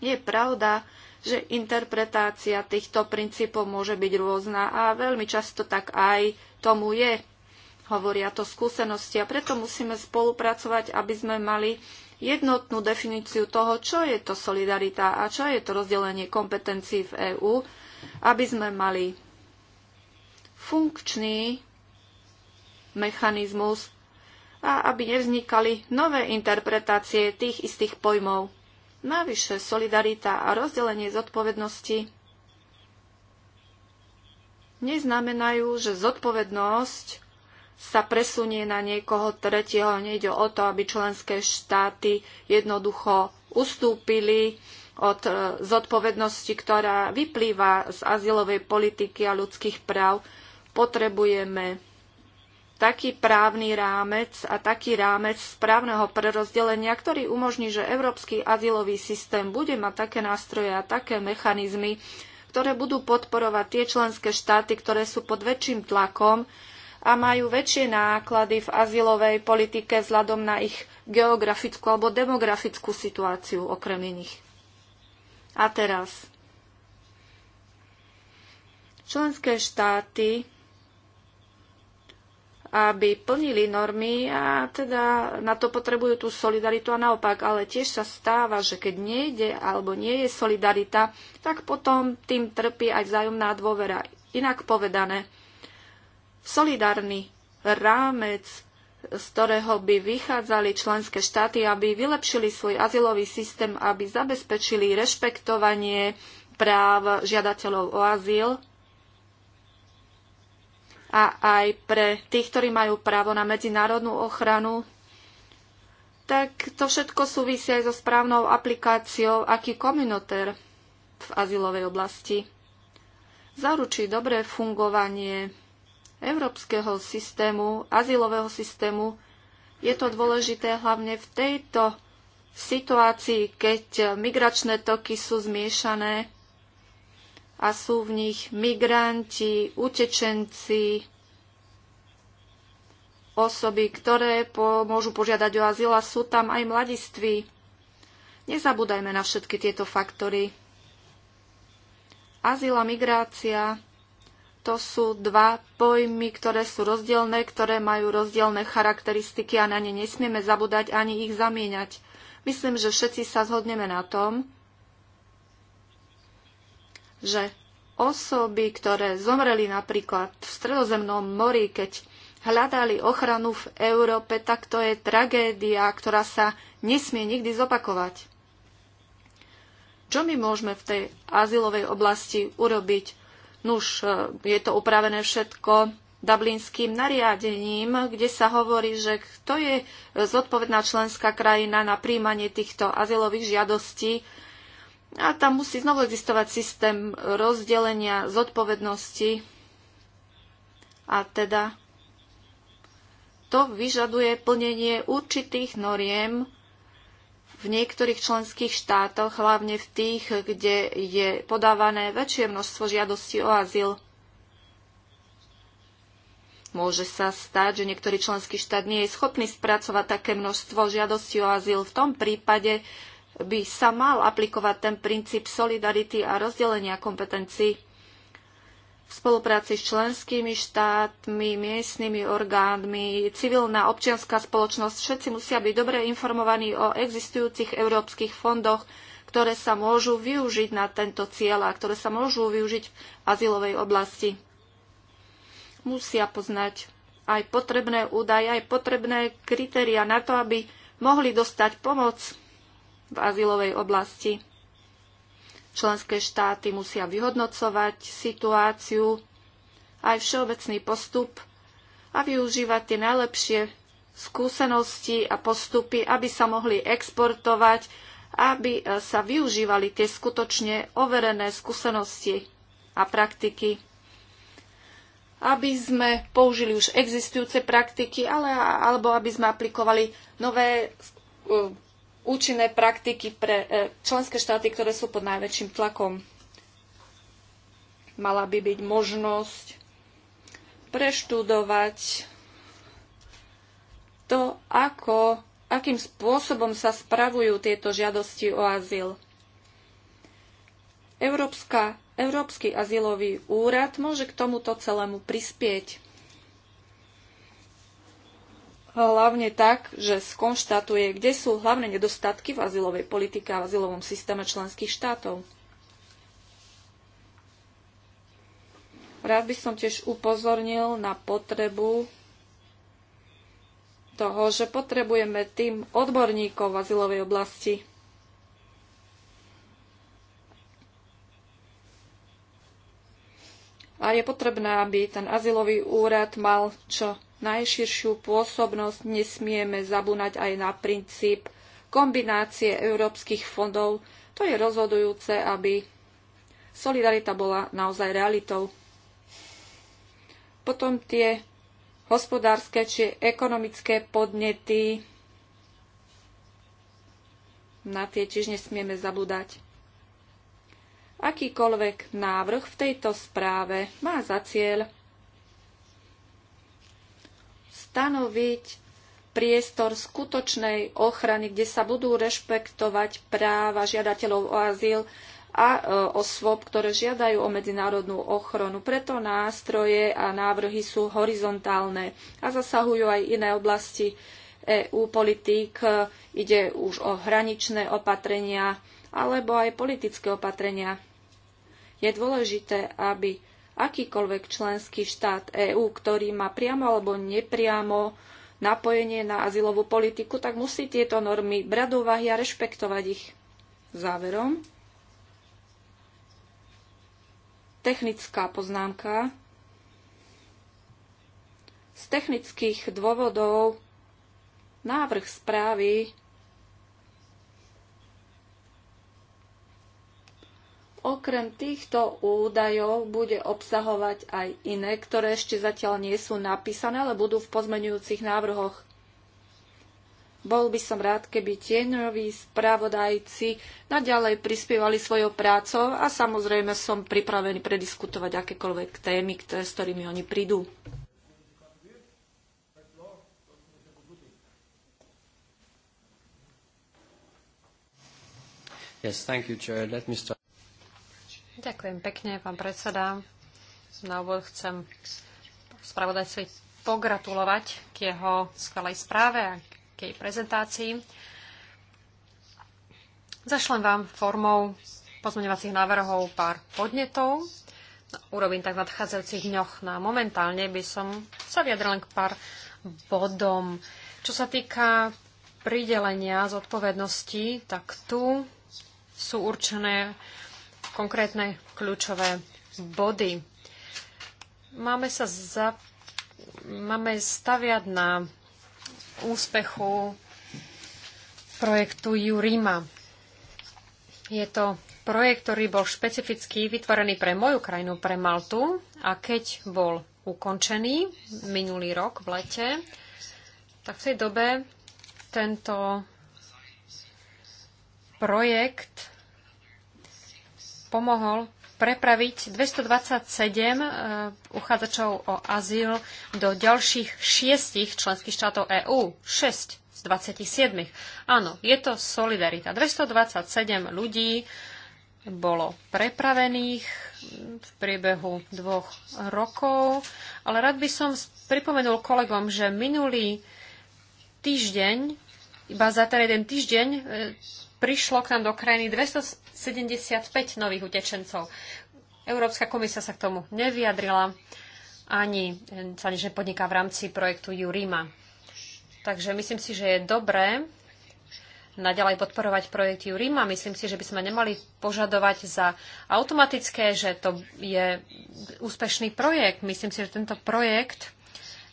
Speaker 2: Je pravda, že interpretácia týchto princípov môže byť rôzna a veľmi často tak aj tomu je. Hovoria to skúsenosti a preto musíme spolupracovať, aby sme mali jednotnú definíciu toho, čo je to solidarita a čo je to rozdelenie kompetencií v EÚ, aby sme mali funkčný mechanizmus a aby nevznikali nové interpretácie tých istých pojmov. Navyše solidarita a rozdelenie zodpovednosti neznamenajú, že zodpovednosť sa presunie na niekoho tretieho. Nejde o to, aby členské štáty jednoducho ustúpili od e, zodpovednosti, ktorá vyplýva z azylovej politiky a ľudských práv. Potrebujeme taký právny rámec a taký rámec správneho prerozdelenia, ktorý umožní, že európsky azylový systém bude mať také nástroje a také mechanizmy, ktoré budú podporovať tie členské štáty, ktoré sú pod väčším tlakom a majú väčšie náklady v azylovej politike vzhľadom na ich geografickú alebo demografickú situáciu okrem iných. A teraz. Členské štáty aby plnili normy a teda na to potrebujú tú solidaritu a naopak, ale tiež sa stáva, že keď nejde alebo nie je solidarita, tak potom tým trpí aj vzájomná dôvera. Inak povedané, solidárny rámec, z ktorého by vychádzali členské štáty, aby vylepšili svoj azylový systém, aby zabezpečili rešpektovanie práv žiadateľov o azyl a aj pre tých, ktorí majú právo na medzinárodnú ochranu, tak to všetko súvisí aj so správnou aplikáciou aký komunotér v azylovej oblasti. Zaručí dobré fungovanie európskeho systému, azylového systému. Je to dôležité hlavne v tejto situácii, keď migračné toky sú zmiešané a sú v nich migranti, utečenci, osoby, ktoré po, môžu požiadať o azyl a sú tam aj mladiství. Nezabúdajme na všetky tieto faktory. Azyl a migrácia to sú dva pojmy, ktoré sú rozdielne, ktoré majú rozdielne charakteristiky a na ne nesmieme zabúdať ani ich zamieňať. Myslím, že všetci sa zhodneme na tom, že osoby, ktoré zomreli napríklad v Stredozemnom mori, keď hľadali ochranu v Európe, tak to je tragédia, ktorá sa nesmie nikdy zopakovať. Čo my môžeme v tej azylovej oblasti urobiť? Nuž, e, je to upravené všetko dublinským nariadením, kde sa hovorí, že kto je e, zodpovedná členská krajina na príjmanie týchto azylových žiadostí. A tam musí znovu existovať systém rozdelenia zodpovednosti. A teda to vyžaduje plnenie určitých noriem, v niektorých členských štátoch, hlavne v tých, kde je podávané väčšie množstvo žiadostí o azyl. Môže sa stať, že niektorý členský štát nie je schopný spracovať také množstvo žiadostí o azyl. V tom prípade by sa mal aplikovať ten princíp solidarity a rozdelenia kompetencií v spolupráci s členskými štátmi, miestnymi orgánmi, civilná občianská spoločnosť. Všetci musia byť dobre informovaní o existujúcich európskych fondoch, ktoré sa môžu využiť na tento cieľ a ktoré sa môžu využiť v azylovej oblasti. Musia poznať aj potrebné údaje, aj potrebné kritéria na to, aby mohli dostať pomoc v azylovej oblasti. Členské štáty musia vyhodnocovať situáciu, aj všeobecný postup a využívať tie najlepšie skúsenosti a postupy, aby sa mohli exportovať, aby e, sa využívali tie skutočne overené skúsenosti a praktiky aby sme použili už existujúce praktiky, ale, alebo aby sme aplikovali nové e, účinné praktiky pre e, členské štáty, ktoré sú pod najväčším tlakom. Mala by byť možnosť preštudovať to, ako, akým spôsobom sa spravujú tieto žiadosti o azyl. Európska, Európsky azylový úrad môže k tomuto celému prispieť hlavne tak, že skonštatuje, kde sú hlavné nedostatky v azylovej politike a v azylovom systéme členských štátov. Rád by som tiež upozornil na potrebu toho, že potrebujeme tým odborníkov v azylovej oblasti. A je potrebné, aby ten azylový úrad mal čo najširšiu pôsobnosť, nesmieme zabúnať aj na princíp kombinácie európskych fondov. To je rozhodujúce, aby solidarita bola naozaj realitou. Potom tie hospodárske či ekonomické podnety, na tie tiež nesmieme zabúdať. Akýkoľvek návrh v tejto správe má za cieľ stanoviť priestor skutočnej ochrany, kde sa budú rešpektovať práva žiadateľov o azyl a e, osôb, ktoré žiadajú o medzinárodnú ochranu. Preto nástroje a návrhy sú horizontálne a zasahujú aj iné oblasti EU politík. E, ide už o hraničné opatrenia alebo aj politické opatrenia. Je dôležité, aby akýkoľvek členský štát EÚ, ktorý má priamo alebo nepriamo napojenie na azylovú politiku, tak musí tieto normy brať do úvahy a rešpektovať ich. Záverom. Technická poznámka. Z technických dôvodov návrh správy Okrem týchto údajov bude obsahovať aj iné, ktoré ešte zatiaľ nie sú napísané, ale budú v pozmenujúcich návrhoch. Bol by som rád, keby tieňoví spravodajci naďalej prispievali svojou prácou a samozrejme som pripravený prediskutovať akékoľvek témy, ktoré, s ktorými oni prídu.
Speaker 3: Yes, thank you, Chair. Let me start.
Speaker 4: Ďakujem pekne, pán predseda. Na úvod chcem spravodajcovi pogratulovať k jeho skvelej správe a k jej prezentácii. Zašlem vám formou pozmeňovacích návrhov pár podnetov. Urobím tak v nadchádzajúcich dňoch. Na momentálne by som sa vyjadril k pár bodom. Čo sa týka pridelenia zodpovednosti, tak tu sú určené konkrétne kľúčové body. Máme sa za, máme staviať na úspechu projektu Jurima. Je to projekt, ktorý bol špecificky vytvorený pre moju krajinu, pre Maltu. A keď bol ukončený minulý rok v lete, tak v tej dobe tento projekt pomohol prepraviť 227 eh, uchádzačov o azyl do ďalších šiestich členských štátov EÚ. 6 z 27. Áno, je to solidarita. 227 ľudí bolo prepravených v priebehu dvoch rokov, ale rád by som pripomenul kolegom, že minulý týždeň, iba za ten jeden týždeň, eh, prišlo k nám do krajiny 275 nových utečencov. Európska komisia sa k tomu nevyjadrila, ani sa eh, nič nepodniká v rámci projektu Jurima. Takže myslím si, že je dobré naďalej podporovať projekt Jurima. Myslím si, že by sme nemali požadovať za automatické, že to je úspešný projekt. Myslím si, že tento projekt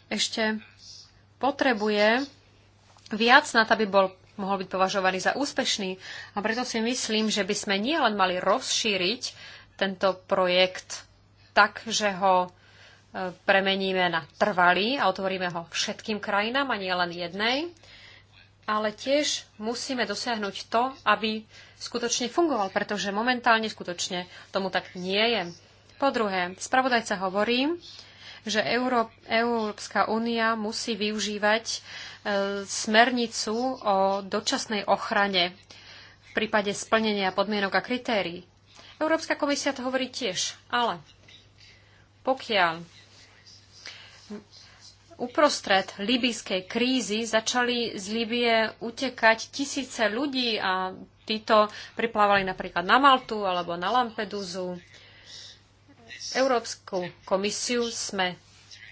Speaker 4: ešte potrebuje viac na to, aby bol mohol byť považovaný za úspešný. A preto si myslím, že by sme nielen mali rozšíriť tento projekt tak, že ho e, premeníme na trvalý a otvoríme ho všetkým krajinám a nie len jednej, ale tiež musíme dosiahnuť to, aby skutočne fungoval, pretože momentálne skutočne tomu tak nie je. Po druhé, spravodajca hovorí, že Euró- Európska únia musí využívať e, smernicu o dočasnej ochrane v prípade splnenia podmienok a kritérií. Európska komisia to hovorí tiež, ale pokiaľ uprostred libyskej krízy začali z Libie utekať tisíce ľudí a títo priplávali napríklad na Maltu alebo na Lampedusu. Európsku komisiu sme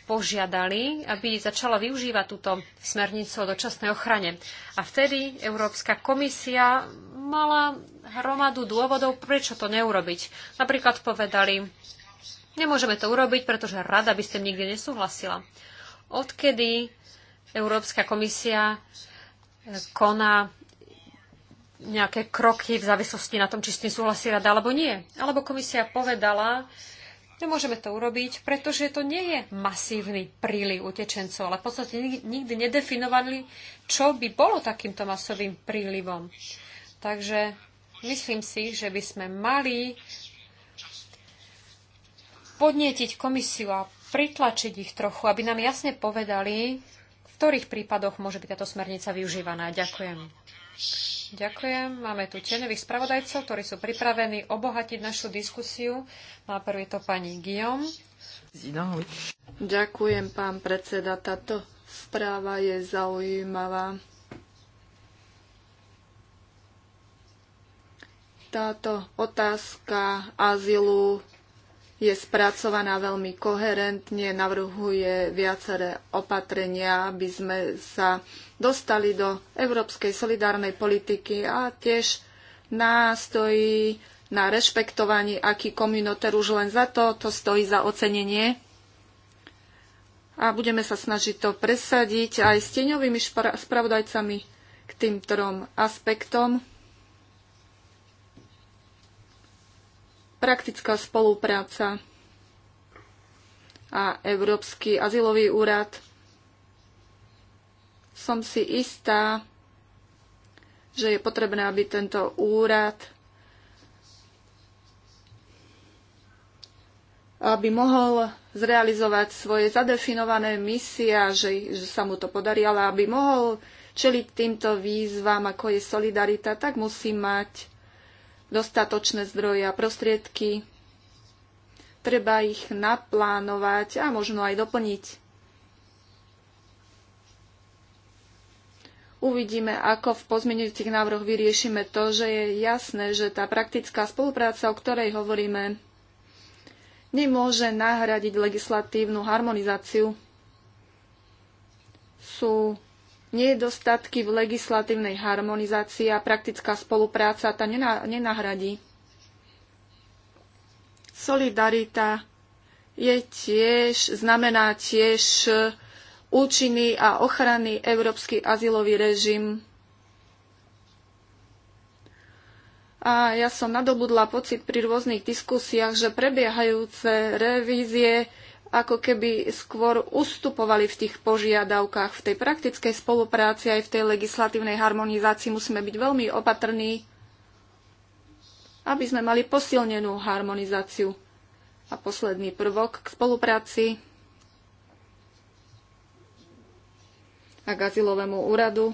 Speaker 4: požiadali, aby začala využívať túto smernicu o dočasnej ochrane. A vtedy Európska komisia mala hromadu dôvodov, prečo to neurobiť. Napríklad povedali, nemôžeme to urobiť, pretože rada by ste nikdy nesúhlasila. Odkedy Európska komisia eh, koná nejaké kroky v závislosti na tom, či s tým súhlasí rada alebo nie. Alebo komisia povedala, Nemôžeme to urobiť, pretože to nie je masívny príliv utečencov, ale v podstate nikdy nedefinovali, čo by bolo takýmto masovým prílivom. Takže myslím si, že by sme mali podnietiť komisiu a pritlačiť ich trochu, aby nám jasne povedali, v ktorých prípadoch môže byť táto smernica využívaná. Ďakujem. Ďakujem. Máme tu tenových spravodajcov, ktorí sú pripravení obohatiť našu diskusiu. Má prvý to pani Guillaume. Ďakujem, pán
Speaker 2: predseda. Táto správa je zaujímavá. Táto otázka azylu je spracovaná veľmi koherentne, navrhuje viaceré opatrenia, aby sme sa dostali do európskej solidárnej politiky a tiež nástojí na rešpektovanie, aký komunoter už len za to, to stojí za ocenenie. A budeme sa snažiť to presadiť aj s tieňovými spravodajcami k tým trom aspektom. praktická spolupráca a Európsky azylový úrad. Som si istá, že je potrebné, aby tento úrad aby mohol zrealizovať svoje zadefinované misie a že, že sa mu to podarí, ale aby mohol čeliť týmto výzvam, ako je solidarita, tak musí mať dostatočné zdroje a prostriedky. Treba ich naplánovať a možno aj doplniť. Uvidíme, ako v pozmeňujúcich návrhoch vyriešime to, že je jasné, že tá praktická spolupráca, o ktorej hovoríme, nemôže nahradiť legislatívnu harmonizáciu. Sú Nedostatky v legislatívnej harmonizácii a praktická spolupráca tá nenahradí. Solidarita je tiež, znamená tiež účinný a ochranný európsky azylový režim. A ja som nadobudla pocit pri rôznych diskusiách, že prebiehajúce revízie ako keby skôr ustupovali v tých požiadavkách. V tej praktickej spolupráci aj v tej legislatívnej harmonizácii musíme byť veľmi opatrní, aby sme mali posilnenú harmonizáciu. A posledný prvok k spolupráci a k azylovému úradu.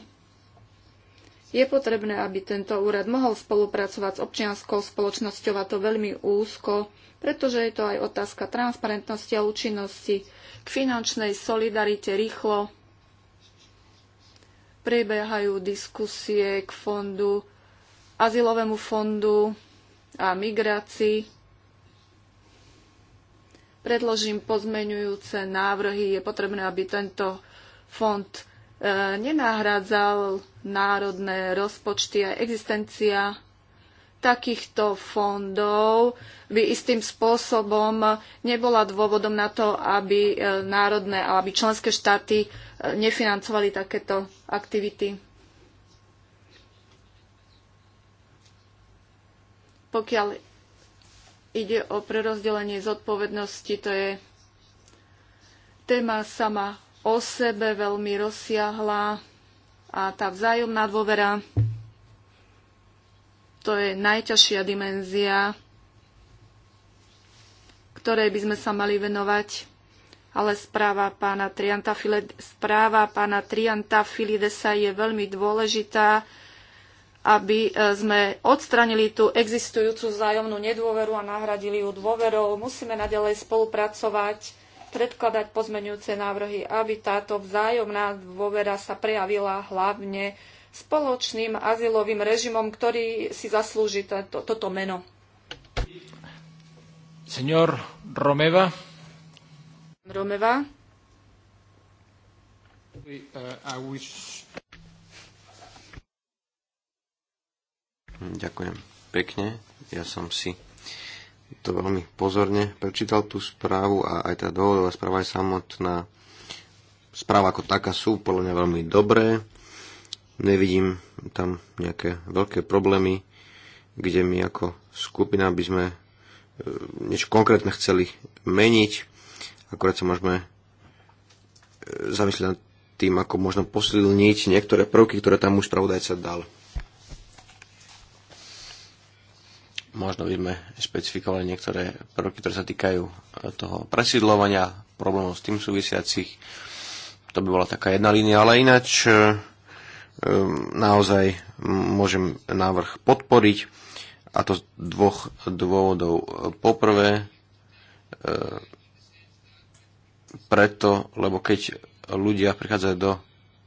Speaker 2: Je potrebné, aby tento úrad mohol spolupracovať s občianskou spoločnosťou a to veľmi úzko pretože je to aj otázka transparentnosti a účinnosti k finančnej solidarite rýchlo. Prebiehajú diskusie k fondu, azylovému fondu a migrácii. Predložím pozmeňujúce návrhy. Je potrebné, aby tento fond e, nenahrádzal národné rozpočty a existencia takýchto fondov by istým spôsobom nebola dôvodom na to, aby e, národné alebo členské štáty e, nefinancovali takéto aktivity. Pokiaľ ide o prerozdelenie zodpovednosti, to je téma sama o sebe veľmi rozsiahla a tá vzájomná dôvera to je najťažšia dimenzia, ktorej by sme sa mali venovať. Ale správa pána Trianta, správa pána Trianta Filidesa je veľmi dôležitá, aby e, sme odstranili tú existujúcu vzájomnú nedôveru a nahradili ju dôverou. Musíme naďalej spolupracovať, predkladať pozmenujúce návrhy, aby táto vzájomná dôvera sa prejavila hlavne spoločným azylovým režimom, ktorý si zaslúži toto, toto meno.
Speaker 1: Señor Romeva. Romeva. Uh,
Speaker 3: Ďakujem pekne. Ja som si to veľmi pozorne prečítal tú správu a aj tá teda dôvodová správa je samotná správa ako taká sú podľa mňa veľmi dobré. Nevidím tam nejaké veľké problémy, kde my ako skupina by sme e, niečo konkrétne chceli meniť. Akorát sa môžeme e, zamyslieť nad tým, ako možno posilniť niektoré prvky, ktoré tam už spravodajca dal. Možno by sme špecifikovali niektoré prvky, ktoré sa týkajú e, toho presídlovania, problémov s tým súvisiacich. To by bola taká jedna línia, ale ináč Ehm, naozaj môžem návrh podporiť a to z dvoch dôvodov. Poprvé, ehm, preto, lebo keď ľudia prichádzajú do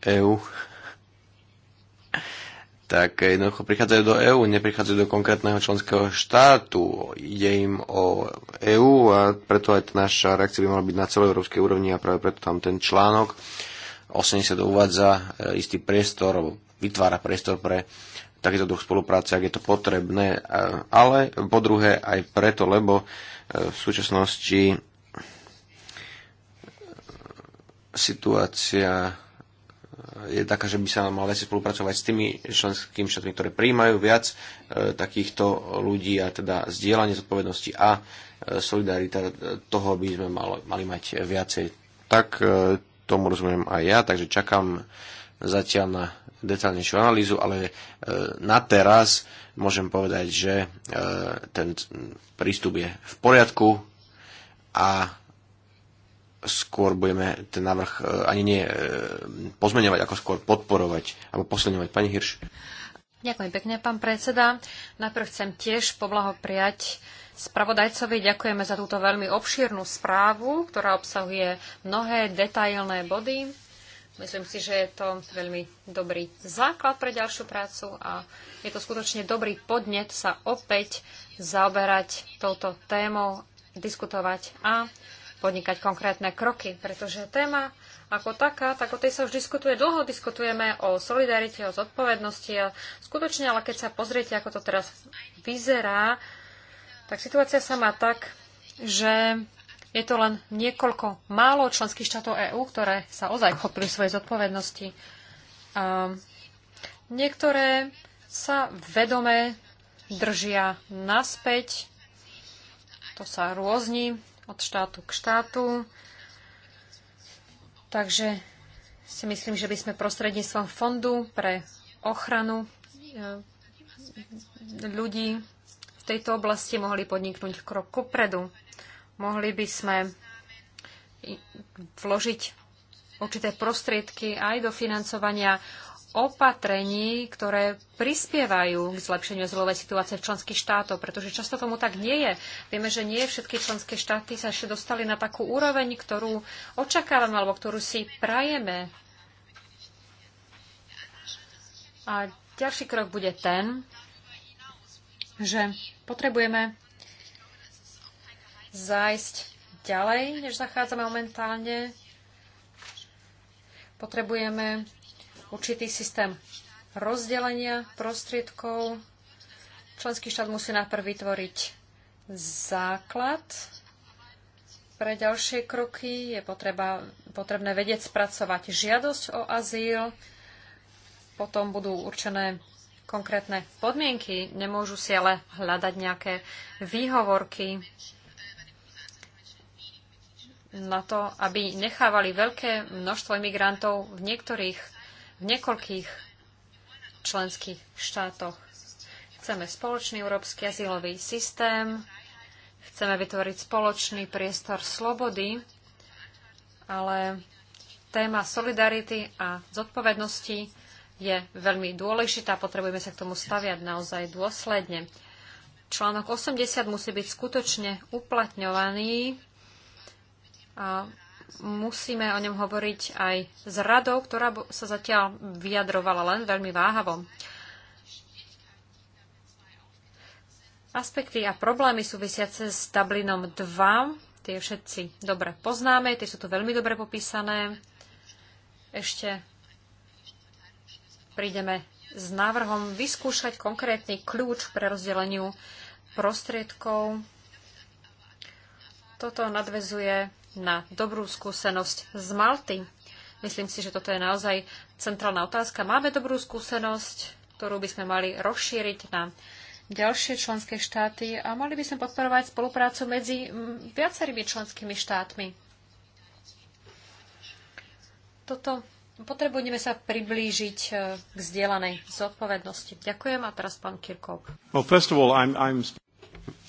Speaker 3: EÚ, [laughs] tak jednoducho prichádzajú do EÚ, neprichádzajú do konkrétneho členského štátu, ide im o EÚ a preto aj naša reakcia by mala byť na celej európskej úrovni a práve preto tam ten článok 80 uvádza e, istý priestor, alebo vytvára priestor pre takýto druh spolupráce, ak je to potrebné, e, ale po druhé aj preto, lebo e, v súčasnosti situácia je taká, že by sa mal viac spolupracovať s tými členskými štátmi, ktoré príjmajú viac e, takýchto ľudí a teda zdieľanie zodpovednosti a e, solidarita toho by sme mali mať viacej. Tak e, tomu rozumiem aj ja, takže čakám zatiaľ na detaľnejšiu analýzu, ale e, na teraz môžem povedať, že e, ten prístup je v poriadku a skôr budeme ten návrh e, ani nie pozmeňovať, ako skôr podporovať alebo posilňovať. Pani Hirš.
Speaker 4: Ďakujem pekne, pán predseda. Najprv chcem tiež poblahopriať Spravodajcovi ďakujeme za túto veľmi obšírnu správu, ktorá obsahuje mnohé detailné body. Myslím si, že je to veľmi dobrý základ pre ďalšiu prácu a je to skutočne dobrý podnet sa opäť zaoberať touto témou, diskutovať a podnikať konkrétne kroky, pretože téma ako taká, tak o tej sa už diskutuje dlho, diskutujeme o solidarite, o zodpovednosti a skutočne, ale keď sa pozriete, ako to teraz vyzerá, tak situácia sa má tak, že je to len niekoľko málo členských štátov EÚ, ktoré sa ozaj chopili svoje zodpovednosti. A niektoré sa vedome držia naspäť. To sa rôzni od štátu k štátu. Takže si myslím, že by sme prostredníctvom fondu pre ochranu e, ľudí tejto oblasti mohli podniknúť krok kopredu. Mohli by sme vložiť určité prostriedky aj do financovania opatrení, ktoré prispievajú k zlepšeniu zlovej situácie v členských štátoch, pretože často tomu tak nie je. Vieme, že nie všetky členské štáty sa ešte dostali na takú úroveň, ktorú očakávame alebo ktorú si prajeme. A ďalší krok bude ten, že potrebujeme zájsť ďalej, než zachádzame momentálne. Potrebujeme určitý systém rozdelenia prostriedkov. Členský štát musí najprv vytvoriť základ pre ďalšie kroky je potreba, potrebné vedieť spracovať žiadosť o azyl, potom budú určené konkrétne podmienky, nemôžu si ale hľadať nejaké výhovorky na to, aby nechávali veľké množstvo imigrantov v niektorých, v niekoľkých členských štátoch. Chceme spoločný európsky azylový systém, chceme vytvoriť spoločný priestor slobody, ale téma solidarity a zodpovednosti je veľmi dôležitá a potrebujeme sa k tomu staviať naozaj dôsledne. Článok 80 musí byť skutočne uplatňovaný a musíme o ňom hovoriť aj s radou, ktorá sa zatiaľ vyjadrovala len veľmi váhavo. Aspekty a problémy súvisiace s Dublinom 2, tie všetci dobre poznáme, tie sú tu veľmi dobre popísané. Ešte prídeme s návrhom vyskúšať konkrétny kľúč pre rozdeleniu prostriedkov. Toto nadvezuje na dobrú skúsenosť z Malty. Myslím si, že toto je naozaj centrálna otázka. Máme dobrú skúsenosť, ktorú by sme mali rozšíriť na ďalšie členské štáty a mali by sme podporovať spoluprácu medzi viacerými členskými štátmi. Toto Potrebujeme sa priblížiť e, k zdieľanej zodpovednosti. Ďakujem a teraz pán Kirkov.
Speaker 3: Well, first of all, I'm, I'm...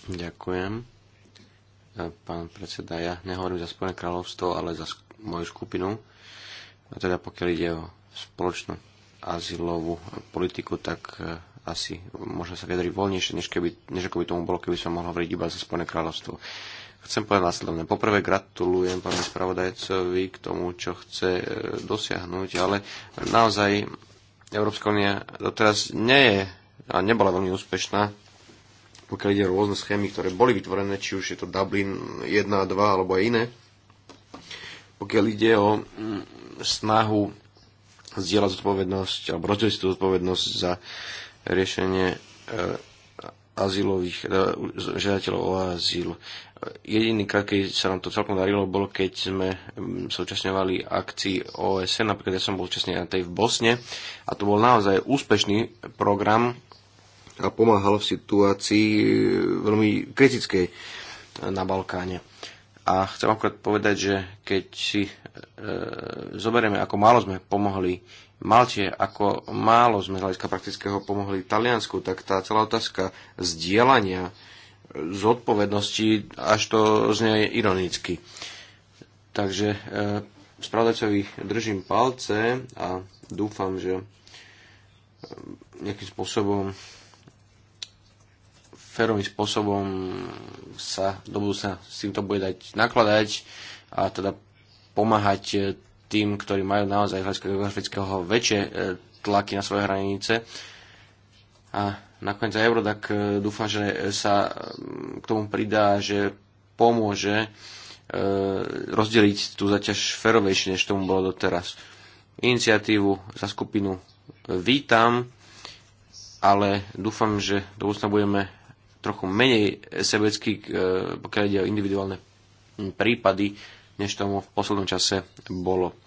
Speaker 3: Ďakujem. E, pán predseda, ja nehovorím za Spojené kráľovstvo, ale za moju skupinu. A teda pokiaľ ide o spoločnú azylovú politiku, tak e, asi možno sa vyjadriť voľnejšie, než, keby, než ako by tomu bolo, keby sa mohlo hovoriť iba za Spojené kráľovstvo. Chcem povedať následovne. Poprvé gratulujem pánu spravodajcovi k tomu, čo chce e, dosiahnuť, ale naozaj Európska únia doteraz nie je a nebola veľmi úspešná, pokiaľ ide o rôzne schémy, ktoré boli vytvorené, či už je to Dublin 1 a 2 alebo aj iné. Pokiaľ ide o mm, snahu zdieľať zodpovednosť alebo rozdeliť tú zodpovednosť za riešenie e, azylových, e, žiadateľov o azyl. Jediný krát, keď sa nám to celkom darilo, bolo, keď sme mm, sa účastňovali akcii OSN, napríklad ja som bol účastnený na tej v Bosne a to bol naozaj úspešný program a pomáhal v situácii e, veľmi kritickej e, na Balkáne. A chcem akurát povedať, že keď si e, zoberieme, ako málo sme pomohli Malte, ako málo sme z hľadiska praktického pomohli Taliansku, tak tá celá otázka zdieľania zodpovednosti, až to znie ironicky. Takže e, spravodajcovi držím palce a dúfam, že e, nejakým spôsobom férovým spôsobom sa do budúcna s týmto bude dať nakladať a teda pomáhať e, tým, ktorí majú naozaj hľadiska geografického väčšie e, tlaky na svoje hranice. A nakoniec aj tak e, dúfam, že sa e, k tomu pridá, že pomôže e, rozdeliť tú zaťaž ferovejšie, než tomu bolo doteraz. Iniciatívu za skupinu vítam, ale dúfam, že do budúcna budeme trochu menej sebecký, pokiaľ ide o individuálne prípady, než tomu v poslednom čase bolo.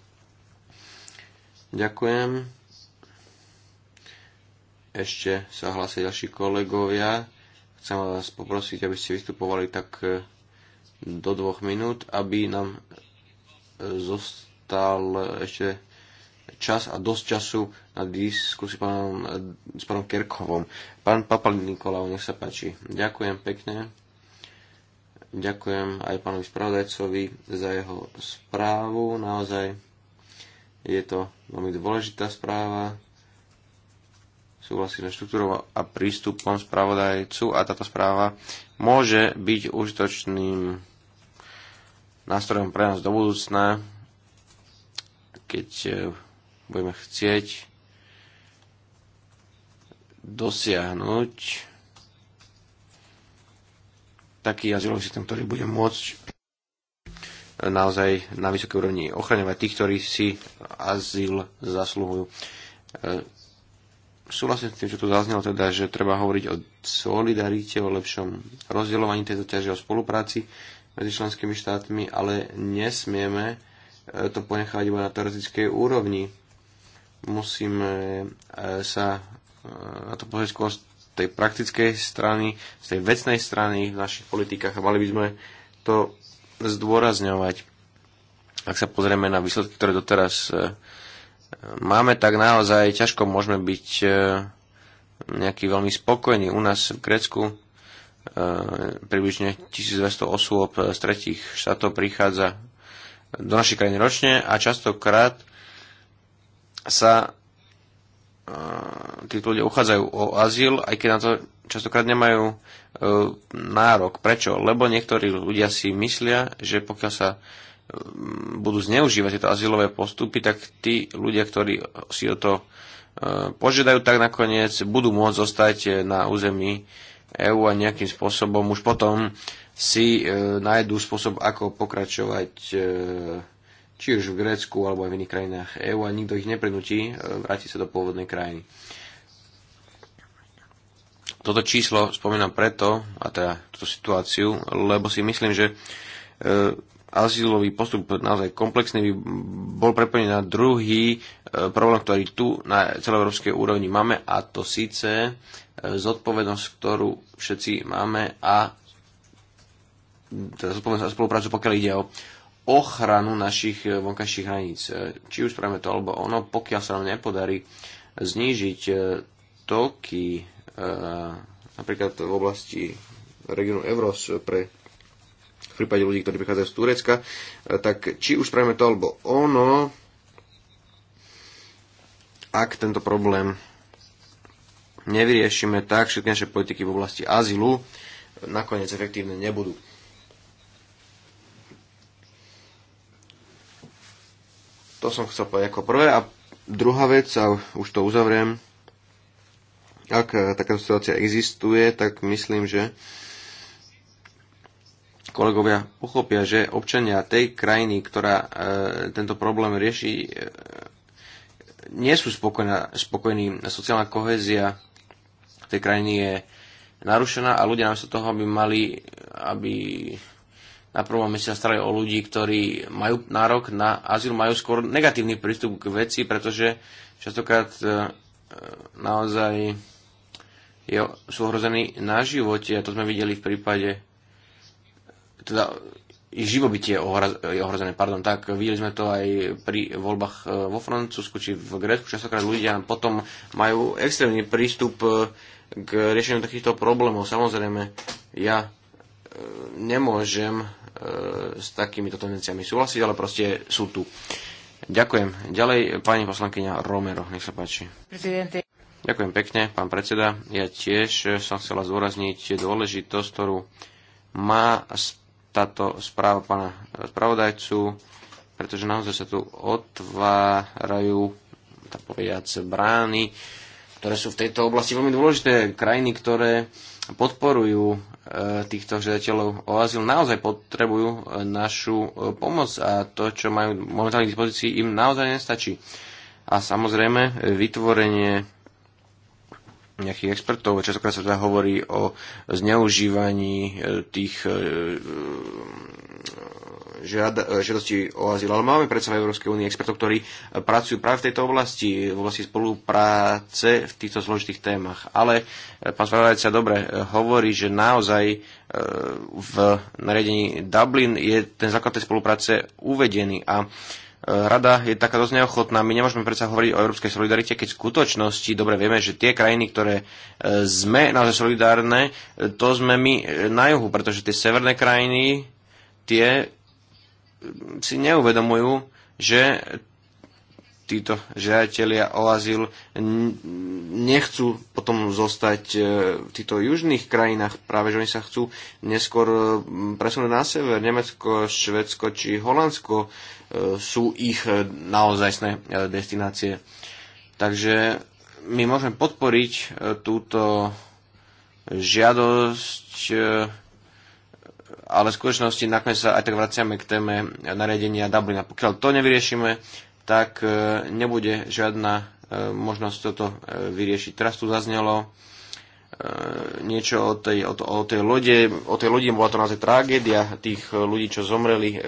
Speaker 3: Ďakujem ešte sa hlásia ďalší kolegovia. Chcem vás poprosiť, aby ste vystupovali tak e, do dvoch minút, aby nám e, zostal ešte čas a dosť času na diskusiu pánom, s pánom e, Kerkovom. Pán Papal Nikolau, nech sa páči. Ďakujem pekne. Ďakujem aj pánovi spravodajcovi za jeho správu. Naozaj je to veľmi dôležitá správa súhlasí so štruktúrou a prístupom spravodajcu a táto správa môže byť užitočným nástrojom pre nás do budúcna, keď eh, budeme chcieť dosiahnuť taký azylový systém, ktorý bude môcť eh, naozaj na vysokej úrovni ochraňovať tých, ktorí si azyl zasluhujú. Eh, súhlasím s tým, čo tu zaznelo, teda, že treba hovoriť o solidarite, o lepšom rozdielovaní, tejto ťaže, o spolupráci medzi členskými štátmi, ale nesmieme e, to ponechať iba na teoretickej úrovni. Musíme e, sa e, na to pozrieť skôr z tej praktickej strany, z tej vecnej strany v našich politikách a mali by sme to zdôrazňovať. Ak sa pozrieme na výsledky, ktoré doteraz máme, tak naozaj ťažko môžeme byť e, nejaký veľmi spokojní. U nás v Grécku e, približne 1200 osôb z tretich štátov prichádza do našej krajiny ročne a častokrát sa e, títo ľudia uchádzajú o azyl, aj keď na to častokrát nemajú nárok. Prečo? Lebo niektorí ľudia si myslia, že pokiaľ sa Mm, budú zneužívať tieto azylové postupy, tak tí ľudia, ktorí si o to e, požiadajú, tak nakoniec budú môcť zostať e, na území EÚ a nejakým spôsobom už potom si e, nájdú spôsob, ako pokračovať či už v Grécku alebo aj v iných krajinách EÚ a nikto ich neprinutí vrátiť sa do pôvodnej krajiny. Toto číslo spomínam preto, a teda túto situáciu, lebo si myslím, že azylový postup naozaj komplexný by bol prepojený na druhý e, problém, ktorý tu na európskej úrovni máme a to síce e, zodpovednosť, ktorú všetci máme a teda zodpovednosť a spoluprácu, pokiaľ ide o ochranu našich e, vonkajších hraníc. Či už spravíme to alebo ono, pokiaľ sa nám nepodarí znížiť toky napríklad v oblasti regionu Evros pre prípade ľudí, ktorí prichádzajú z Turecka, e, tak či už spravíme to alebo ono, ak tento problém nevyriešime, tak všetky naše politiky v oblasti azylu nakoniec efektívne nebudú. To som chcel povedať ako prvé. A druhá vec, a už to uzavriem, ak takáto situácia existuje, tak myslím, že kolegovia pochopia, že občania tej krajiny, ktorá e, tento problém rieši, e, nie sú spokojná, spokojní. Sociálna kohezia tej krajiny je narušená a ľudia namiesto toho, aby mali, aby na prvom mieste sa starali o ľudí, ktorí majú nárok na azyl, majú skôr negatívny prístup k veci, pretože častokrát e, e naozaj je, sú ohrození na živote a to sme videli v prípade teda ich živobytie je ohrozené. Pardon, tak videli sme to aj pri voľbách e, vo Francúzsku či v Grécku. Častokrát ľudia potom majú extrémny prístup e, k riešeniu takýchto problémov. Samozrejme, ja e, nemôžem s takýmito tendenciami súhlasiť, ale proste sú tu. Ďakujem. Ďalej pani poslankyňa Romero, nech sa páči. Prezidente. Ďakujem pekne, pán predseda. Ja tiež som chcela zdôrazniť dôležitosť, ktorú má táto správa pána spravodajcu, pretože naozaj sa tu otvárajú, tak povediac, brány, ktoré sú v tejto oblasti veľmi dôležité. Krajiny, ktoré podporujú e, týchto žiadateľov o azyl, naozaj potrebujú e, našu e, pomoc a to, čo majú momentálne k dispozícii, im naozaj nestačí. A samozrejme, vytvorenie nejakých expertov. Častokrát sa teda hovorí o zneužívaní e, tých e, e, žiad, žiadosti o azyl, ale máme predsa v Európskej únii expertov, ktorí pracujú práve v tejto oblasti, v oblasti spolupráce v týchto zložitých témach. Ale pán spravodajca dobre hovorí, že naozaj v nariadení Dublin je ten základ tej spolupráce uvedený a rada je taká dosť neochotná. My nemôžeme predsa hovoriť o európskej solidarite, keď v skutočnosti dobre vieme, že tie krajiny, ktoré e, sme naozaj solidárne, e, to sme my e, na juhu, pretože tie severné krajiny, tie si neuvedomujú, že títo žiadatelia o azyl nechcú potom zostať v týchto južných krajinách, práve že oni sa chcú neskôr presunúť na sever, Nemecko, Švedsko či Holandsko sú ich e, naozajstné e, destinácie. Takže my môžeme podporiť e, túto žiadosť, ale v skutočnosti nakoniec sa aj tak vraciame k téme nariadenia Dublina. Pokiaľ to nevyriešime, tak nebude žiadna možnosť toto vyriešiť. Teraz tu zaznelo, E, niečo o tej, o, o tej lode. O tej lodi bola to naozaj tragédia tých ľudí, čo zomreli e,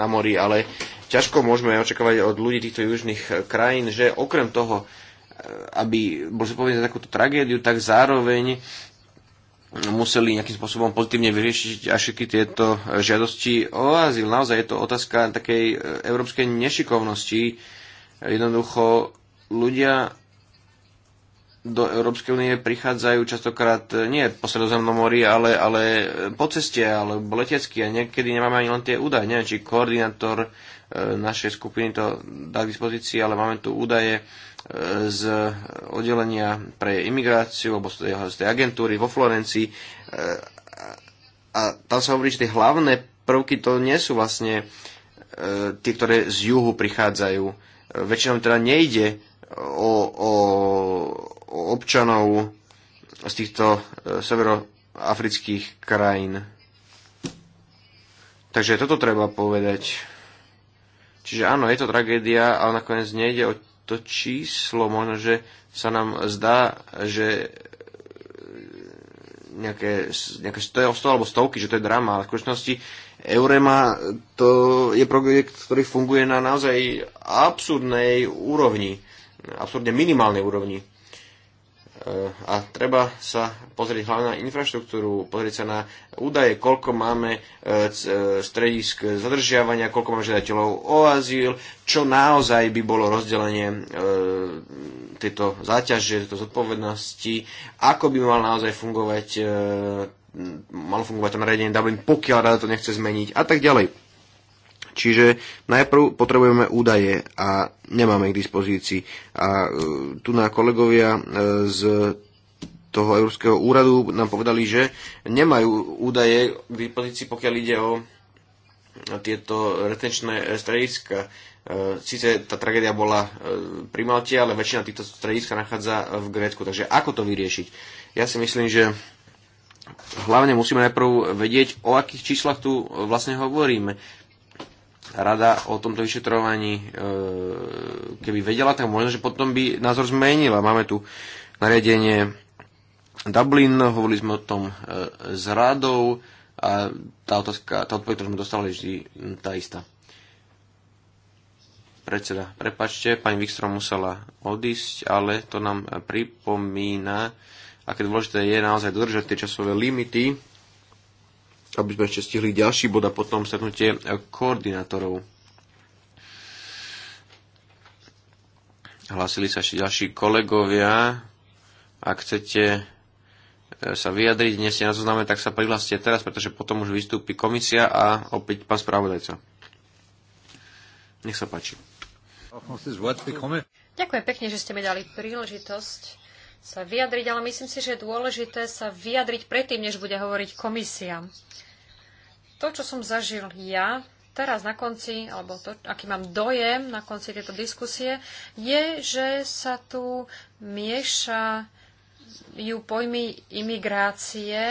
Speaker 3: na mori, ale ťažko môžeme očakávať od ľudí týchto južných krajín, že okrem toho, e, aby bol zodpovedný za takúto tragédiu, tak zároveň museli nejakým spôsobom pozitívne vyriešiť až všetky tieto žiadosti o azyl. Naozaj je to otázka takej e, európskej nešikovnosti. Jednoducho ľudia do Európskej únie prichádzajú častokrát e, nie po Sredozemnom mori, ale, ale e, po ceste alebo letecky a niekedy nemáme ani len tie údaje. Neviem, či koordinátor e, našej skupiny to dá k dispozícii, ale máme tu údaje z oddelenia pre imigráciu alebo z tej agentúry vo Florencii a tam sa hovorí, že tie hlavné prvky to nie sú vlastne tie, ktoré z juhu prichádzajú. Väčšinou teda nejde o, o, občanov z týchto e, severoafrických krajín. Takže toto treba povedať. Čiže áno, je to tragédia, ale nakoniec nejde o to číslo. Možno, že sa nám zdá, že e, nejaké, nejaké sto, sto alebo stovky, že to je drama, ale v skutočnosti Eurema to je projekt, ktorý funguje na naozaj absurdnej úrovni, absurdne minimálnej úrovni. Eh, a treba sa pozrieť hlavne na infraštruktúru, pozrieť sa na údaje, koľko máme eh, eh, stredisk zadržiavania, koľko máme žiadateľov o azyl, čo naozaj by bolo rozdelenie tejto záťaže, tejto zodpovednosti, ako by mal naozaj fungovať malo fungovať to nariadenie Dublin, pokiaľ rada to nechce zmeniť a tak ďalej. Čiže najprv potrebujeme údaje a nemáme k dispozícii. A e, tu na kolegovia e, z toho Európskeho úradu nám povedali, že nemajú údaje k dispozícii, pokiaľ ide o tieto retenčné strediska. E, Sice tá tragédia bola pri Malte, ale väčšina týchto strediska nachádza v Grécku. Takže ako to vyriešiť? Ja si myslím, že hlavne musíme najprv vedieť, o akých číslach tu vlastne hovoríme rada o tomto vyšetrovaní e, keby vedela, tak možno, že potom by názor zmenila. Máme tu nariadenie Dublin, hovorili sme o tom e, s radou a tá otázka, tá odpoveď, ktorú sme dostali, je vždy tá istá. Predseda, prepačte, pani Wikström musela odísť, ale to nám pripomína, aké dôležité je naozaj dodržať tie časové limity, aby sme ešte stihli ďalší bod a potom stretnutie koordinátorov. Hlasili sa ešte ďalší kolegovia. Ak chcete e, sa vyjadriť, dnes ste na zozname, tak sa prihláste teraz, pretože potom už vystúpi komisia a opäť pán spravodajca. Nech sa páči.
Speaker 4: Ďakujem pekne, že ste mi dali príležitosť sa vyjadriť, ale myslím si, že je dôležité sa vyjadriť predtým, než bude hovoriť komisia. To, čo som zažil ja teraz na konci, alebo to, aký mám dojem na konci tejto diskusie, je, že sa tu mieša ju pojmy imigrácie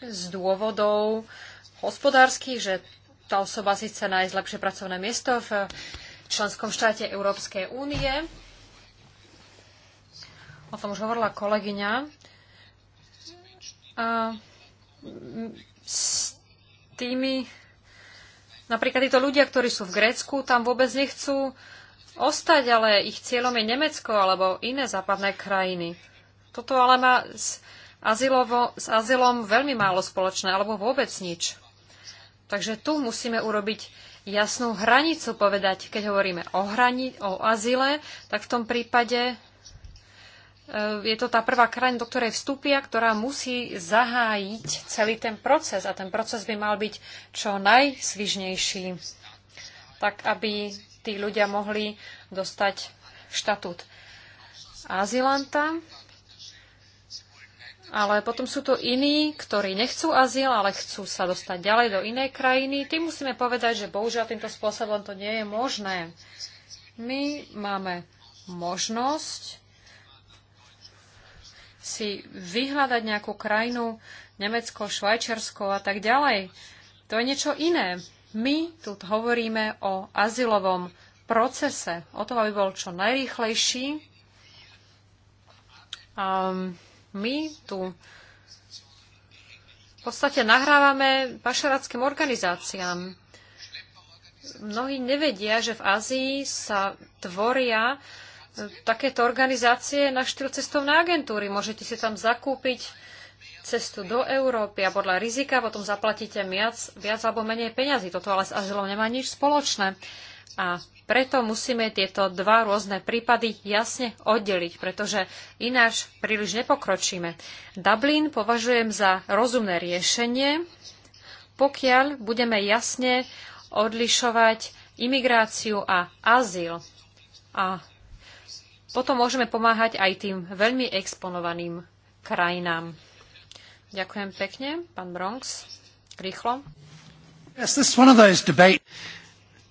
Speaker 4: z dôvodov hospodárskych, že tá osoba si chce nájsť lepšie pracovné miesto v členskom štáte Európskej únie, o tom už hovorila kolegyňa. A s tými, napríklad títo ľudia, ktorí sú v Grécku, tam vôbec nechcú ostať, ale ich cieľom je Nemecko alebo iné západné krajiny. Toto ale má s, azylovo, s azylom veľmi málo spoločné, alebo vôbec nič. Takže tu musíme urobiť jasnú hranicu povedať. Keď hovoríme o, hrani- o azyle, tak v tom prípade Eh, je to tá prvá krajina, do ktorej vstúpia, ktorá musí zahájiť celý ten proces a ten proces by mal byť čo najsvižnejší, tak aby tí ľudia mohli dostať štatút azylanta. Ale potom sú tu iní, ktorí nechcú azyl, ale chcú sa dostať ďalej do inej krajiny. Tým musíme povedať, že bohužiaľ týmto spôsobom to nie je možné. My máme možnosť si vyhľadať nejakú krajinu, Nemecko, Švajčiarsko a tak ďalej. To je niečo iné. My tu hovoríme o azylovom procese, o tom, aby bol čo najrýchlejší. A my tu v podstate nahrávame pašeráckým organizáciám. Mnohí nevedia, že v Ázii sa tvoria takéto organizácie na štýl cestovné agentúry. Môžete si tam zakúpiť cestu do Európy a podľa rizika potom zaplatíte viac, viac alebo menej peňazí. Toto ale s azylom nemá nič spoločné. A preto musíme tieto dva rôzne prípady jasne oddeliť, pretože ináč príliš nepokročíme. Dublin považujem za rozumné riešenie, pokiaľ budeme jasne odlišovať imigráciu a azyl. A potom môžeme pomáhať aj tým veľmi exponovaným krajinám. Ďakujem pekne, pán Bronx. Rýchlo.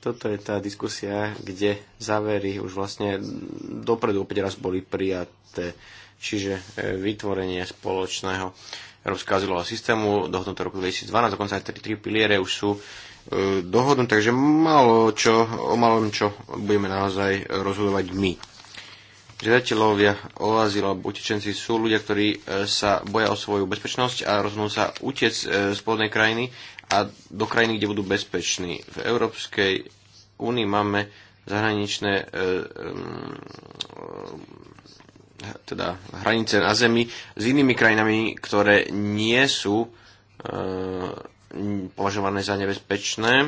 Speaker 3: Toto je tá diskusia, kde závery už vlastne dopredu opäť raz boli prijaté, čiže e, vytvorenie spoločného európskeho azylového systému, dohodnuté roku 2012, dokonca aj tri, tri piliere už sú e, dohodnuté, takže malo čo, o malom čo budeme naozaj rozhodovať my. Žiadatelovia o azyl alebo utečenci sú ľudia, ktorí e, sa boja o svoju bezpečnosť a rozhodnú sa utec e, z pôvodnej krajiny a do krajiny, kde budú bezpeční. V Európskej únii máme zahraničné e, teda hranice na zemi s inými krajinami, ktoré nie sú považované za nebezpečné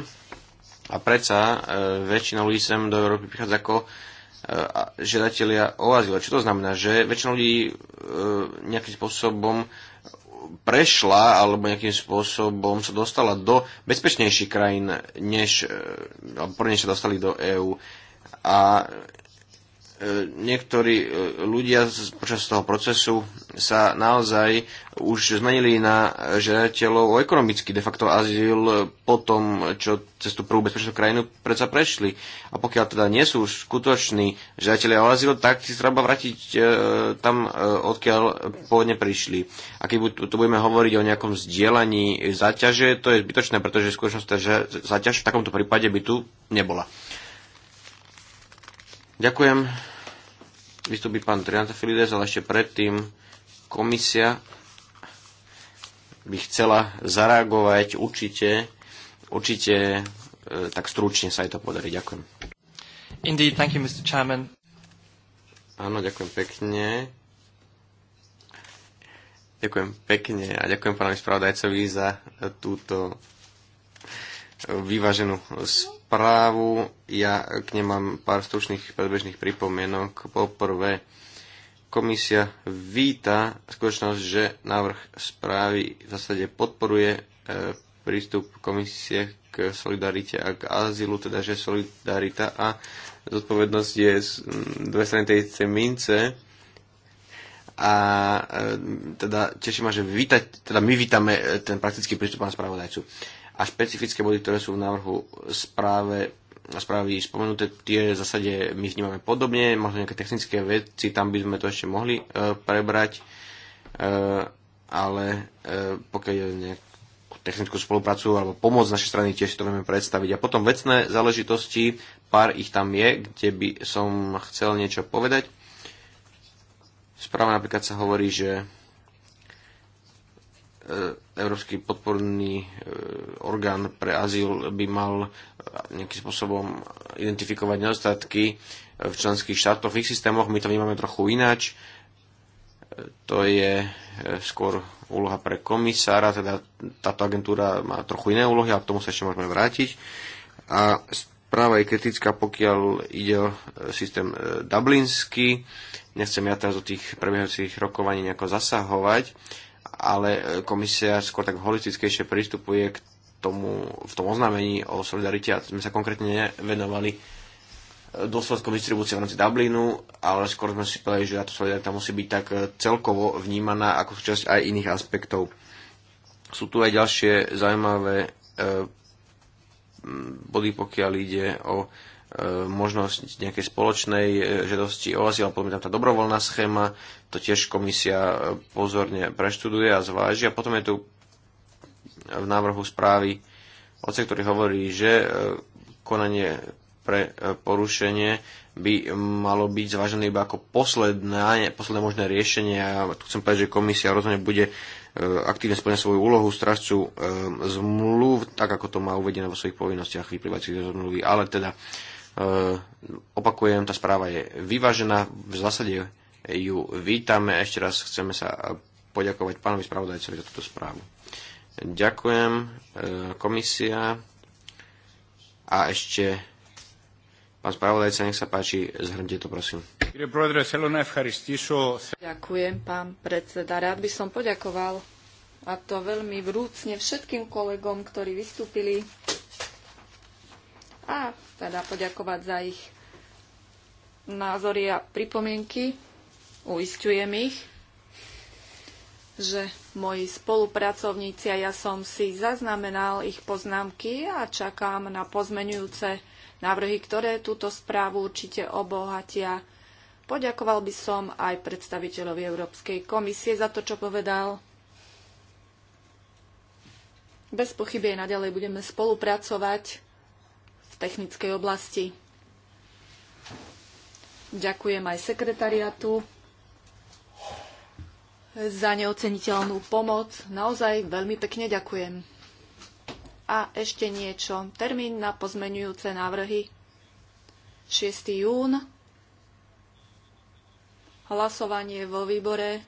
Speaker 3: a predsa väčšina ľudí sem do Európy prichádza ako žiadatelia o azyl. Čo to znamená? Že väčšina ľudí e, nejakým spôsobom prešla alebo nejakým spôsobom sa dostala do bezpečnejších krajín, než, e, alebo prvne sa dostali do EÚ. A niektorí e, ľudia počas toho procesu sa naozaj už zmenili na žiadateľov o ekonomický de facto azyl po tom, čo cez tú prvú bezpečnú krajinu predsa prešli. A pokiaľ teda nie sú skutoční žiadatelia o azyl, tak si treba vrátiť e, tam, e, odkiaľ pôvodne prišli. A keď tu budeme hovoriť o nejakom zdieľaní zaťaže, to je zbytočné, pretože v že zaťaž v takomto prípade by tu nebola. Ďakujem vystúpi pán Triantafilides, ale ešte predtým komisia by chcela zareagovať určite, určite e, tak stručne sa aj to podarí. Ďakujem.
Speaker 2: Indeed, thank you, Mr.
Speaker 3: Chairman. Áno, ďakujem pekne. Ďakujem pekne a ďakujem pánovi spravodajcovi za túto vyváženú správu správu. Ja k nej mám pár stručných predbežných pripomienok. Poprvé, komisia víta skutočnosť, že návrh správy v zásade podporuje e, prístup komisie k solidarite a k azylu, teda že solidarita a zodpovednosť je z dve strany tej mince a e, teda teší ma, že vítať, teda my vítame e, ten praktický prístup pána spravodajcu a špecifické body, ktoré sú v návrhu správe, správy spomenuté, tie v zásade my vnímame podobne, možno nejaké technické veci, tam by sme to ešte mohli e, prebrať, e, ale e, pokiaľ je nejakú technickú spoluprácu alebo pomoc z našej strany tiež to vieme predstaviť. A potom vecné záležitosti, pár ich tam je, kde by som chcel niečo povedať. Správa napríklad sa hovorí, že e, Európsky podporný e, orgán pre azyl by mal e, nejakým spôsobom identifikovať nedostatky e, v členských štátoch, v ich systémoch. My to vnímame trochu ináč. To je skôr úloha pre komisára, teda táto agentúra má trochu iné úlohy, ale k tomu sa ešte môžeme vrátiť. A správa je kritická, pokiaľ ide o systém dublinsky. Nechcem ja teraz do tých prebiehajúcich rokovaní nejako zasahovať ale e, komisia skôr tak holistickejšie pristupuje k tomu, v tom oznámení o solidarite a sme sa konkrétne venovali e, dôsledkom distribúcie v rámci Dublinu, ale skôr sme si povedali, že táto solidarita musí byť tak e, celkovo vnímaná ako súčasť aj iných aspektov. Sú tu aj ďalšie zaujímavé body, pokiaľ ide o možnosť nejakej spoločnej e, žiadosti o azyl, potom je tam tá dobrovoľná schéma, to tiež komisia e, pozorne preštuduje a zváži. A potom je tu v návrhu správy oce, ktorý hovorí, že e, konanie pre porušenie by malo byť zvážené iba ako posledné, posledné možné riešenie. A tu chcem povedať, že komisia rozhodne bude aktívne splňať svoju úlohu stražcu zmluv, tak ako to má uvedené vo svojich povinnostiach vyplývajúcich zo zmluvy. Ale teda Eh, opakujem, tá správa je vyvážená, v zásade ju vítame. Ešte raz chceme sa poďakovať pánovi spravodajcovi za túto správu. Ďakujem, eh, komisia. A ešte pán spravodajca, nech sa páči, zhrňte to prosím.
Speaker 2: Ďakujem, pán predseda. Rád by som poďakoval a to veľmi vrúcne všetkým kolegom, ktorí vystúpili a teda poďakovať za ich názory a pripomienky. Uistujem ich, že moji spolupracovníci a ja som si zaznamenal ich poznámky a čakám na pozmenujúce návrhy, ktoré túto správu určite obohatia. Poďakoval by som aj predstaviteľovi Európskej komisie za to, čo povedal. Bez pochyby aj naďalej budeme spolupracovať v technickej oblasti. Ďakujem aj sekretariatu za neoceniteľnú pomoc. Naozaj veľmi pekne ďakujem. A ešte niečo. Termín na pozmenujúce návrhy 6. jún. Hlasovanie vo výbore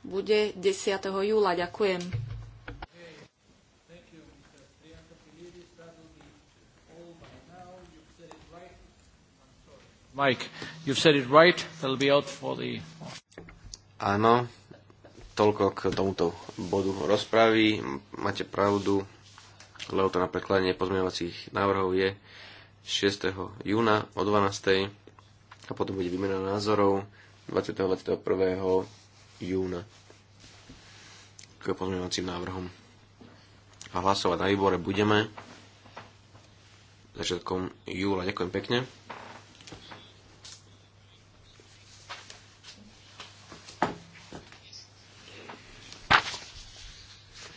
Speaker 2: bude 10. júla. Ďakujem.
Speaker 1: Mike, you've said it right. be out for the...
Speaker 3: Áno, toľko k tomuto bodu rozpravy. Máte pravdu, lebo to na prekladanie pozmeňovacích návrhov je 6. júna o 12. a potom bude výmena názorov 20. a 21. júna k pozmeňovacím návrhom. A hlasovať na výbore budeme začiatkom júla. Ďakujem pekne.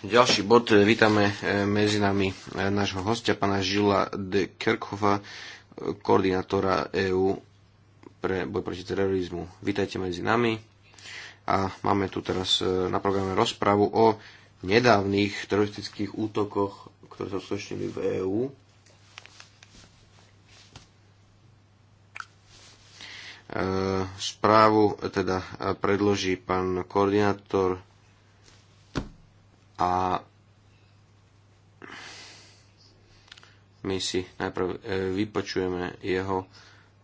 Speaker 3: Ďalší bod, e, vítame e, medzi nami e, nášho hostia, pána Žila de Kerkhova, koordinátora EÚ pre boj proti terorizmu. Vítajte medzi nami a máme tu teraz na programe rozpravu o nedávnych teroristických útokoch, ktoré sa uskutočnili v EÚ. Správu teda predloží pán koordinátor a my si najprv e, vypočujeme jeho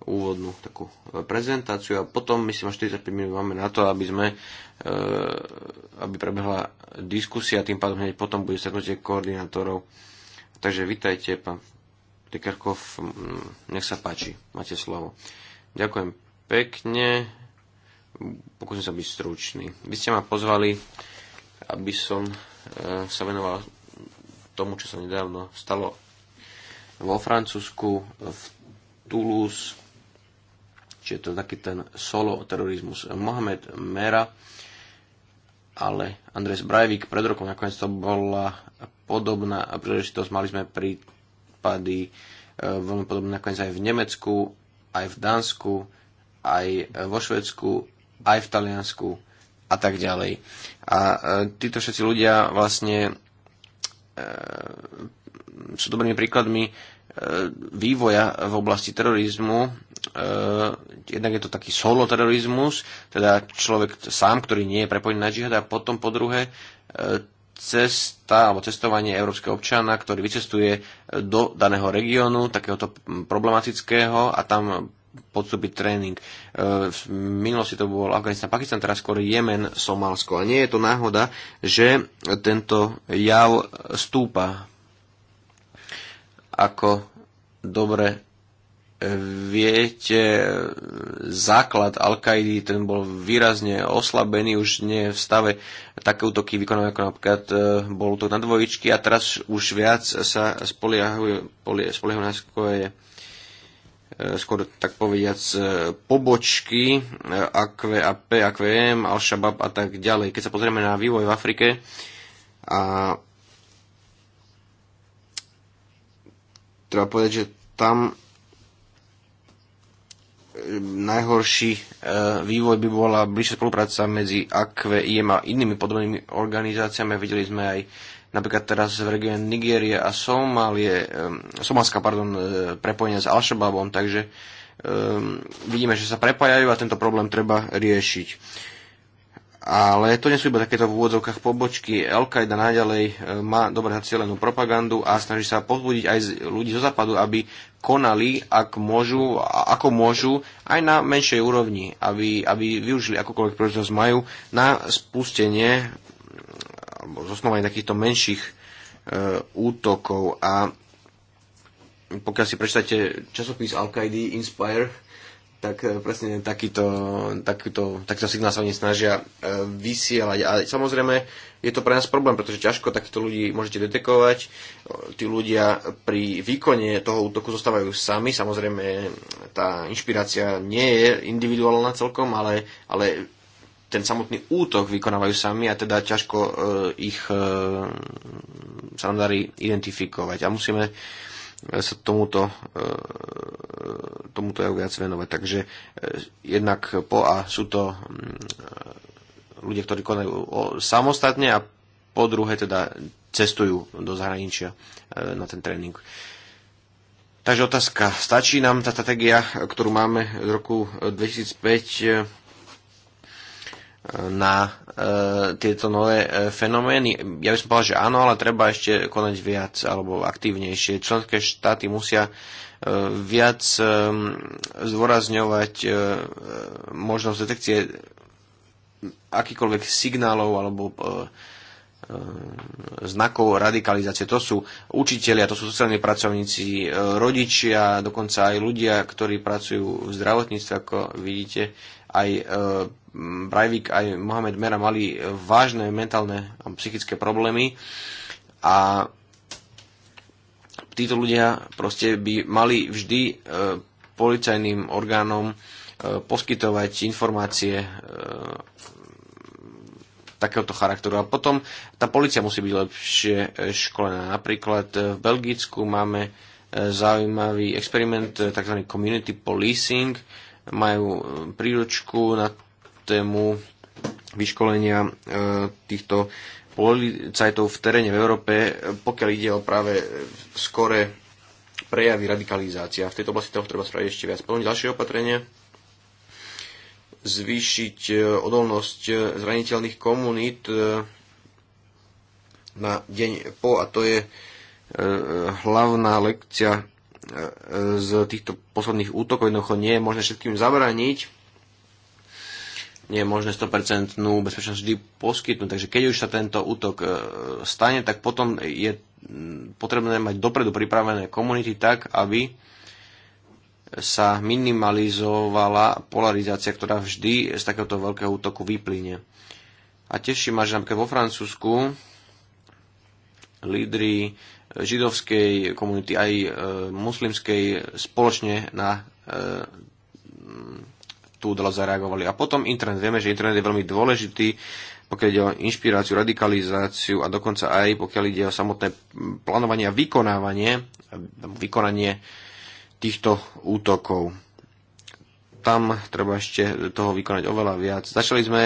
Speaker 3: úvodnú takú e, prezentáciu a potom myslím že 45 minút máme na to, aby sme e, aby prebehla diskusia, tým pádom hneď potom bude stretnutie koordinátorov. Takže vitajte, pán Tekerkov, nech sa páči, máte slovo. Ďakujem pekne, pokúsim sa byť stručný. Vy ste ma pozvali, aby som E, sa venovala tomu, čo sa nedávno stalo vo Francúzsku, v Toulouse, čiže to taký ten solo terorizmus. Mohamed Mera, ale Andres Breivik pred rokom nakoniec to bola podobná príležitosť. Mali sme prípady e, veľmi podobné nakoniec aj v Nemecku, aj v Dánsku, aj vo Švedsku, aj v Taliansku a tak ďalej. A e, títo všetci ľudia vlastne e, sú dobrými príkladmi e, vývoja v oblasti terorizmu. E, jednak je to taký solo terorizmus, teda človek sám, ktorý nie je prepojený na džihad a potom po druhé e, cesta alebo cestovanie európskeho občana, ktorý vycestuje do daného regiónu, takéhoto problematického a tam podstúpiť tréning. E, v minulosti to bol Afganistan, Pakistan, teraz skôr Jemen, Somálsko. A nie je to náhoda, že tento jav stúpa. Ako dobre e, viete, e, základ al ten bol výrazne oslabený, už nie je v stave také útoky vykonané, ako napríklad bol útok na dvojičky a teraz už viac sa spoliehajú, spoliehajú na svoje skôr tak povediac e, pobočky e, AQAP, AKVM, Al-Shabaab a tak ďalej. Keď sa pozrieme na vývoj v Afrike a treba povedať, že tam e, najhorší vývoj by bola bližšia spolupráca medzi AKVM a inými podobnými organizáciami. Videli sme aj napríklad teraz v regióne Nigérie a Somálie, Somálska, pardon, e, prepojenia s Al-Shabaabom, takže um, vidíme, že sa prepájajú a tento problém treba riešiť. Ale to nie sú iba takéto v úvodzovkách pobočky. al qaeda naďalej má dobre zacielenú propagandu a snaží sa pozbudiť aj ľudí zo západu, aby konali, ak môžu, ako môžu, aj na menšej úrovni, aby, aby využili akúkoľvek príležitosť majú na spustenie alebo zosnovanie takýchto menších e, útokov a pokiaľ si prečítate časopis al Inspire, tak e, presne takýto, takýto, takýto signál sa oni snažia e, vysielať. A samozrejme je to pre nás problém, pretože ťažko takýchto ľudí môžete detekovať. Tí ľudia pri výkone toho útoku zostávajú sami. Samozrejme tá inšpirácia nie je individuálna celkom, ale, ale ten samotný útok vykonávajú sami a teda ťažko uh, ich uh, sa nám darí identifikovať a musíme sa tomuto, uh, tomuto aj viac venovať. Takže uh, jednak po a sú to uh, ľudia, ktorí konajú o, samostatne a po druhé teda cestujú do zahraničia uh, na ten tréning. Takže otázka, stačí nám tá stratégia, ktorú máme z roku 2005 na e, tieto nové e, fenomény? Ja by som povedal, že áno, ale treba ešte konať viac alebo aktívnejšie. Členské štáty musia e, viac e, zdôrazňovať e, možnosť detekcie akýkoľvek signálov alebo e, e znakov radikalizácie. To sú učitelia, to sú sociálni pracovníci, e, rodičia, dokonca aj ľudia, ktorí pracujú v zdravotníctve, ako vidíte aj e, Breivik, aj Mohamed Mera mali vážne mentálne a psychické problémy a títo ľudia proste by mali vždy e, policajným orgánom e, poskytovať informácie takéhoto charakteru. A potom tá policia musí byť lepšie školená. Napríklad v Belgicku máme zaujímavý experiment, tzv. community policing, majú e, príručku na tému vyškolenia e, týchto policajtov v teréne v Európe, e, pokiaľ ide o práve skore prejavy radikalizácia. V tejto oblasti toho treba spraviť ešte viac. Potom ďalšie opatrenie zvýšiť odolnosť zraniteľných komunít na deň po a to je hlavná lekcia z týchto posledných útokov jednoducho nie je možné všetkým zabrániť, nie je možné 100% bezpečnosť vždy poskytnúť. Takže keď už sa tento útok e, stane, tak potom je potrebné mať dopredu pripravené komunity tak, aby sa minimalizovala polarizácia, ktorá vždy z takéhoto veľkého útoku vyplyne. A teší ma, že napríklad vo Francúzsku lídry e, židovskej komunity, aj e, muslimskej spoločne na e, tú udalosť zareagovali. A potom internet. Vieme, že internet je veľmi dôležitý, pokiaľ ide o inšpiráciu, radikalizáciu a dokonca aj pokiaľ ide o samotné plánovanie a vykonávanie, vykonanie týchto útokov. Tam treba ešte toho vykonať oveľa viac. Začali sme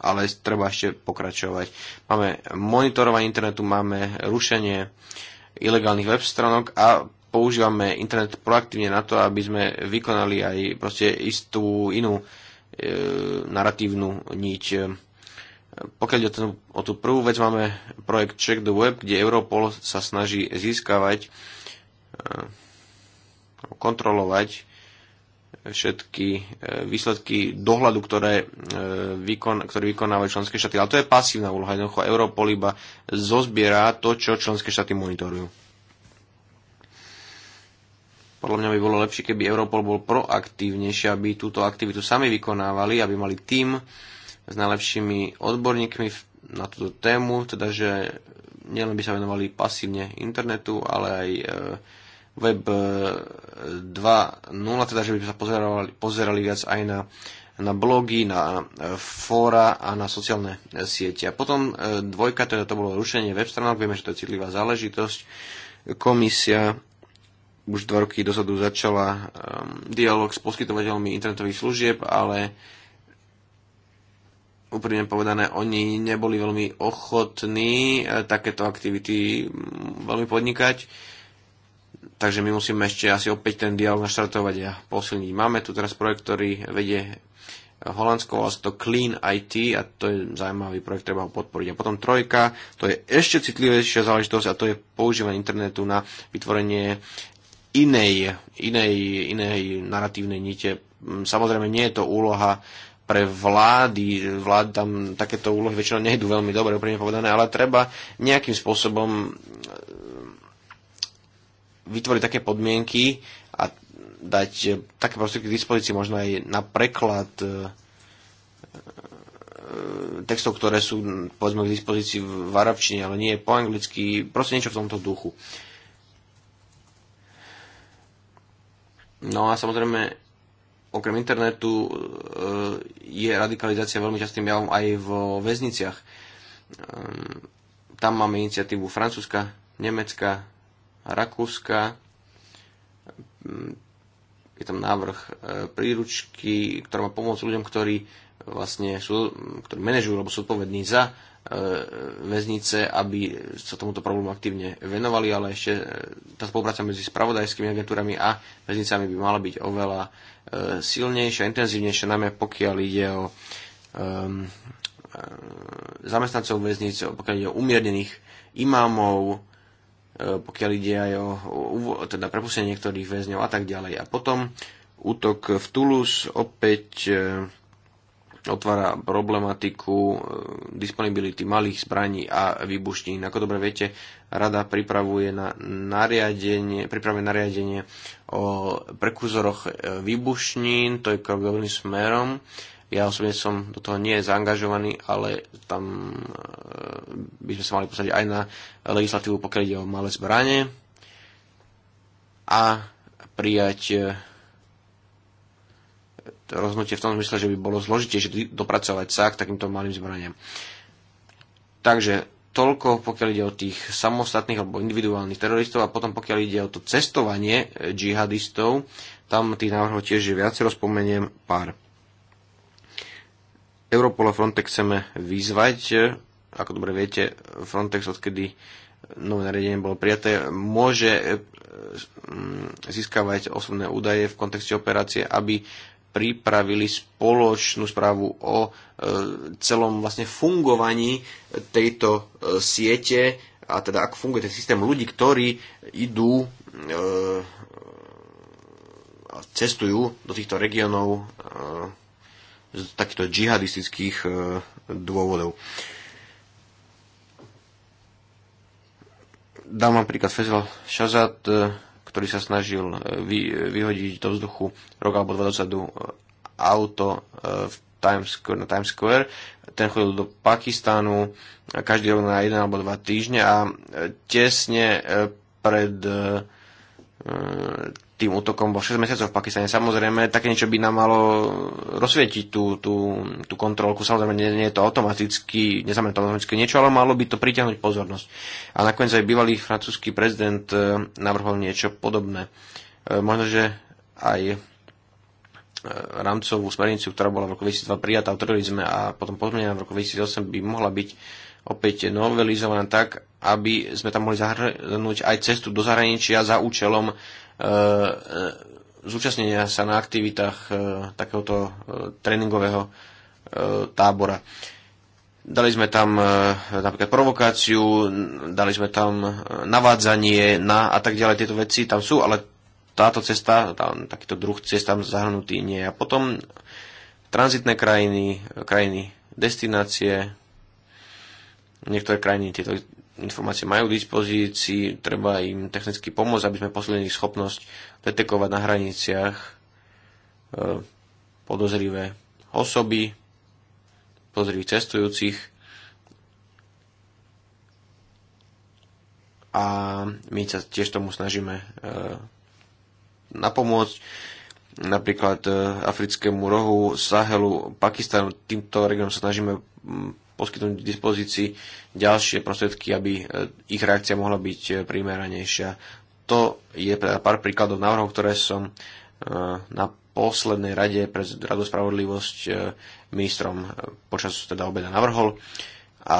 Speaker 3: ale treba ešte pokračovať. Máme monitorovanie internetu, máme rušenie ilegálnych web stránok a používame internet proaktívne na to, aby sme vykonali aj proste istú inú e, narratívnu niť. Pokiaľ ten, o tú prvú vec, máme projekt Check the Web, kde Europol sa snaží získavať, e, kontrolovať všetky e, výsledky dohľadu, ktoré e, vykon, ktorý vykonávajú členské štáty. Ale to je pasívna úloha. Jednoducho Europol iba zozbiera to, čo členské štáty monitorujú. Podľa mňa by bolo lepšie, keby Europol bol proaktívnejší, aby túto aktivitu sami vykonávali, aby mali tým s najlepšími odborníkmi na túto tému, teda že nielen by sa venovali pasívne internetu, ale aj e, Web 2.0, e, teda že by sa pozerali, pozerali viac aj na, na blogy, na e, fóra a na sociálne siete. A potom e, dvojka, teda to bolo rušenie web stránok, vieme, že to je citlivá záležitosť. Komisia už dva roky dozadu začala um, dialog s poskytovateľmi internetových služieb, ale úprimne povedané, oni neboli veľmi ochotní takéto aktivity veľmi podnikať takže my musíme ešte asi opäť ten dialog naštartovať a posilniť. Máme tu teraz projekt, ktorý vedie eh, Holandsko, volá to Clean IT a to je zaujímavý projekt, treba ho podporiť. A potom trojka, to je ešte citlivejšia záležitosť a to je používanie internetu na vytvorenie inej, inej, inej naratívnej nite. Mm, samozrejme, nie je to úloha pre vlády, vlád tam takéto úlohy väčšinou nejdu veľmi dobre, úprimne povedané, ale treba nejakým spôsobom vytvoriť také podmienky a dať e, také prostriedky k dispozícii, možno aj na preklad e, e, textov, ktoré sú povedzme k dispozícii v arabčine, ale nie po anglicky, proste niečo v tomto duchu. No a samozrejme, okrem internetu je radikalizácia veľmi častým javom aj vo väzniciach. Tam máme iniciatívu Francúzska, Nemecka, Rakúska. Je tam návrh e, príručky, ktorá má pomôcť ľuďom, ktorí vlastne sú, ktorí manažujú alebo sú odpovední za e, väznice, aby sa tomuto problému aktívne venovali, ale ešte e, tá spolupráca medzi spravodajskými agentúrami a väznicami by mala byť oveľa silnejšia, intenzívnejšia, najmä pokiaľ ide o um, zamestnancov väznic, pokiaľ ide o umiernených imámov, E, pokiaľ ide aj o, o teda prepustenie niektorých väzňov a tak ďalej. A potom útok v Toulouse opäť e, otvára problematiku e, disponibility malých zbraní a výbušnín. Ako dobre viete, rada pripravuje na nariadenie, pripravuje nariadenie o prekúzoroch výbušnín, to je krok dobrým smerom, ja osobne som do toho nie zaangažovaný, ale tam e, by sme sa mali posadiť aj na legislatívu, pokiaľ ide o malé zbranie a prijať e, rozhodnutie v tom zmysle, že by bolo zložitejšie dopracovať sa k takýmto malým zbraniam. Takže toľko, pokiaľ ide o tých samostatných alebo individuálnych teroristov a potom pokiaľ ide o to cestovanie e, džihadistov, tam tých návrhov tiež je viacero, spomeniem pár. Europol a Frontex chceme vyzvať, ako dobre viete, Frontex odkedy nové nariadenie bolo prijaté, môže eh, mm, získavať osobné údaje v kontexte operácie, aby pripravili spoločnú správu o eh, celom vlastne fungovaní tejto eh, siete a teda ako funguje ten systém ľudí, ktorí idú a cestujú do týchto regiónov z takýchto džihadistických e, dôvodov. Dám vám príklad Fezel Šazat, e, ktorý sa snažil e, vy, vyhodiť do vzduchu rok alebo dva dozadu auto v Times Square, na Times Square. Ten chodil do Pakistánu každý rok na jeden alebo dva týždne a tesne pred tým útokom bol 6 mesiacoch v Pakistane. Samozrejme, také niečo by nám malo rozsvietiť tú, tú, tú kontrolku. Samozrejme, nie, nie je to automaticky, neznamená to automaticky niečo, ale malo by to pritiahnuť pozornosť. A nakoniec aj bývalý francúzsky prezident e, navrhol niečo podobné. E, možno, že aj e, rámcovú smernicu, ktorá bola v roku 2002 prijatá o terorizme a potom pozmenená v roku 2008 by mohla byť opäť novelizovaná tak, aby sme tam mohli zahrnúť aj cestu do zahraničia za účelom E, e, zúčastnenia sa na aktivitách e, takéhoto tréningového tábora. Dali sme tam napríklad provokáciu, dali sme tam navádzanie na a tak ďalej, tieto veci tam sú, ale táto cesta, tam, takýto druh cest tam zahrnutý nie. A potom tranzitné krajiny, krajiny destinácie, niektoré krajiny tieto informácie majú k dispozícii, treba im technicky pomôcť, aby sme posledili ich schopnosť detekovať na hraniciach e, podozrivé osoby, podozrivých cestujúcich a my sa tiež tomu snažíme e, napomôcť napríklad e, africkému rohu, Sahelu, Pakistanu, týmto regionom sa snažíme poskytnúť k dispozícii ďalšie prostriedky, aby e, ich reakcia mohla byť e, primeranejšia. To je pár príkladov návrhov, ktoré som e, na poslednej rade pre Radu spravodlivosť ministrom počas teda obeda navrhol. A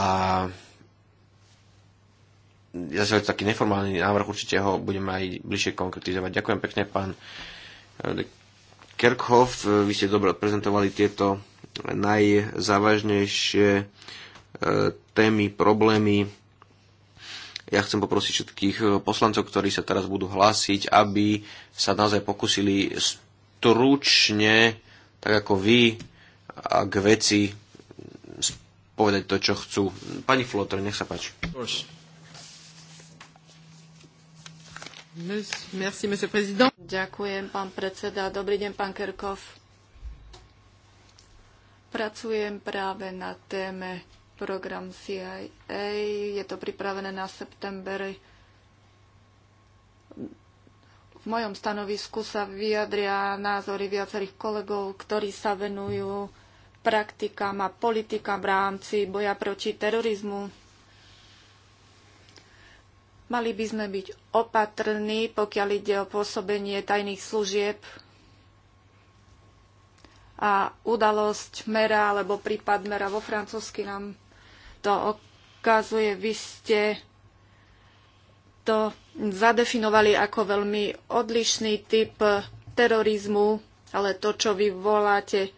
Speaker 3: zase taký neformálny návrh, určite ho budeme aj bližšie konkretizovať. Ďakujem pekne, pán Kerkhoff, vy ste dobre prezentovali tieto najzávažnejšie e, témy, problémy. Ja chcem poprosiť všetkých e, poslancov, ktorí sa teraz budú hlásiť, aby sa naozaj pokusili stručne, tak ako vy, a k veci povedať to, čo chcú. Pani Flotter, nech sa páči.
Speaker 2: Merci, Ďakujem, pán predseda. Dobrý deň, pán Kerkov. Pracujem práve na téme program CIA. Je to pripravené na september. V mojom stanovisku sa vyjadria názory viacerých kolegov, ktorí sa venujú praktikám a politikám v rámci boja proti terorizmu. Mali by sme byť opatrní, pokiaľ ide o pôsobenie tajných služieb a udalosť Mera alebo prípad Mera vo francúzsky nám to okazuje, Vy ste to zadefinovali ako veľmi odlišný typ terorizmu, ale to, čo vy voláte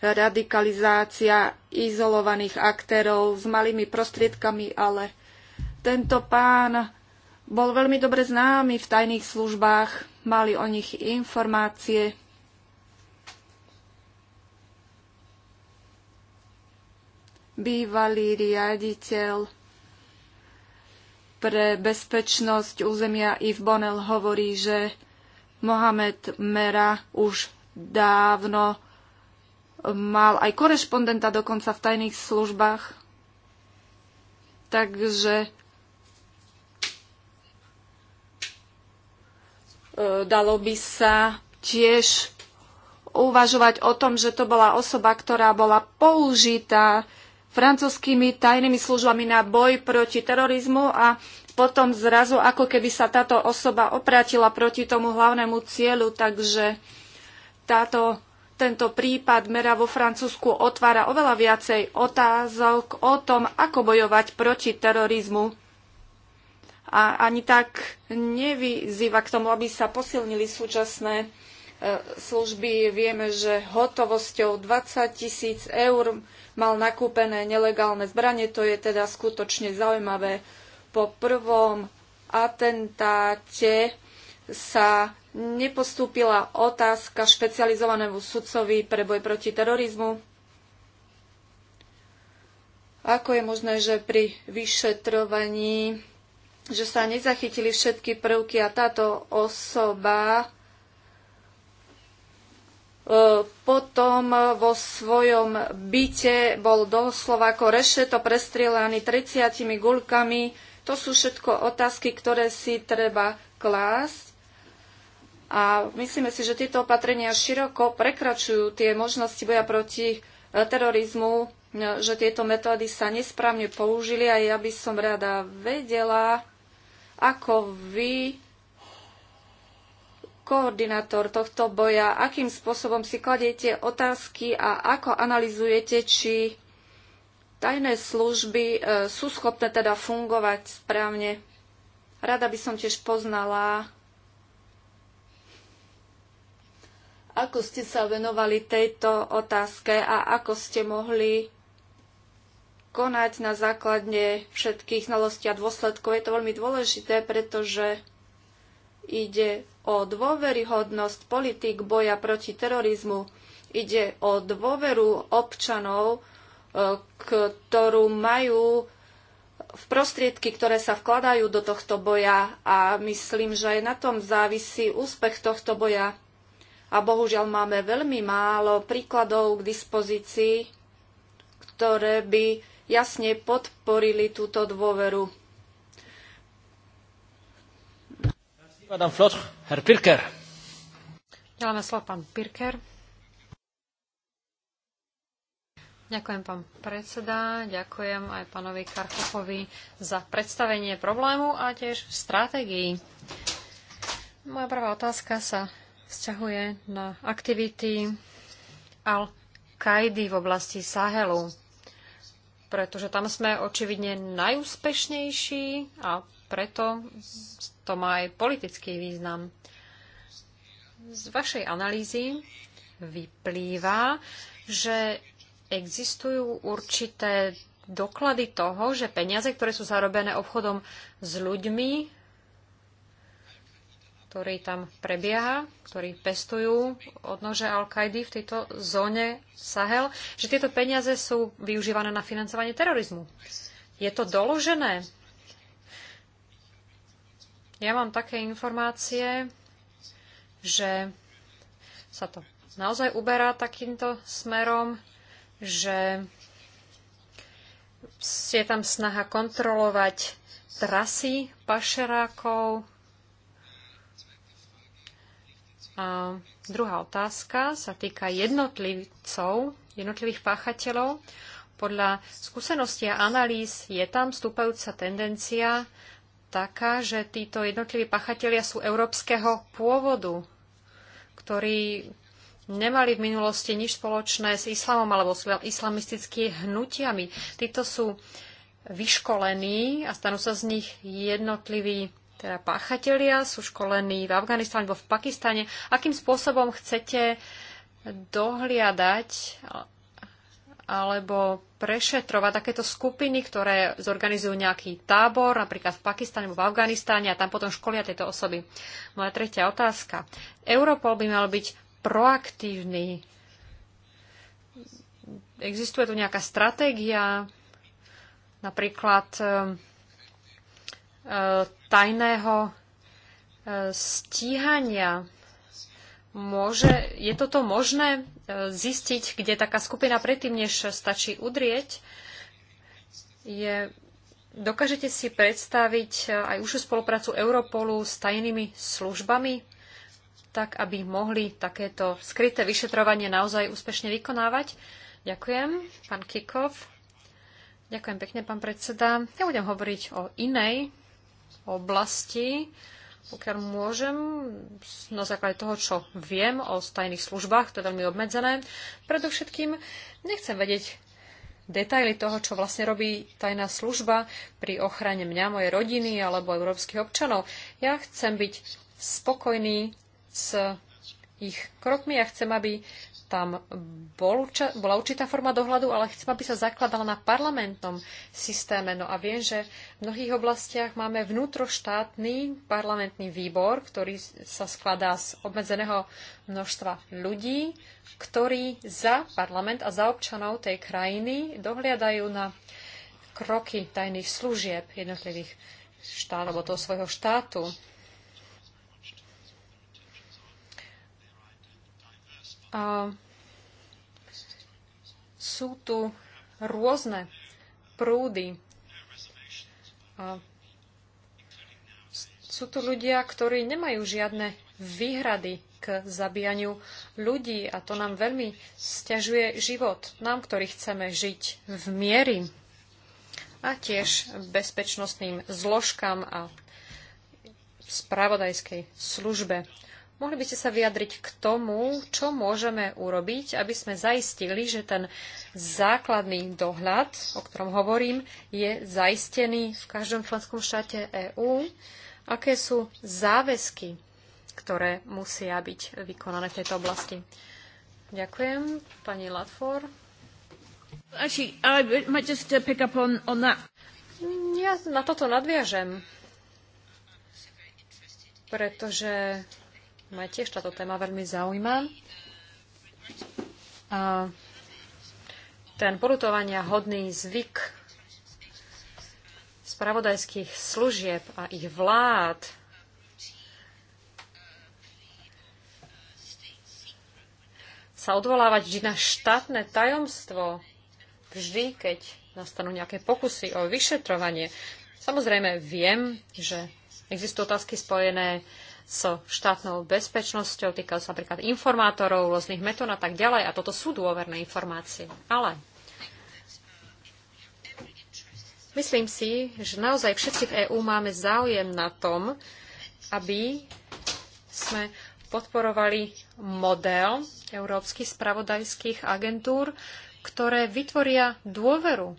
Speaker 2: radikalizácia izolovaných aktérov s malými prostriedkami, ale tento pán bol veľmi dobre známy v tajných službách, mali o nich informácie bývalý riaditeľ pre bezpečnosť územia Yves Bonel hovorí, že Mohamed Mera už dávno mal aj korešpondenta dokonca v tajných službách. Takže e, dalo by sa tiež uvažovať o tom, že to bola osoba, ktorá bola použitá francúzskými tajnými službami na boj proti terorizmu a potom zrazu ako keby sa táto osoba opratila proti tomu hlavnému cieľu, takže táto, tento prípad mera vo Francúzsku otvára oveľa viacej otázok o tom, ako bojovať proti terorizmu. A ani tak nevyzýva k tomu, aby sa posilnili súčasné e, služby. Vieme, že hotovosťou 20 tisíc eur mal nakúpené nelegálne zbranie. To je teda skutočne zaujímavé. Po prvom atentáte sa nepostúpila otázka špecializovanému sudcovi pre boj proti terorizmu. Ako je možné, že pri vyšetrovaní, že sa nezachytili všetky prvky a táto osoba potom vo svojom byte bol doslova ako rešeto prestrielaný 30 guľkami. To sú všetko otázky, ktoré si treba klásť. A myslíme si, že tieto opatrenia široko prekračujú tie možnosti boja proti e, terorizmu, e, že tieto metódy sa nesprávne použili a ja by som rada vedela, ako vy koordinátor tohto boja, akým spôsobom si kladiete otázky a ako analizujete, či tajné služby e, sú schopné teda fungovať správne. Rada by som tiež poznala, ako ste sa venovali tejto otázke a ako ste mohli konať na základe všetkých znalostí a dôsledkov. Je to veľmi dôležité, pretože Ide o dôveryhodnosť politik boja proti terorizmu. Ide o dôveru občanov, e, ktorú majú v prostriedky, ktoré sa vkladajú do tohto boja a myslím, že aj na tom závisí úspech tohto boja. A bohužiaľ máme veľmi málo príkladov k dispozícii, ktoré by jasne podporili
Speaker 4: túto dôveru.
Speaker 1: Madame Herr Pirker.
Speaker 4: slovo pán Pirker. Ďakujem, pán predseda. Ďakujem aj pánovi Karchopovi za predstavenie problému a tiež stratégii. Moja prvá otázka sa vzťahuje na aktivity Al-Kaidy v oblasti Sahelu, pretože tam sme očividne najúspešnejší a preto to má aj politický význam. Z vašej analýzy vyplýva, že existujú určité doklady toho, že peniaze, ktoré sú zarobené obchodom s ľuďmi, ktorý tam prebieha, ktorí pestujú odnože Al-Kaidy v tejto zóne Sahel, že tieto peniaze sú využívané na financovanie terorizmu. Je to doložené? Ja mám také informácie, že sa to naozaj uberá takýmto smerom, že je tam snaha kontrolovať trasy pašerákov. A druhá otázka sa týka jednotlivcov, jednotlivých páchateľov. Podľa skúseností a analýz je tam stúpajúca tendencia taká, že títo jednotliví pachatelia sú európskeho pôvodu, ktorí nemali v minulosti nič spoločné s islamom alebo s islamistickými hnutiami. Títo sú vyškolení a stanú sa z nich jednotliví teda páchatelia, sú školení v Afganistane alebo v Pakistane. Akým spôsobom chcete dohliadať alebo prešetrovať takéto skupiny, ktoré zorganizujú nejaký tábor, napríklad v Pakistane alebo v Afganistáne a tam potom školia tieto osoby. Moja tretia otázka. Europol by mal byť proaktívny. Existuje tu nejaká stratégia, napríklad ehm, e, tajného e, stíhania. Môže, je toto možné? zistiť, kde taká skupina predtým, než stačí udrieť, je Dokážete si predstaviť aj užšiu spoluprácu Europolu s tajnými službami, tak aby mohli takéto skryté vyšetrovanie naozaj úspešne vykonávať? Ďakujem, pán Kikov. Ďakujem pekne, pán predseda. Ja budem hovoriť o inej oblasti, pokiaľ môžem, na základe toho, čo viem o tajných službách, to je veľmi obmedzené, predovšetkým nechcem vedieť detaily toho, čo vlastne robí tajná služba pri ochrane mňa, mojej rodiny alebo európskych občanov. Ja chcem byť spokojný s ich krokmi a ja chcem, aby tam bol, bola určitá forma dohľadu, ale chcem, aby sa zakladala na parlamentnom systéme. No a viem, že v mnohých oblastiach máme vnútroštátny parlamentný výbor, ktorý sa skladá z obmedzeného množstva ľudí, ktorí za parlament a za občanov tej krajiny dohliadajú na kroky tajných služieb jednotlivých štát, alebo toho svojho štátu. sú tu rôzne prúdy. Sú tu ľudia, ktorí nemajú žiadne výhrady k zabíjaniu ľudí a to nám veľmi stiažuje život, nám, ktorí chceme žiť v miery a tiež bezpečnostným zložkám a spravodajskej službe. Mohli by ste sa vyjadriť k tomu, čo môžeme urobiť, aby sme zaistili, že ten základný dohľad, o ktorom hovorím, je zaistený v každom členskom štáte EÚ. Aké sú záväzky, ktoré musia byť vykonané v tejto oblasti? Ďakujem. Pani Latfor. Uh, ja na toto nadviažem, pretože ma tiež táto téma veľmi zaujíma. A ten porutovania hodný zvyk spravodajských služieb a ich vlád sa odvolávať vždy na štátne tajomstvo, vždy, keď nastanú nejaké pokusy o vyšetrovanie. Samozrejme, viem, že existujú otázky spojené so štátnou bezpečnosťou, týkajú sa napríklad informátorov, rôznych metón a tak ďalej. A toto sú dôverné informácie. Ale myslím si, že naozaj všetci v EÚ máme záujem na tom, aby sme podporovali model európskych spravodajských agentúr, ktoré vytvoria dôveru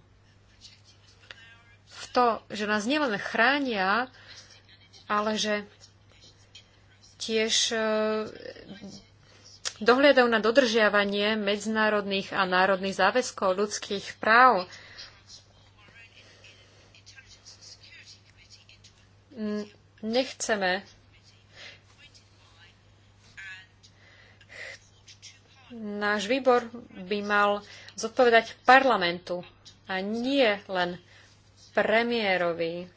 Speaker 4: v to, že nás nielen chránia, ale že tiež e, dohliadajú na dodržiavanie medzinárodných a národných záväzkov ľudských práv. Nechceme náš výbor by mal zodpovedať parlamentu a nie len premiérovi.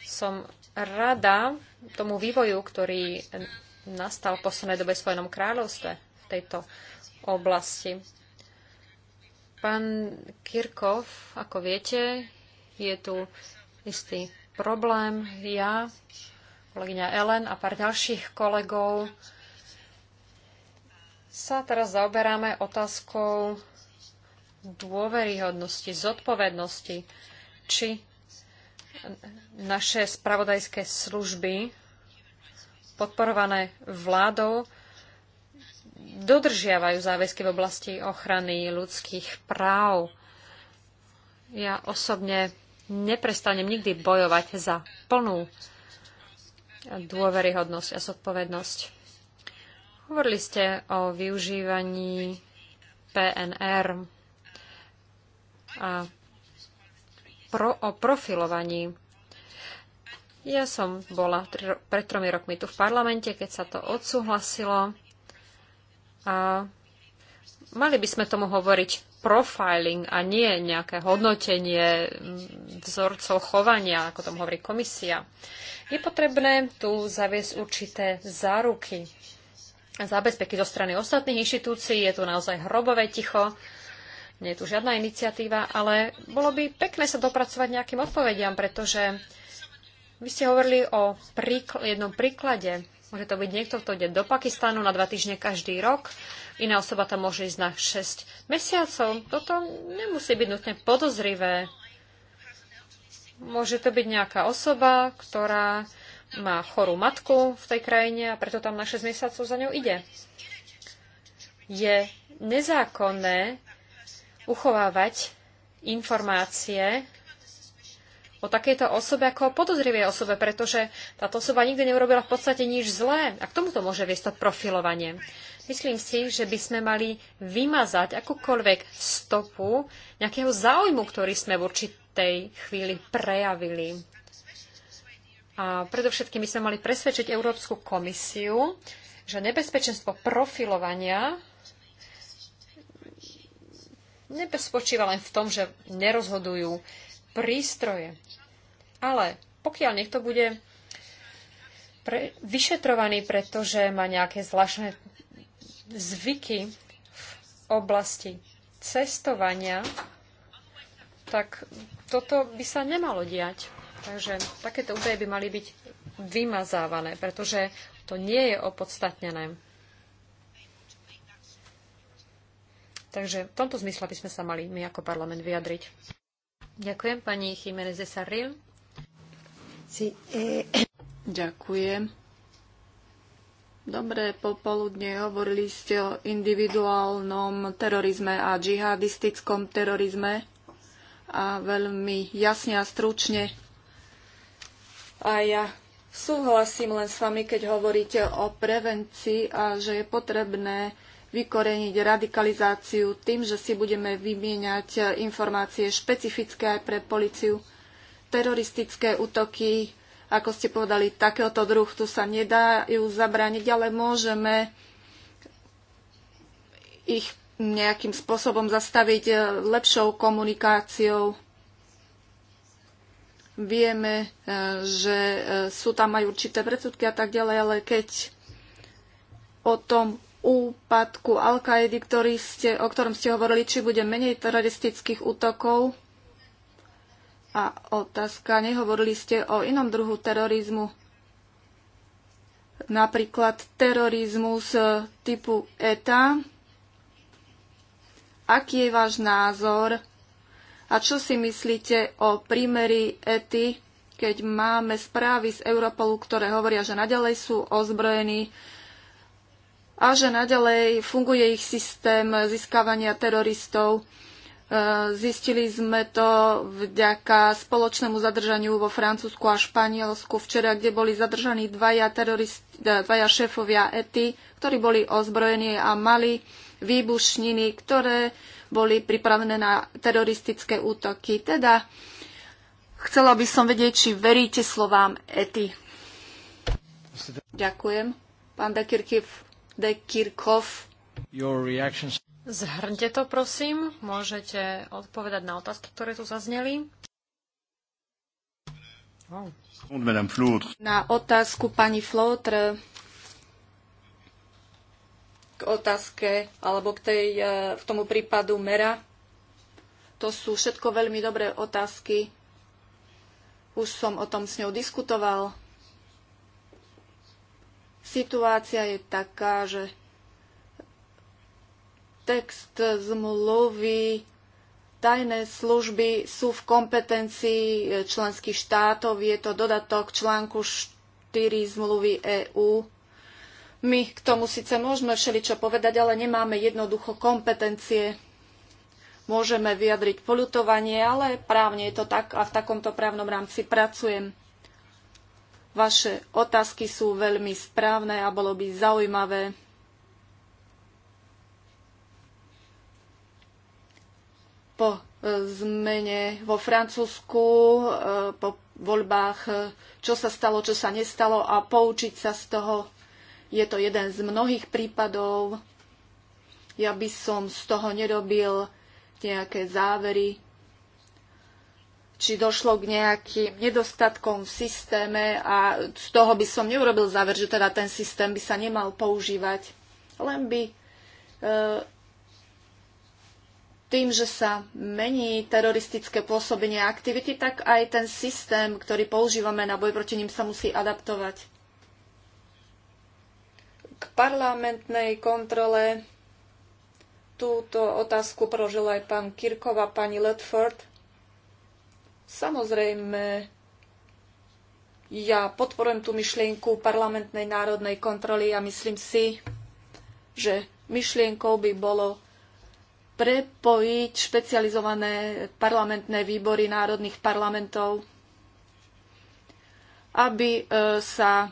Speaker 4: Som rada tomu vývoju, ktorý nastal v poslednej dobe v Spojenom kráľovstve v tejto oblasti. Pán Kirkov, ako viete, je tu istý problém. Ja, kolegyňa Ellen a pár ďalších kolegov sa teraz zaoberáme otázkou dôveryhodnosti, zodpovednosti, či naše spravodajské služby podporované vládou dodržiavajú záväzky v oblasti ochrany ľudských práv. Ja osobne neprestanem nikdy bojovať za plnú dôveryhodnosť a zodpovednosť. Hovorili ste o využívaní PNR a pro, o profilovaní. Ja som bola tri, pred tromi rokmi tu v parlamente, keď sa to odsúhlasilo. A mali by sme tomu hovoriť profiling a nie nejaké hodnotenie vzorcov chovania, ako tomu hovorí komisia. Je potrebné tu zaviesť určité záruky a zabezpeky zo strany ostatných inštitúcií. Je tu naozaj hrobové ticho nie je tu žiadna iniciatíva, ale bolo by pekné sa dopracovať nejakým odpovediam, pretože vy ste hovorili o príkl- jednom príklade. Môže to byť niekto, kto ide do Pakistanu na dva týždne každý rok, iná osoba tam môže ísť na 6 mesiacov. Toto nemusí byť nutne podozrivé. Môže to byť nejaká osoba, ktorá má chorú matku v tej krajine a preto tam na 6 mesiacov za ňou ide. Je nezákonné uchovávať informácie o takejto osobe ako o podozrivej osobe, pretože táto osoba nikdy neurobila v podstate nič zlé a k tomuto môže viesť to profilovanie. Myslím si, že by sme mali vymazať akúkoľvek stopu nejakého záujmu, ktorý sme v určitej chvíli prejavili. A predovšetkým by sme mali presvedčiť Európsku komisiu, že nebezpečenstvo profilovania nebezpočíva len v tom, že nerozhodujú prístroje. Ale pokiaľ niekto bude pre, vyšetrovaný, pretože má nejaké zvláštne zvyky v oblasti cestovania, tak toto by sa nemalo diať. Takže takéto údaje by mali byť vymazávané, pretože to nie je opodstatnené. Takže v tomto zmysle by sme sa mali my ako parlament vyjadriť. Ďakujem pani Jiménez de Sarril. Si, e... Eh. Ďakujem.
Speaker 2: Dobré popoludne hovorili ste o individuálnom terorizme a džihadistickom terorizme a veľmi jasne a stručne. A ja súhlasím len s vami, keď hovoríte o prevencii a že je potrebné vykoreniť radikalizáciu tým, že si budeme vymieňať informácie špecifické aj pre policiu. Teroristické útoky, ako ste povedali, takéhoto druh, tu sa nedajú zabrániť, ale môžeme ich nejakým spôsobom zastaviť lepšou komunikáciou. Vieme, e, že e, sú tam aj určité predsudky a tak ďalej, ale keď o tom úpadku Al-Kaidy, o ktorom ste hovorili, či bude menej teroristických útokov? A otázka, nehovorili ste o inom druhu terorizmu, napríklad terorizmus e, typu ETA. Aký je váš názor? A čo si myslíte o prímeri ETI, keď máme správy z Europolu, ktoré hovoria, že nadalej sú ozbrojení a že naďalej funguje ich systém získavania teroristov. E, zistili sme to vďaka spoločnému zadržaniu vo Francúzsku a Španielsku včera, kde boli zadržaní dvaja, terorist, e, dvaja šéfovia ETI, ktorí boli ozbrojení a mali výbušniny, ktoré boli pripravené na teroristické útoky. Teda chcela by som vedieť, či veríte slovám ETI. Ďakujem.
Speaker 4: Pán Dekirkiv, de Kirchhoff. Zhrňte to, prosím. Môžete odpovedať na otázky, ktoré tu zazneli. Na otázku pani Flotr
Speaker 2: k otázke alebo k, tej, e, k tomu prípadu Mera. To sú všetko veľmi dobré otázky. Už som o tom s ňou diskutoval. Situácia je taká, že text zmluvy tajné služby sú v kompetencii členských štátov. Je to dodatok článku 4 zmluvy EÚ. My k tomu síce môžeme všeličo povedať, ale nemáme jednoducho kompetencie. Môžeme vyjadriť polutovanie, ale právne je to tak a v takomto právnom rámci pracujem. Vaše otázky sú veľmi správne a bolo by zaujímavé po e, zmene vo Francúzsku, e, po voľbách, e, čo sa stalo, čo sa nestalo a poučiť sa z toho. Je to jeden z mnohých prípadov. Ja by som z toho nerobil nejaké závery či došlo k nejakým nedostatkom v systéme a z toho by som neurobil záver, že teda ten systém by sa nemal používať. Len by e, tým, že sa mení teroristické pôsobenie aktivity, tak aj ten systém, ktorý používame na boj proti ním, sa musí adaptovať. K parlamentnej kontrole túto otázku prožil aj pán Kirkova, pani Ledford Samozrejme, ja podporujem tú myšlienku parlamentnej národnej kontroly a myslím si, že myšlienkou by bolo prepojiť špecializované parlamentné výbory národných parlamentov, aby e, sa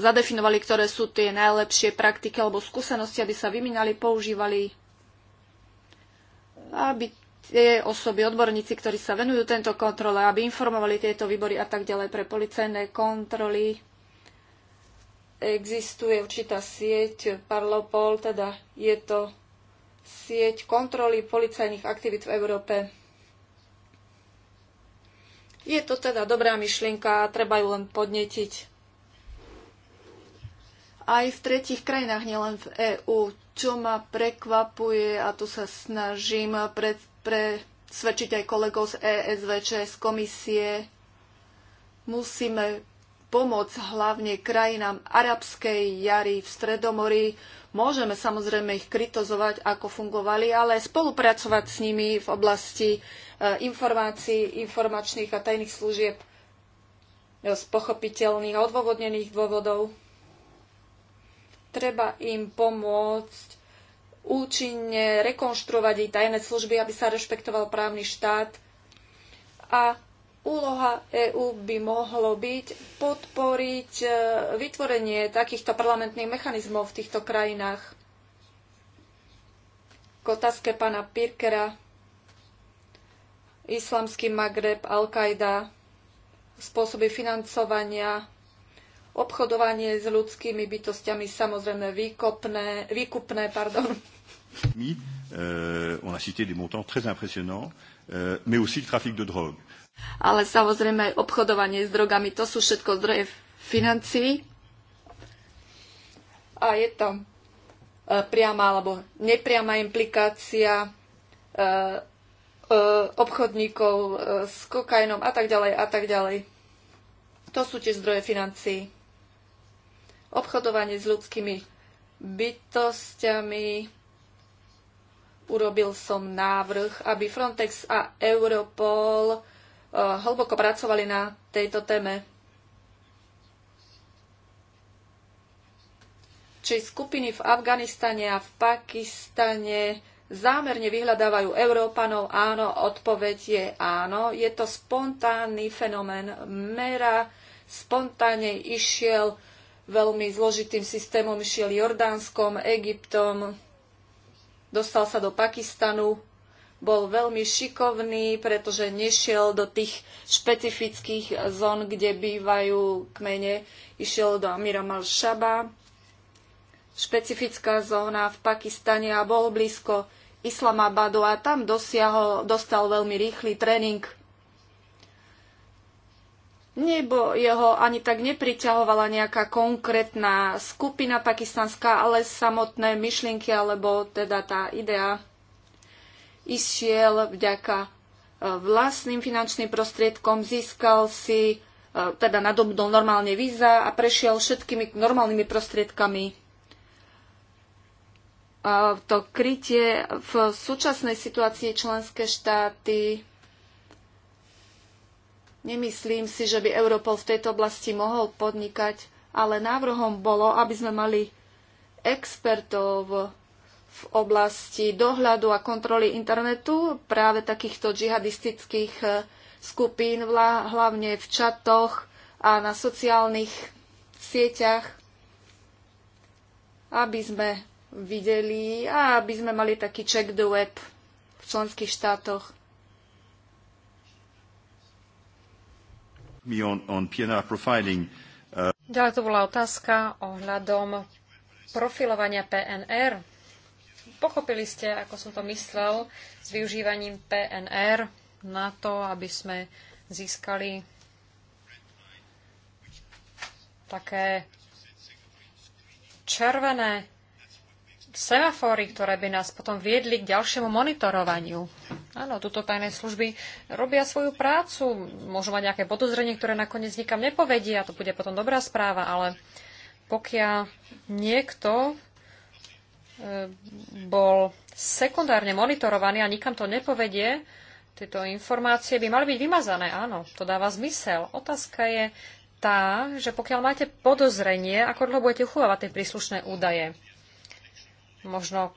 Speaker 2: zadefinovali, ktoré sú tie najlepšie praktiky alebo skúsenosti, aby sa vyminali, používali, aby tie osoby, odborníci, ktorí sa venujú tento kontrole, aby informovali tieto výbory a tak ďalej pre policajné kontroly. Existuje určitá sieť Parlopol, teda je to sieť kontroly policajných aktivít v Európe. Je to teda dobrá myšlienka a treba ju len podnetiť. Aj v tretich krajinách, nielen v EÚ, čo ma prekvapuje, a tu sa snažím pred, presvedčiť aj kolegov z ESVČ, z komisie. Musíme pomôcť hlavne krajinám arabskej jary v Stredomorí. Môžeme samozrejme ich kritizovať, ako fungovali, ale spolupracovať s nimi v oblasti e, informácií, informačných a tajných služieb z pochopiteľných a odôvodnených dôvodov. Treba im pomôcť účinne rekonštruovať jej tajné služby, aby sa rešpektoval právny štát. A úloha EÚ by mohlo byť podporiť e, vytvorenie takýchto parlamentných mechanizmov v týchto krajinách. K otázke pána Pirkera, islamský Magreb, Al-Qaida, spôsoby financovania obchodovanie s ľudskými bytostiami, samozrejme výkopné, výkupné. Pardon.
Speaker 4: Mis, euh, on a cité des montants très impressionnants, euh, mais aussi le trafic de drogue.
Speaker 2: Ale samozrejme aj obchodovanie s drogami, to sú všetko zdroje financií. A je tam eh, priama alebo nepriama implikácia eh, eh, obchodníkov s kokainom a tak ďalej a tak ďalej. To sú tiež zdroje financií obchodovanie s ľudskými bytostiami. Urobil som návrh, aby Frontex a Europol eh, hlboko pracovali na tejto téme. Či skupiny v Afganistane a v Pakistane zámerne vyhľadávajú Európanov? Áno, odpoveď je áno. Je to spontánny fenomén. Mera spontánne išiel veľmi zložitým systémom, išiel Jordánskom, Egyptom, dostal sa do Pakistanu, bol veľmi šikovný, pretože nešiel do tých špecifických zón, kde bývajú kmene. Išiel do Amira Malšaba, špecifická zóna v Pakistane a bol blízko Islamabadu a tam dosiahol, dostal veľmi rýchly tréning nebo jeho ani tak nepriťahovala nejaká konkrétna skupina pakistanská, ale samotné myšlienky alebo teda tá idea išiel vďaka e, vlastným finančným prostriedkom, získal si, e, teda nadobudol normálne víza a prešiel všetkými normálnymi prostriedkami. A to krytie v súčasnej situácii členské štáty Nemyslím si, že by Europol v tejto oblasti mohol podnikať, ale návrhom bolo, aby sme mali expertov v oblasti dohľadu a kontroly internetu práve takýchto džihadistických eh, skupín, hlavne v čatoch a na sociálnych sieťach, aby sme videli a aby sme mali taký check the web
Speaker 4: v členských štátoch. Uh, Ďalej to bola otázka ohľadom profilovania PNR. Pochopili ste, ako som to myslel, s využívaním PNR na to, aby sme získali také červené semafóry, ktoré by nás potom viedli k ďalšiemu monitorovaniu. Áno, tuto tajné služby robia svoju prácu, môžu mať nejaké podozrenie, ktoré nakoniec nikam nepovedie a to bude potom dobrá správa, ale pokiaľ niekto e, bol sekundárne monitorovaný a nikam to nepovedie, tieto informácie by mali byť vymazané, áno, to dáva zmysel. Otázka je tá, že pokiaľ máte podozrenie, ako dlho budete uchovávať tie príslušné údaje. Možno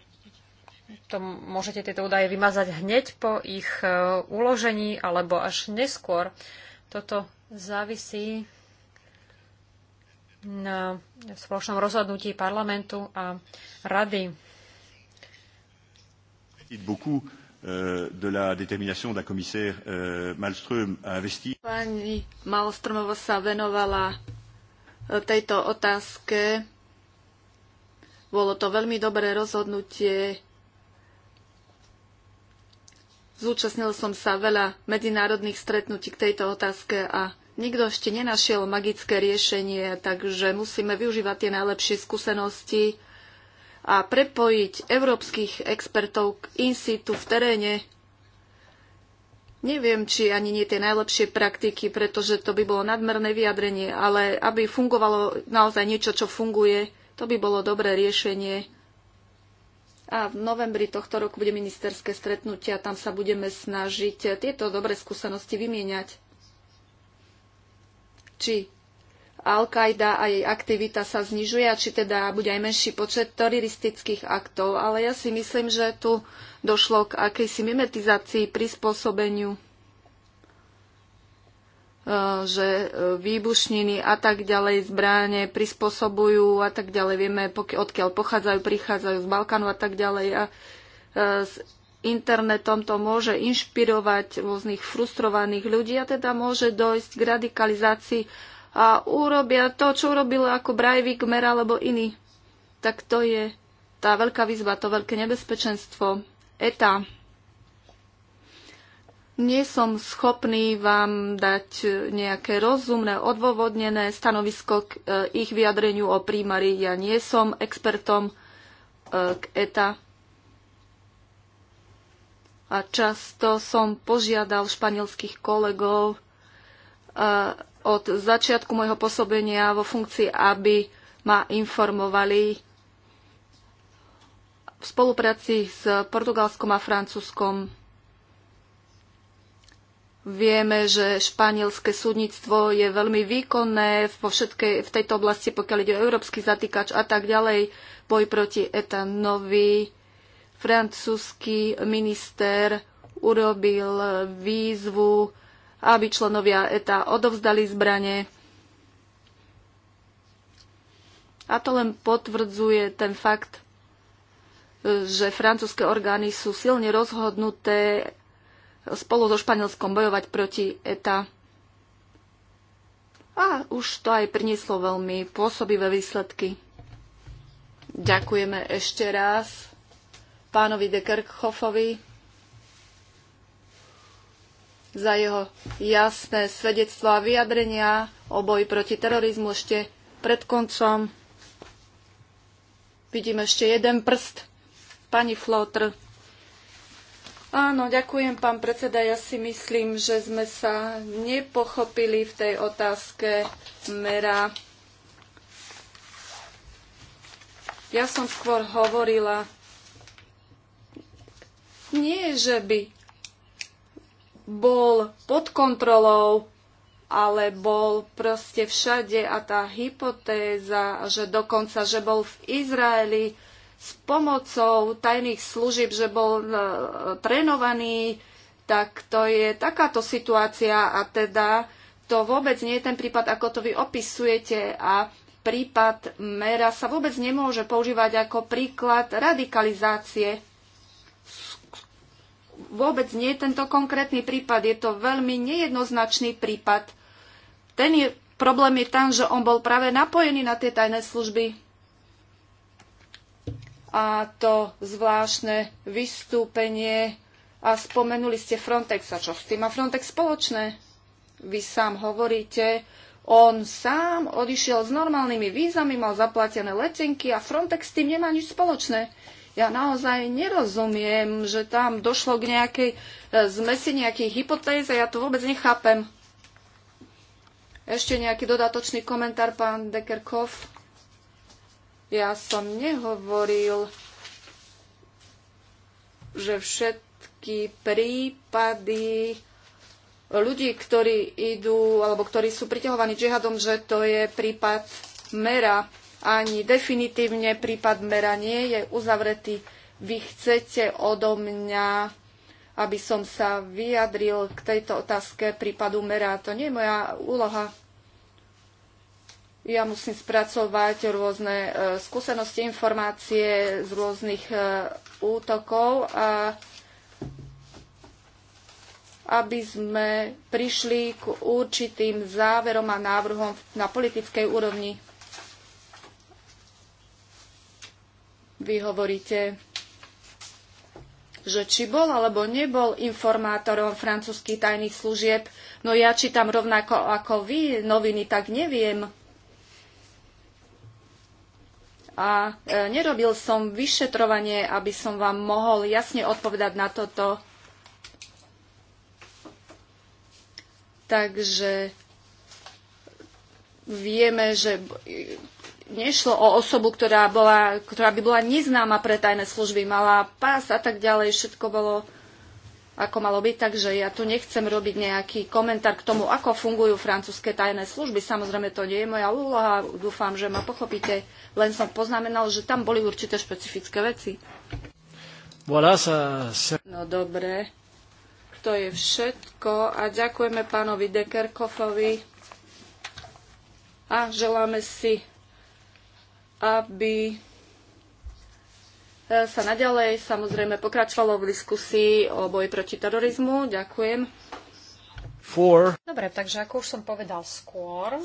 Speaker 4: to môžete tieto údaje vymazať hneď po ich e, uložení alebo až neskôr. Toto závisí na spoločnom rozhodnutí parlamentu a rady. Euh, de la détermination euh, Malmström à investir. Pani
Speaker 2: Malmströmova sa venovala e, tejto otázke. Bolo to veľmi dobré rozhodnutie Zúčastnil som sa veľa medzinárodných stretnutí k tejto otázke a nikto ešte nenašiel magické riešenie, takže musíme využívať tie najlepšie skúsenosti a prepojiť európskych expertov k in situ v teréne. Neviem, či ani nie tie najlepšie praktiky, pretože to by bolo nadmerné vyjadrenie, ale aby fungovalo naozaj niečo, čo funguje, to by bolo dobré riešenie a v novembri tohto roku bude ministerské stretnutie a tam sa budeme snažiť tieto dobré skúsenosti vymieňať. Či Al-Qaida a jej aktivita sa znižuje či teda bude aj menší počet teroristických aktov. Ale ja si myslím, že tu došlo k akejsi mimetizácii, prispôsobeniu. Eh, že eh, výbušniny a tak ďalej, zbráne prispôsobujú a tak ďalej. Vieme, odkiaľ pochádzajú, prichádzajú z Balkánu a tak ďalej. A eh, s internetom to môže inšpirovať rôznych frustrovaných ľudí a teda môže dojsť k radikalizácii a urobia to, čo urobil ako Brajvik, Mera alebo iný. Tak to je tá veľká výzva, to veľké nebezpečenstvo. ETA nie som schopný vám dať e, nejaké rozumné, odôvodnené stanovisko k e, ich vyjadreniu o prímari. Ja nie som expertom e, k ETA. A často som požiadal španielských kolegov od začiatku môjho pôsobenia vo funkcii, aby ma informovali v spolupráci s Portugalskom a Francúzskom Vieme, že španielské súdnictvo je veľmi výkonné vo všetkej, v tejto oblasti, pokiaľ ide o európsky zatýkač a tak ďalej, boj proti etanovi. Francúzsky minister urobil výzvu, aby členovia ETA odovzdali zbranie. A to len potvrdzuje ten fakt, že francúzske orgány sú silne rozhodnuté spolu so Španielskom bojovať proti ETA. A už to aj prinieslo veľmi pôsobivé výsledky. Ďakujeme ešte raz pánovi de Kerkhoffovi za jeho jasné svedectvo a vyjadrenia o boji proti terorizmu ešte pred koncom. Vidím ešte jeden prst. Pani Flotr, Áno, ďakujem, pán predseda. Ja si myslím, že sme sa nepochopili v tej otázke mera. Ja som skôr hovorila, nie že by bol pod kontrolou, ale bol proste všade a tá hypotéza, že dokonca, že bol v Izraeli, s pomocou tajných služieb, že bol e, trénovaný, tak to je takáto situácia a teda to vôbec nie je ten prípad, ako to vy opisujete a prípad mera sa vôbec nemôže používať ako príklad radikalizácie. Vôbec nie je tento konkrétny prípad, je to veľmi nejednoznačný prípad. Ten je, problém je tam, že on bol práve napojený na tie tajné služby a to zvláštne vystúpenie a spomenuli ste Frontex. A čo s tým má Frontex spoločné? Vy sám hovoríte, on sám odišiel s normálnymi vízami, mal zaplatené letenky a Frontex s tým nemá nič spoločné. Ja naozaj nerozumiem, že tam došlo k nejakej e, zmesi nejakých hypotéz a ja to vôbec nechápem. Ešte nejaký dodatočný komentár, pán Dekerkov? Ja som nehovoril, že všetky prípady ľudí, ktorí idú alebo ktorí sú priťahovaní džihadom, že to je prípad mera. Ani definitívne prípad mera nie je uzavretý. Vy chcete odo mňa, aby som sa vyjadril k tejto otázke prípadu mera. To nie je moja úloha ja musím spracovať rôzne e, skúsenosti, informácie z rôznych e, útokov a aby sme prišli k určitým záverom a návrhom na politickej úrovni. Vy hovoríte, že či bol alebo nebol informátorom francúzských tajných služieb, no ja čítam rovnako ako vy noviny, tak neviem a e, nerobil som vyšetrovanie, aby som vám mohol jasne odpovedať na toto. Takže vieme, že nešlo o osobu, ktorá, bola, ktorá by bola neznáma pre tajné služby, mala pás a tak ďalej, všetko bolo ako malo byť, takže ja tu nechcem robiť nejaký komentár k tomu, ako fungujú francúzske tajné služby. Samozrejme, to nie je moja úloha, dúfam, že ma pochopíte, len som poznamenal, že tam boli určité špecifické veci. No dobre, to je všetko a ďakujeme pánovi Dekerkofovi a želáme si, aby sa naďalej samozrejme pokračovalo v diskusii
Speaker 4: o boji proti terorizmu. Ďakujem. Four. Dobre, takže ako už som povedal skôr,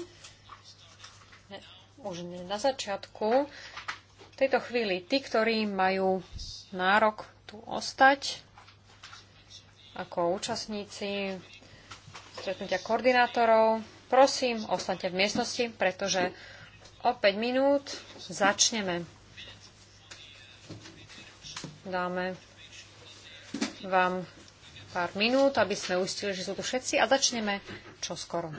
Speaker 4: ne, už ne, na začiatku, v tejto chvíli tí, ktorí majú nárok tu ostať ako účastníci stretnutia koordinátorov, prosím, ostaňte v miestnosti, pretože o 5 minút začneme. Dáme vám pár minút, aby sme uistili, že sú tu všetci a začneme čoskoro.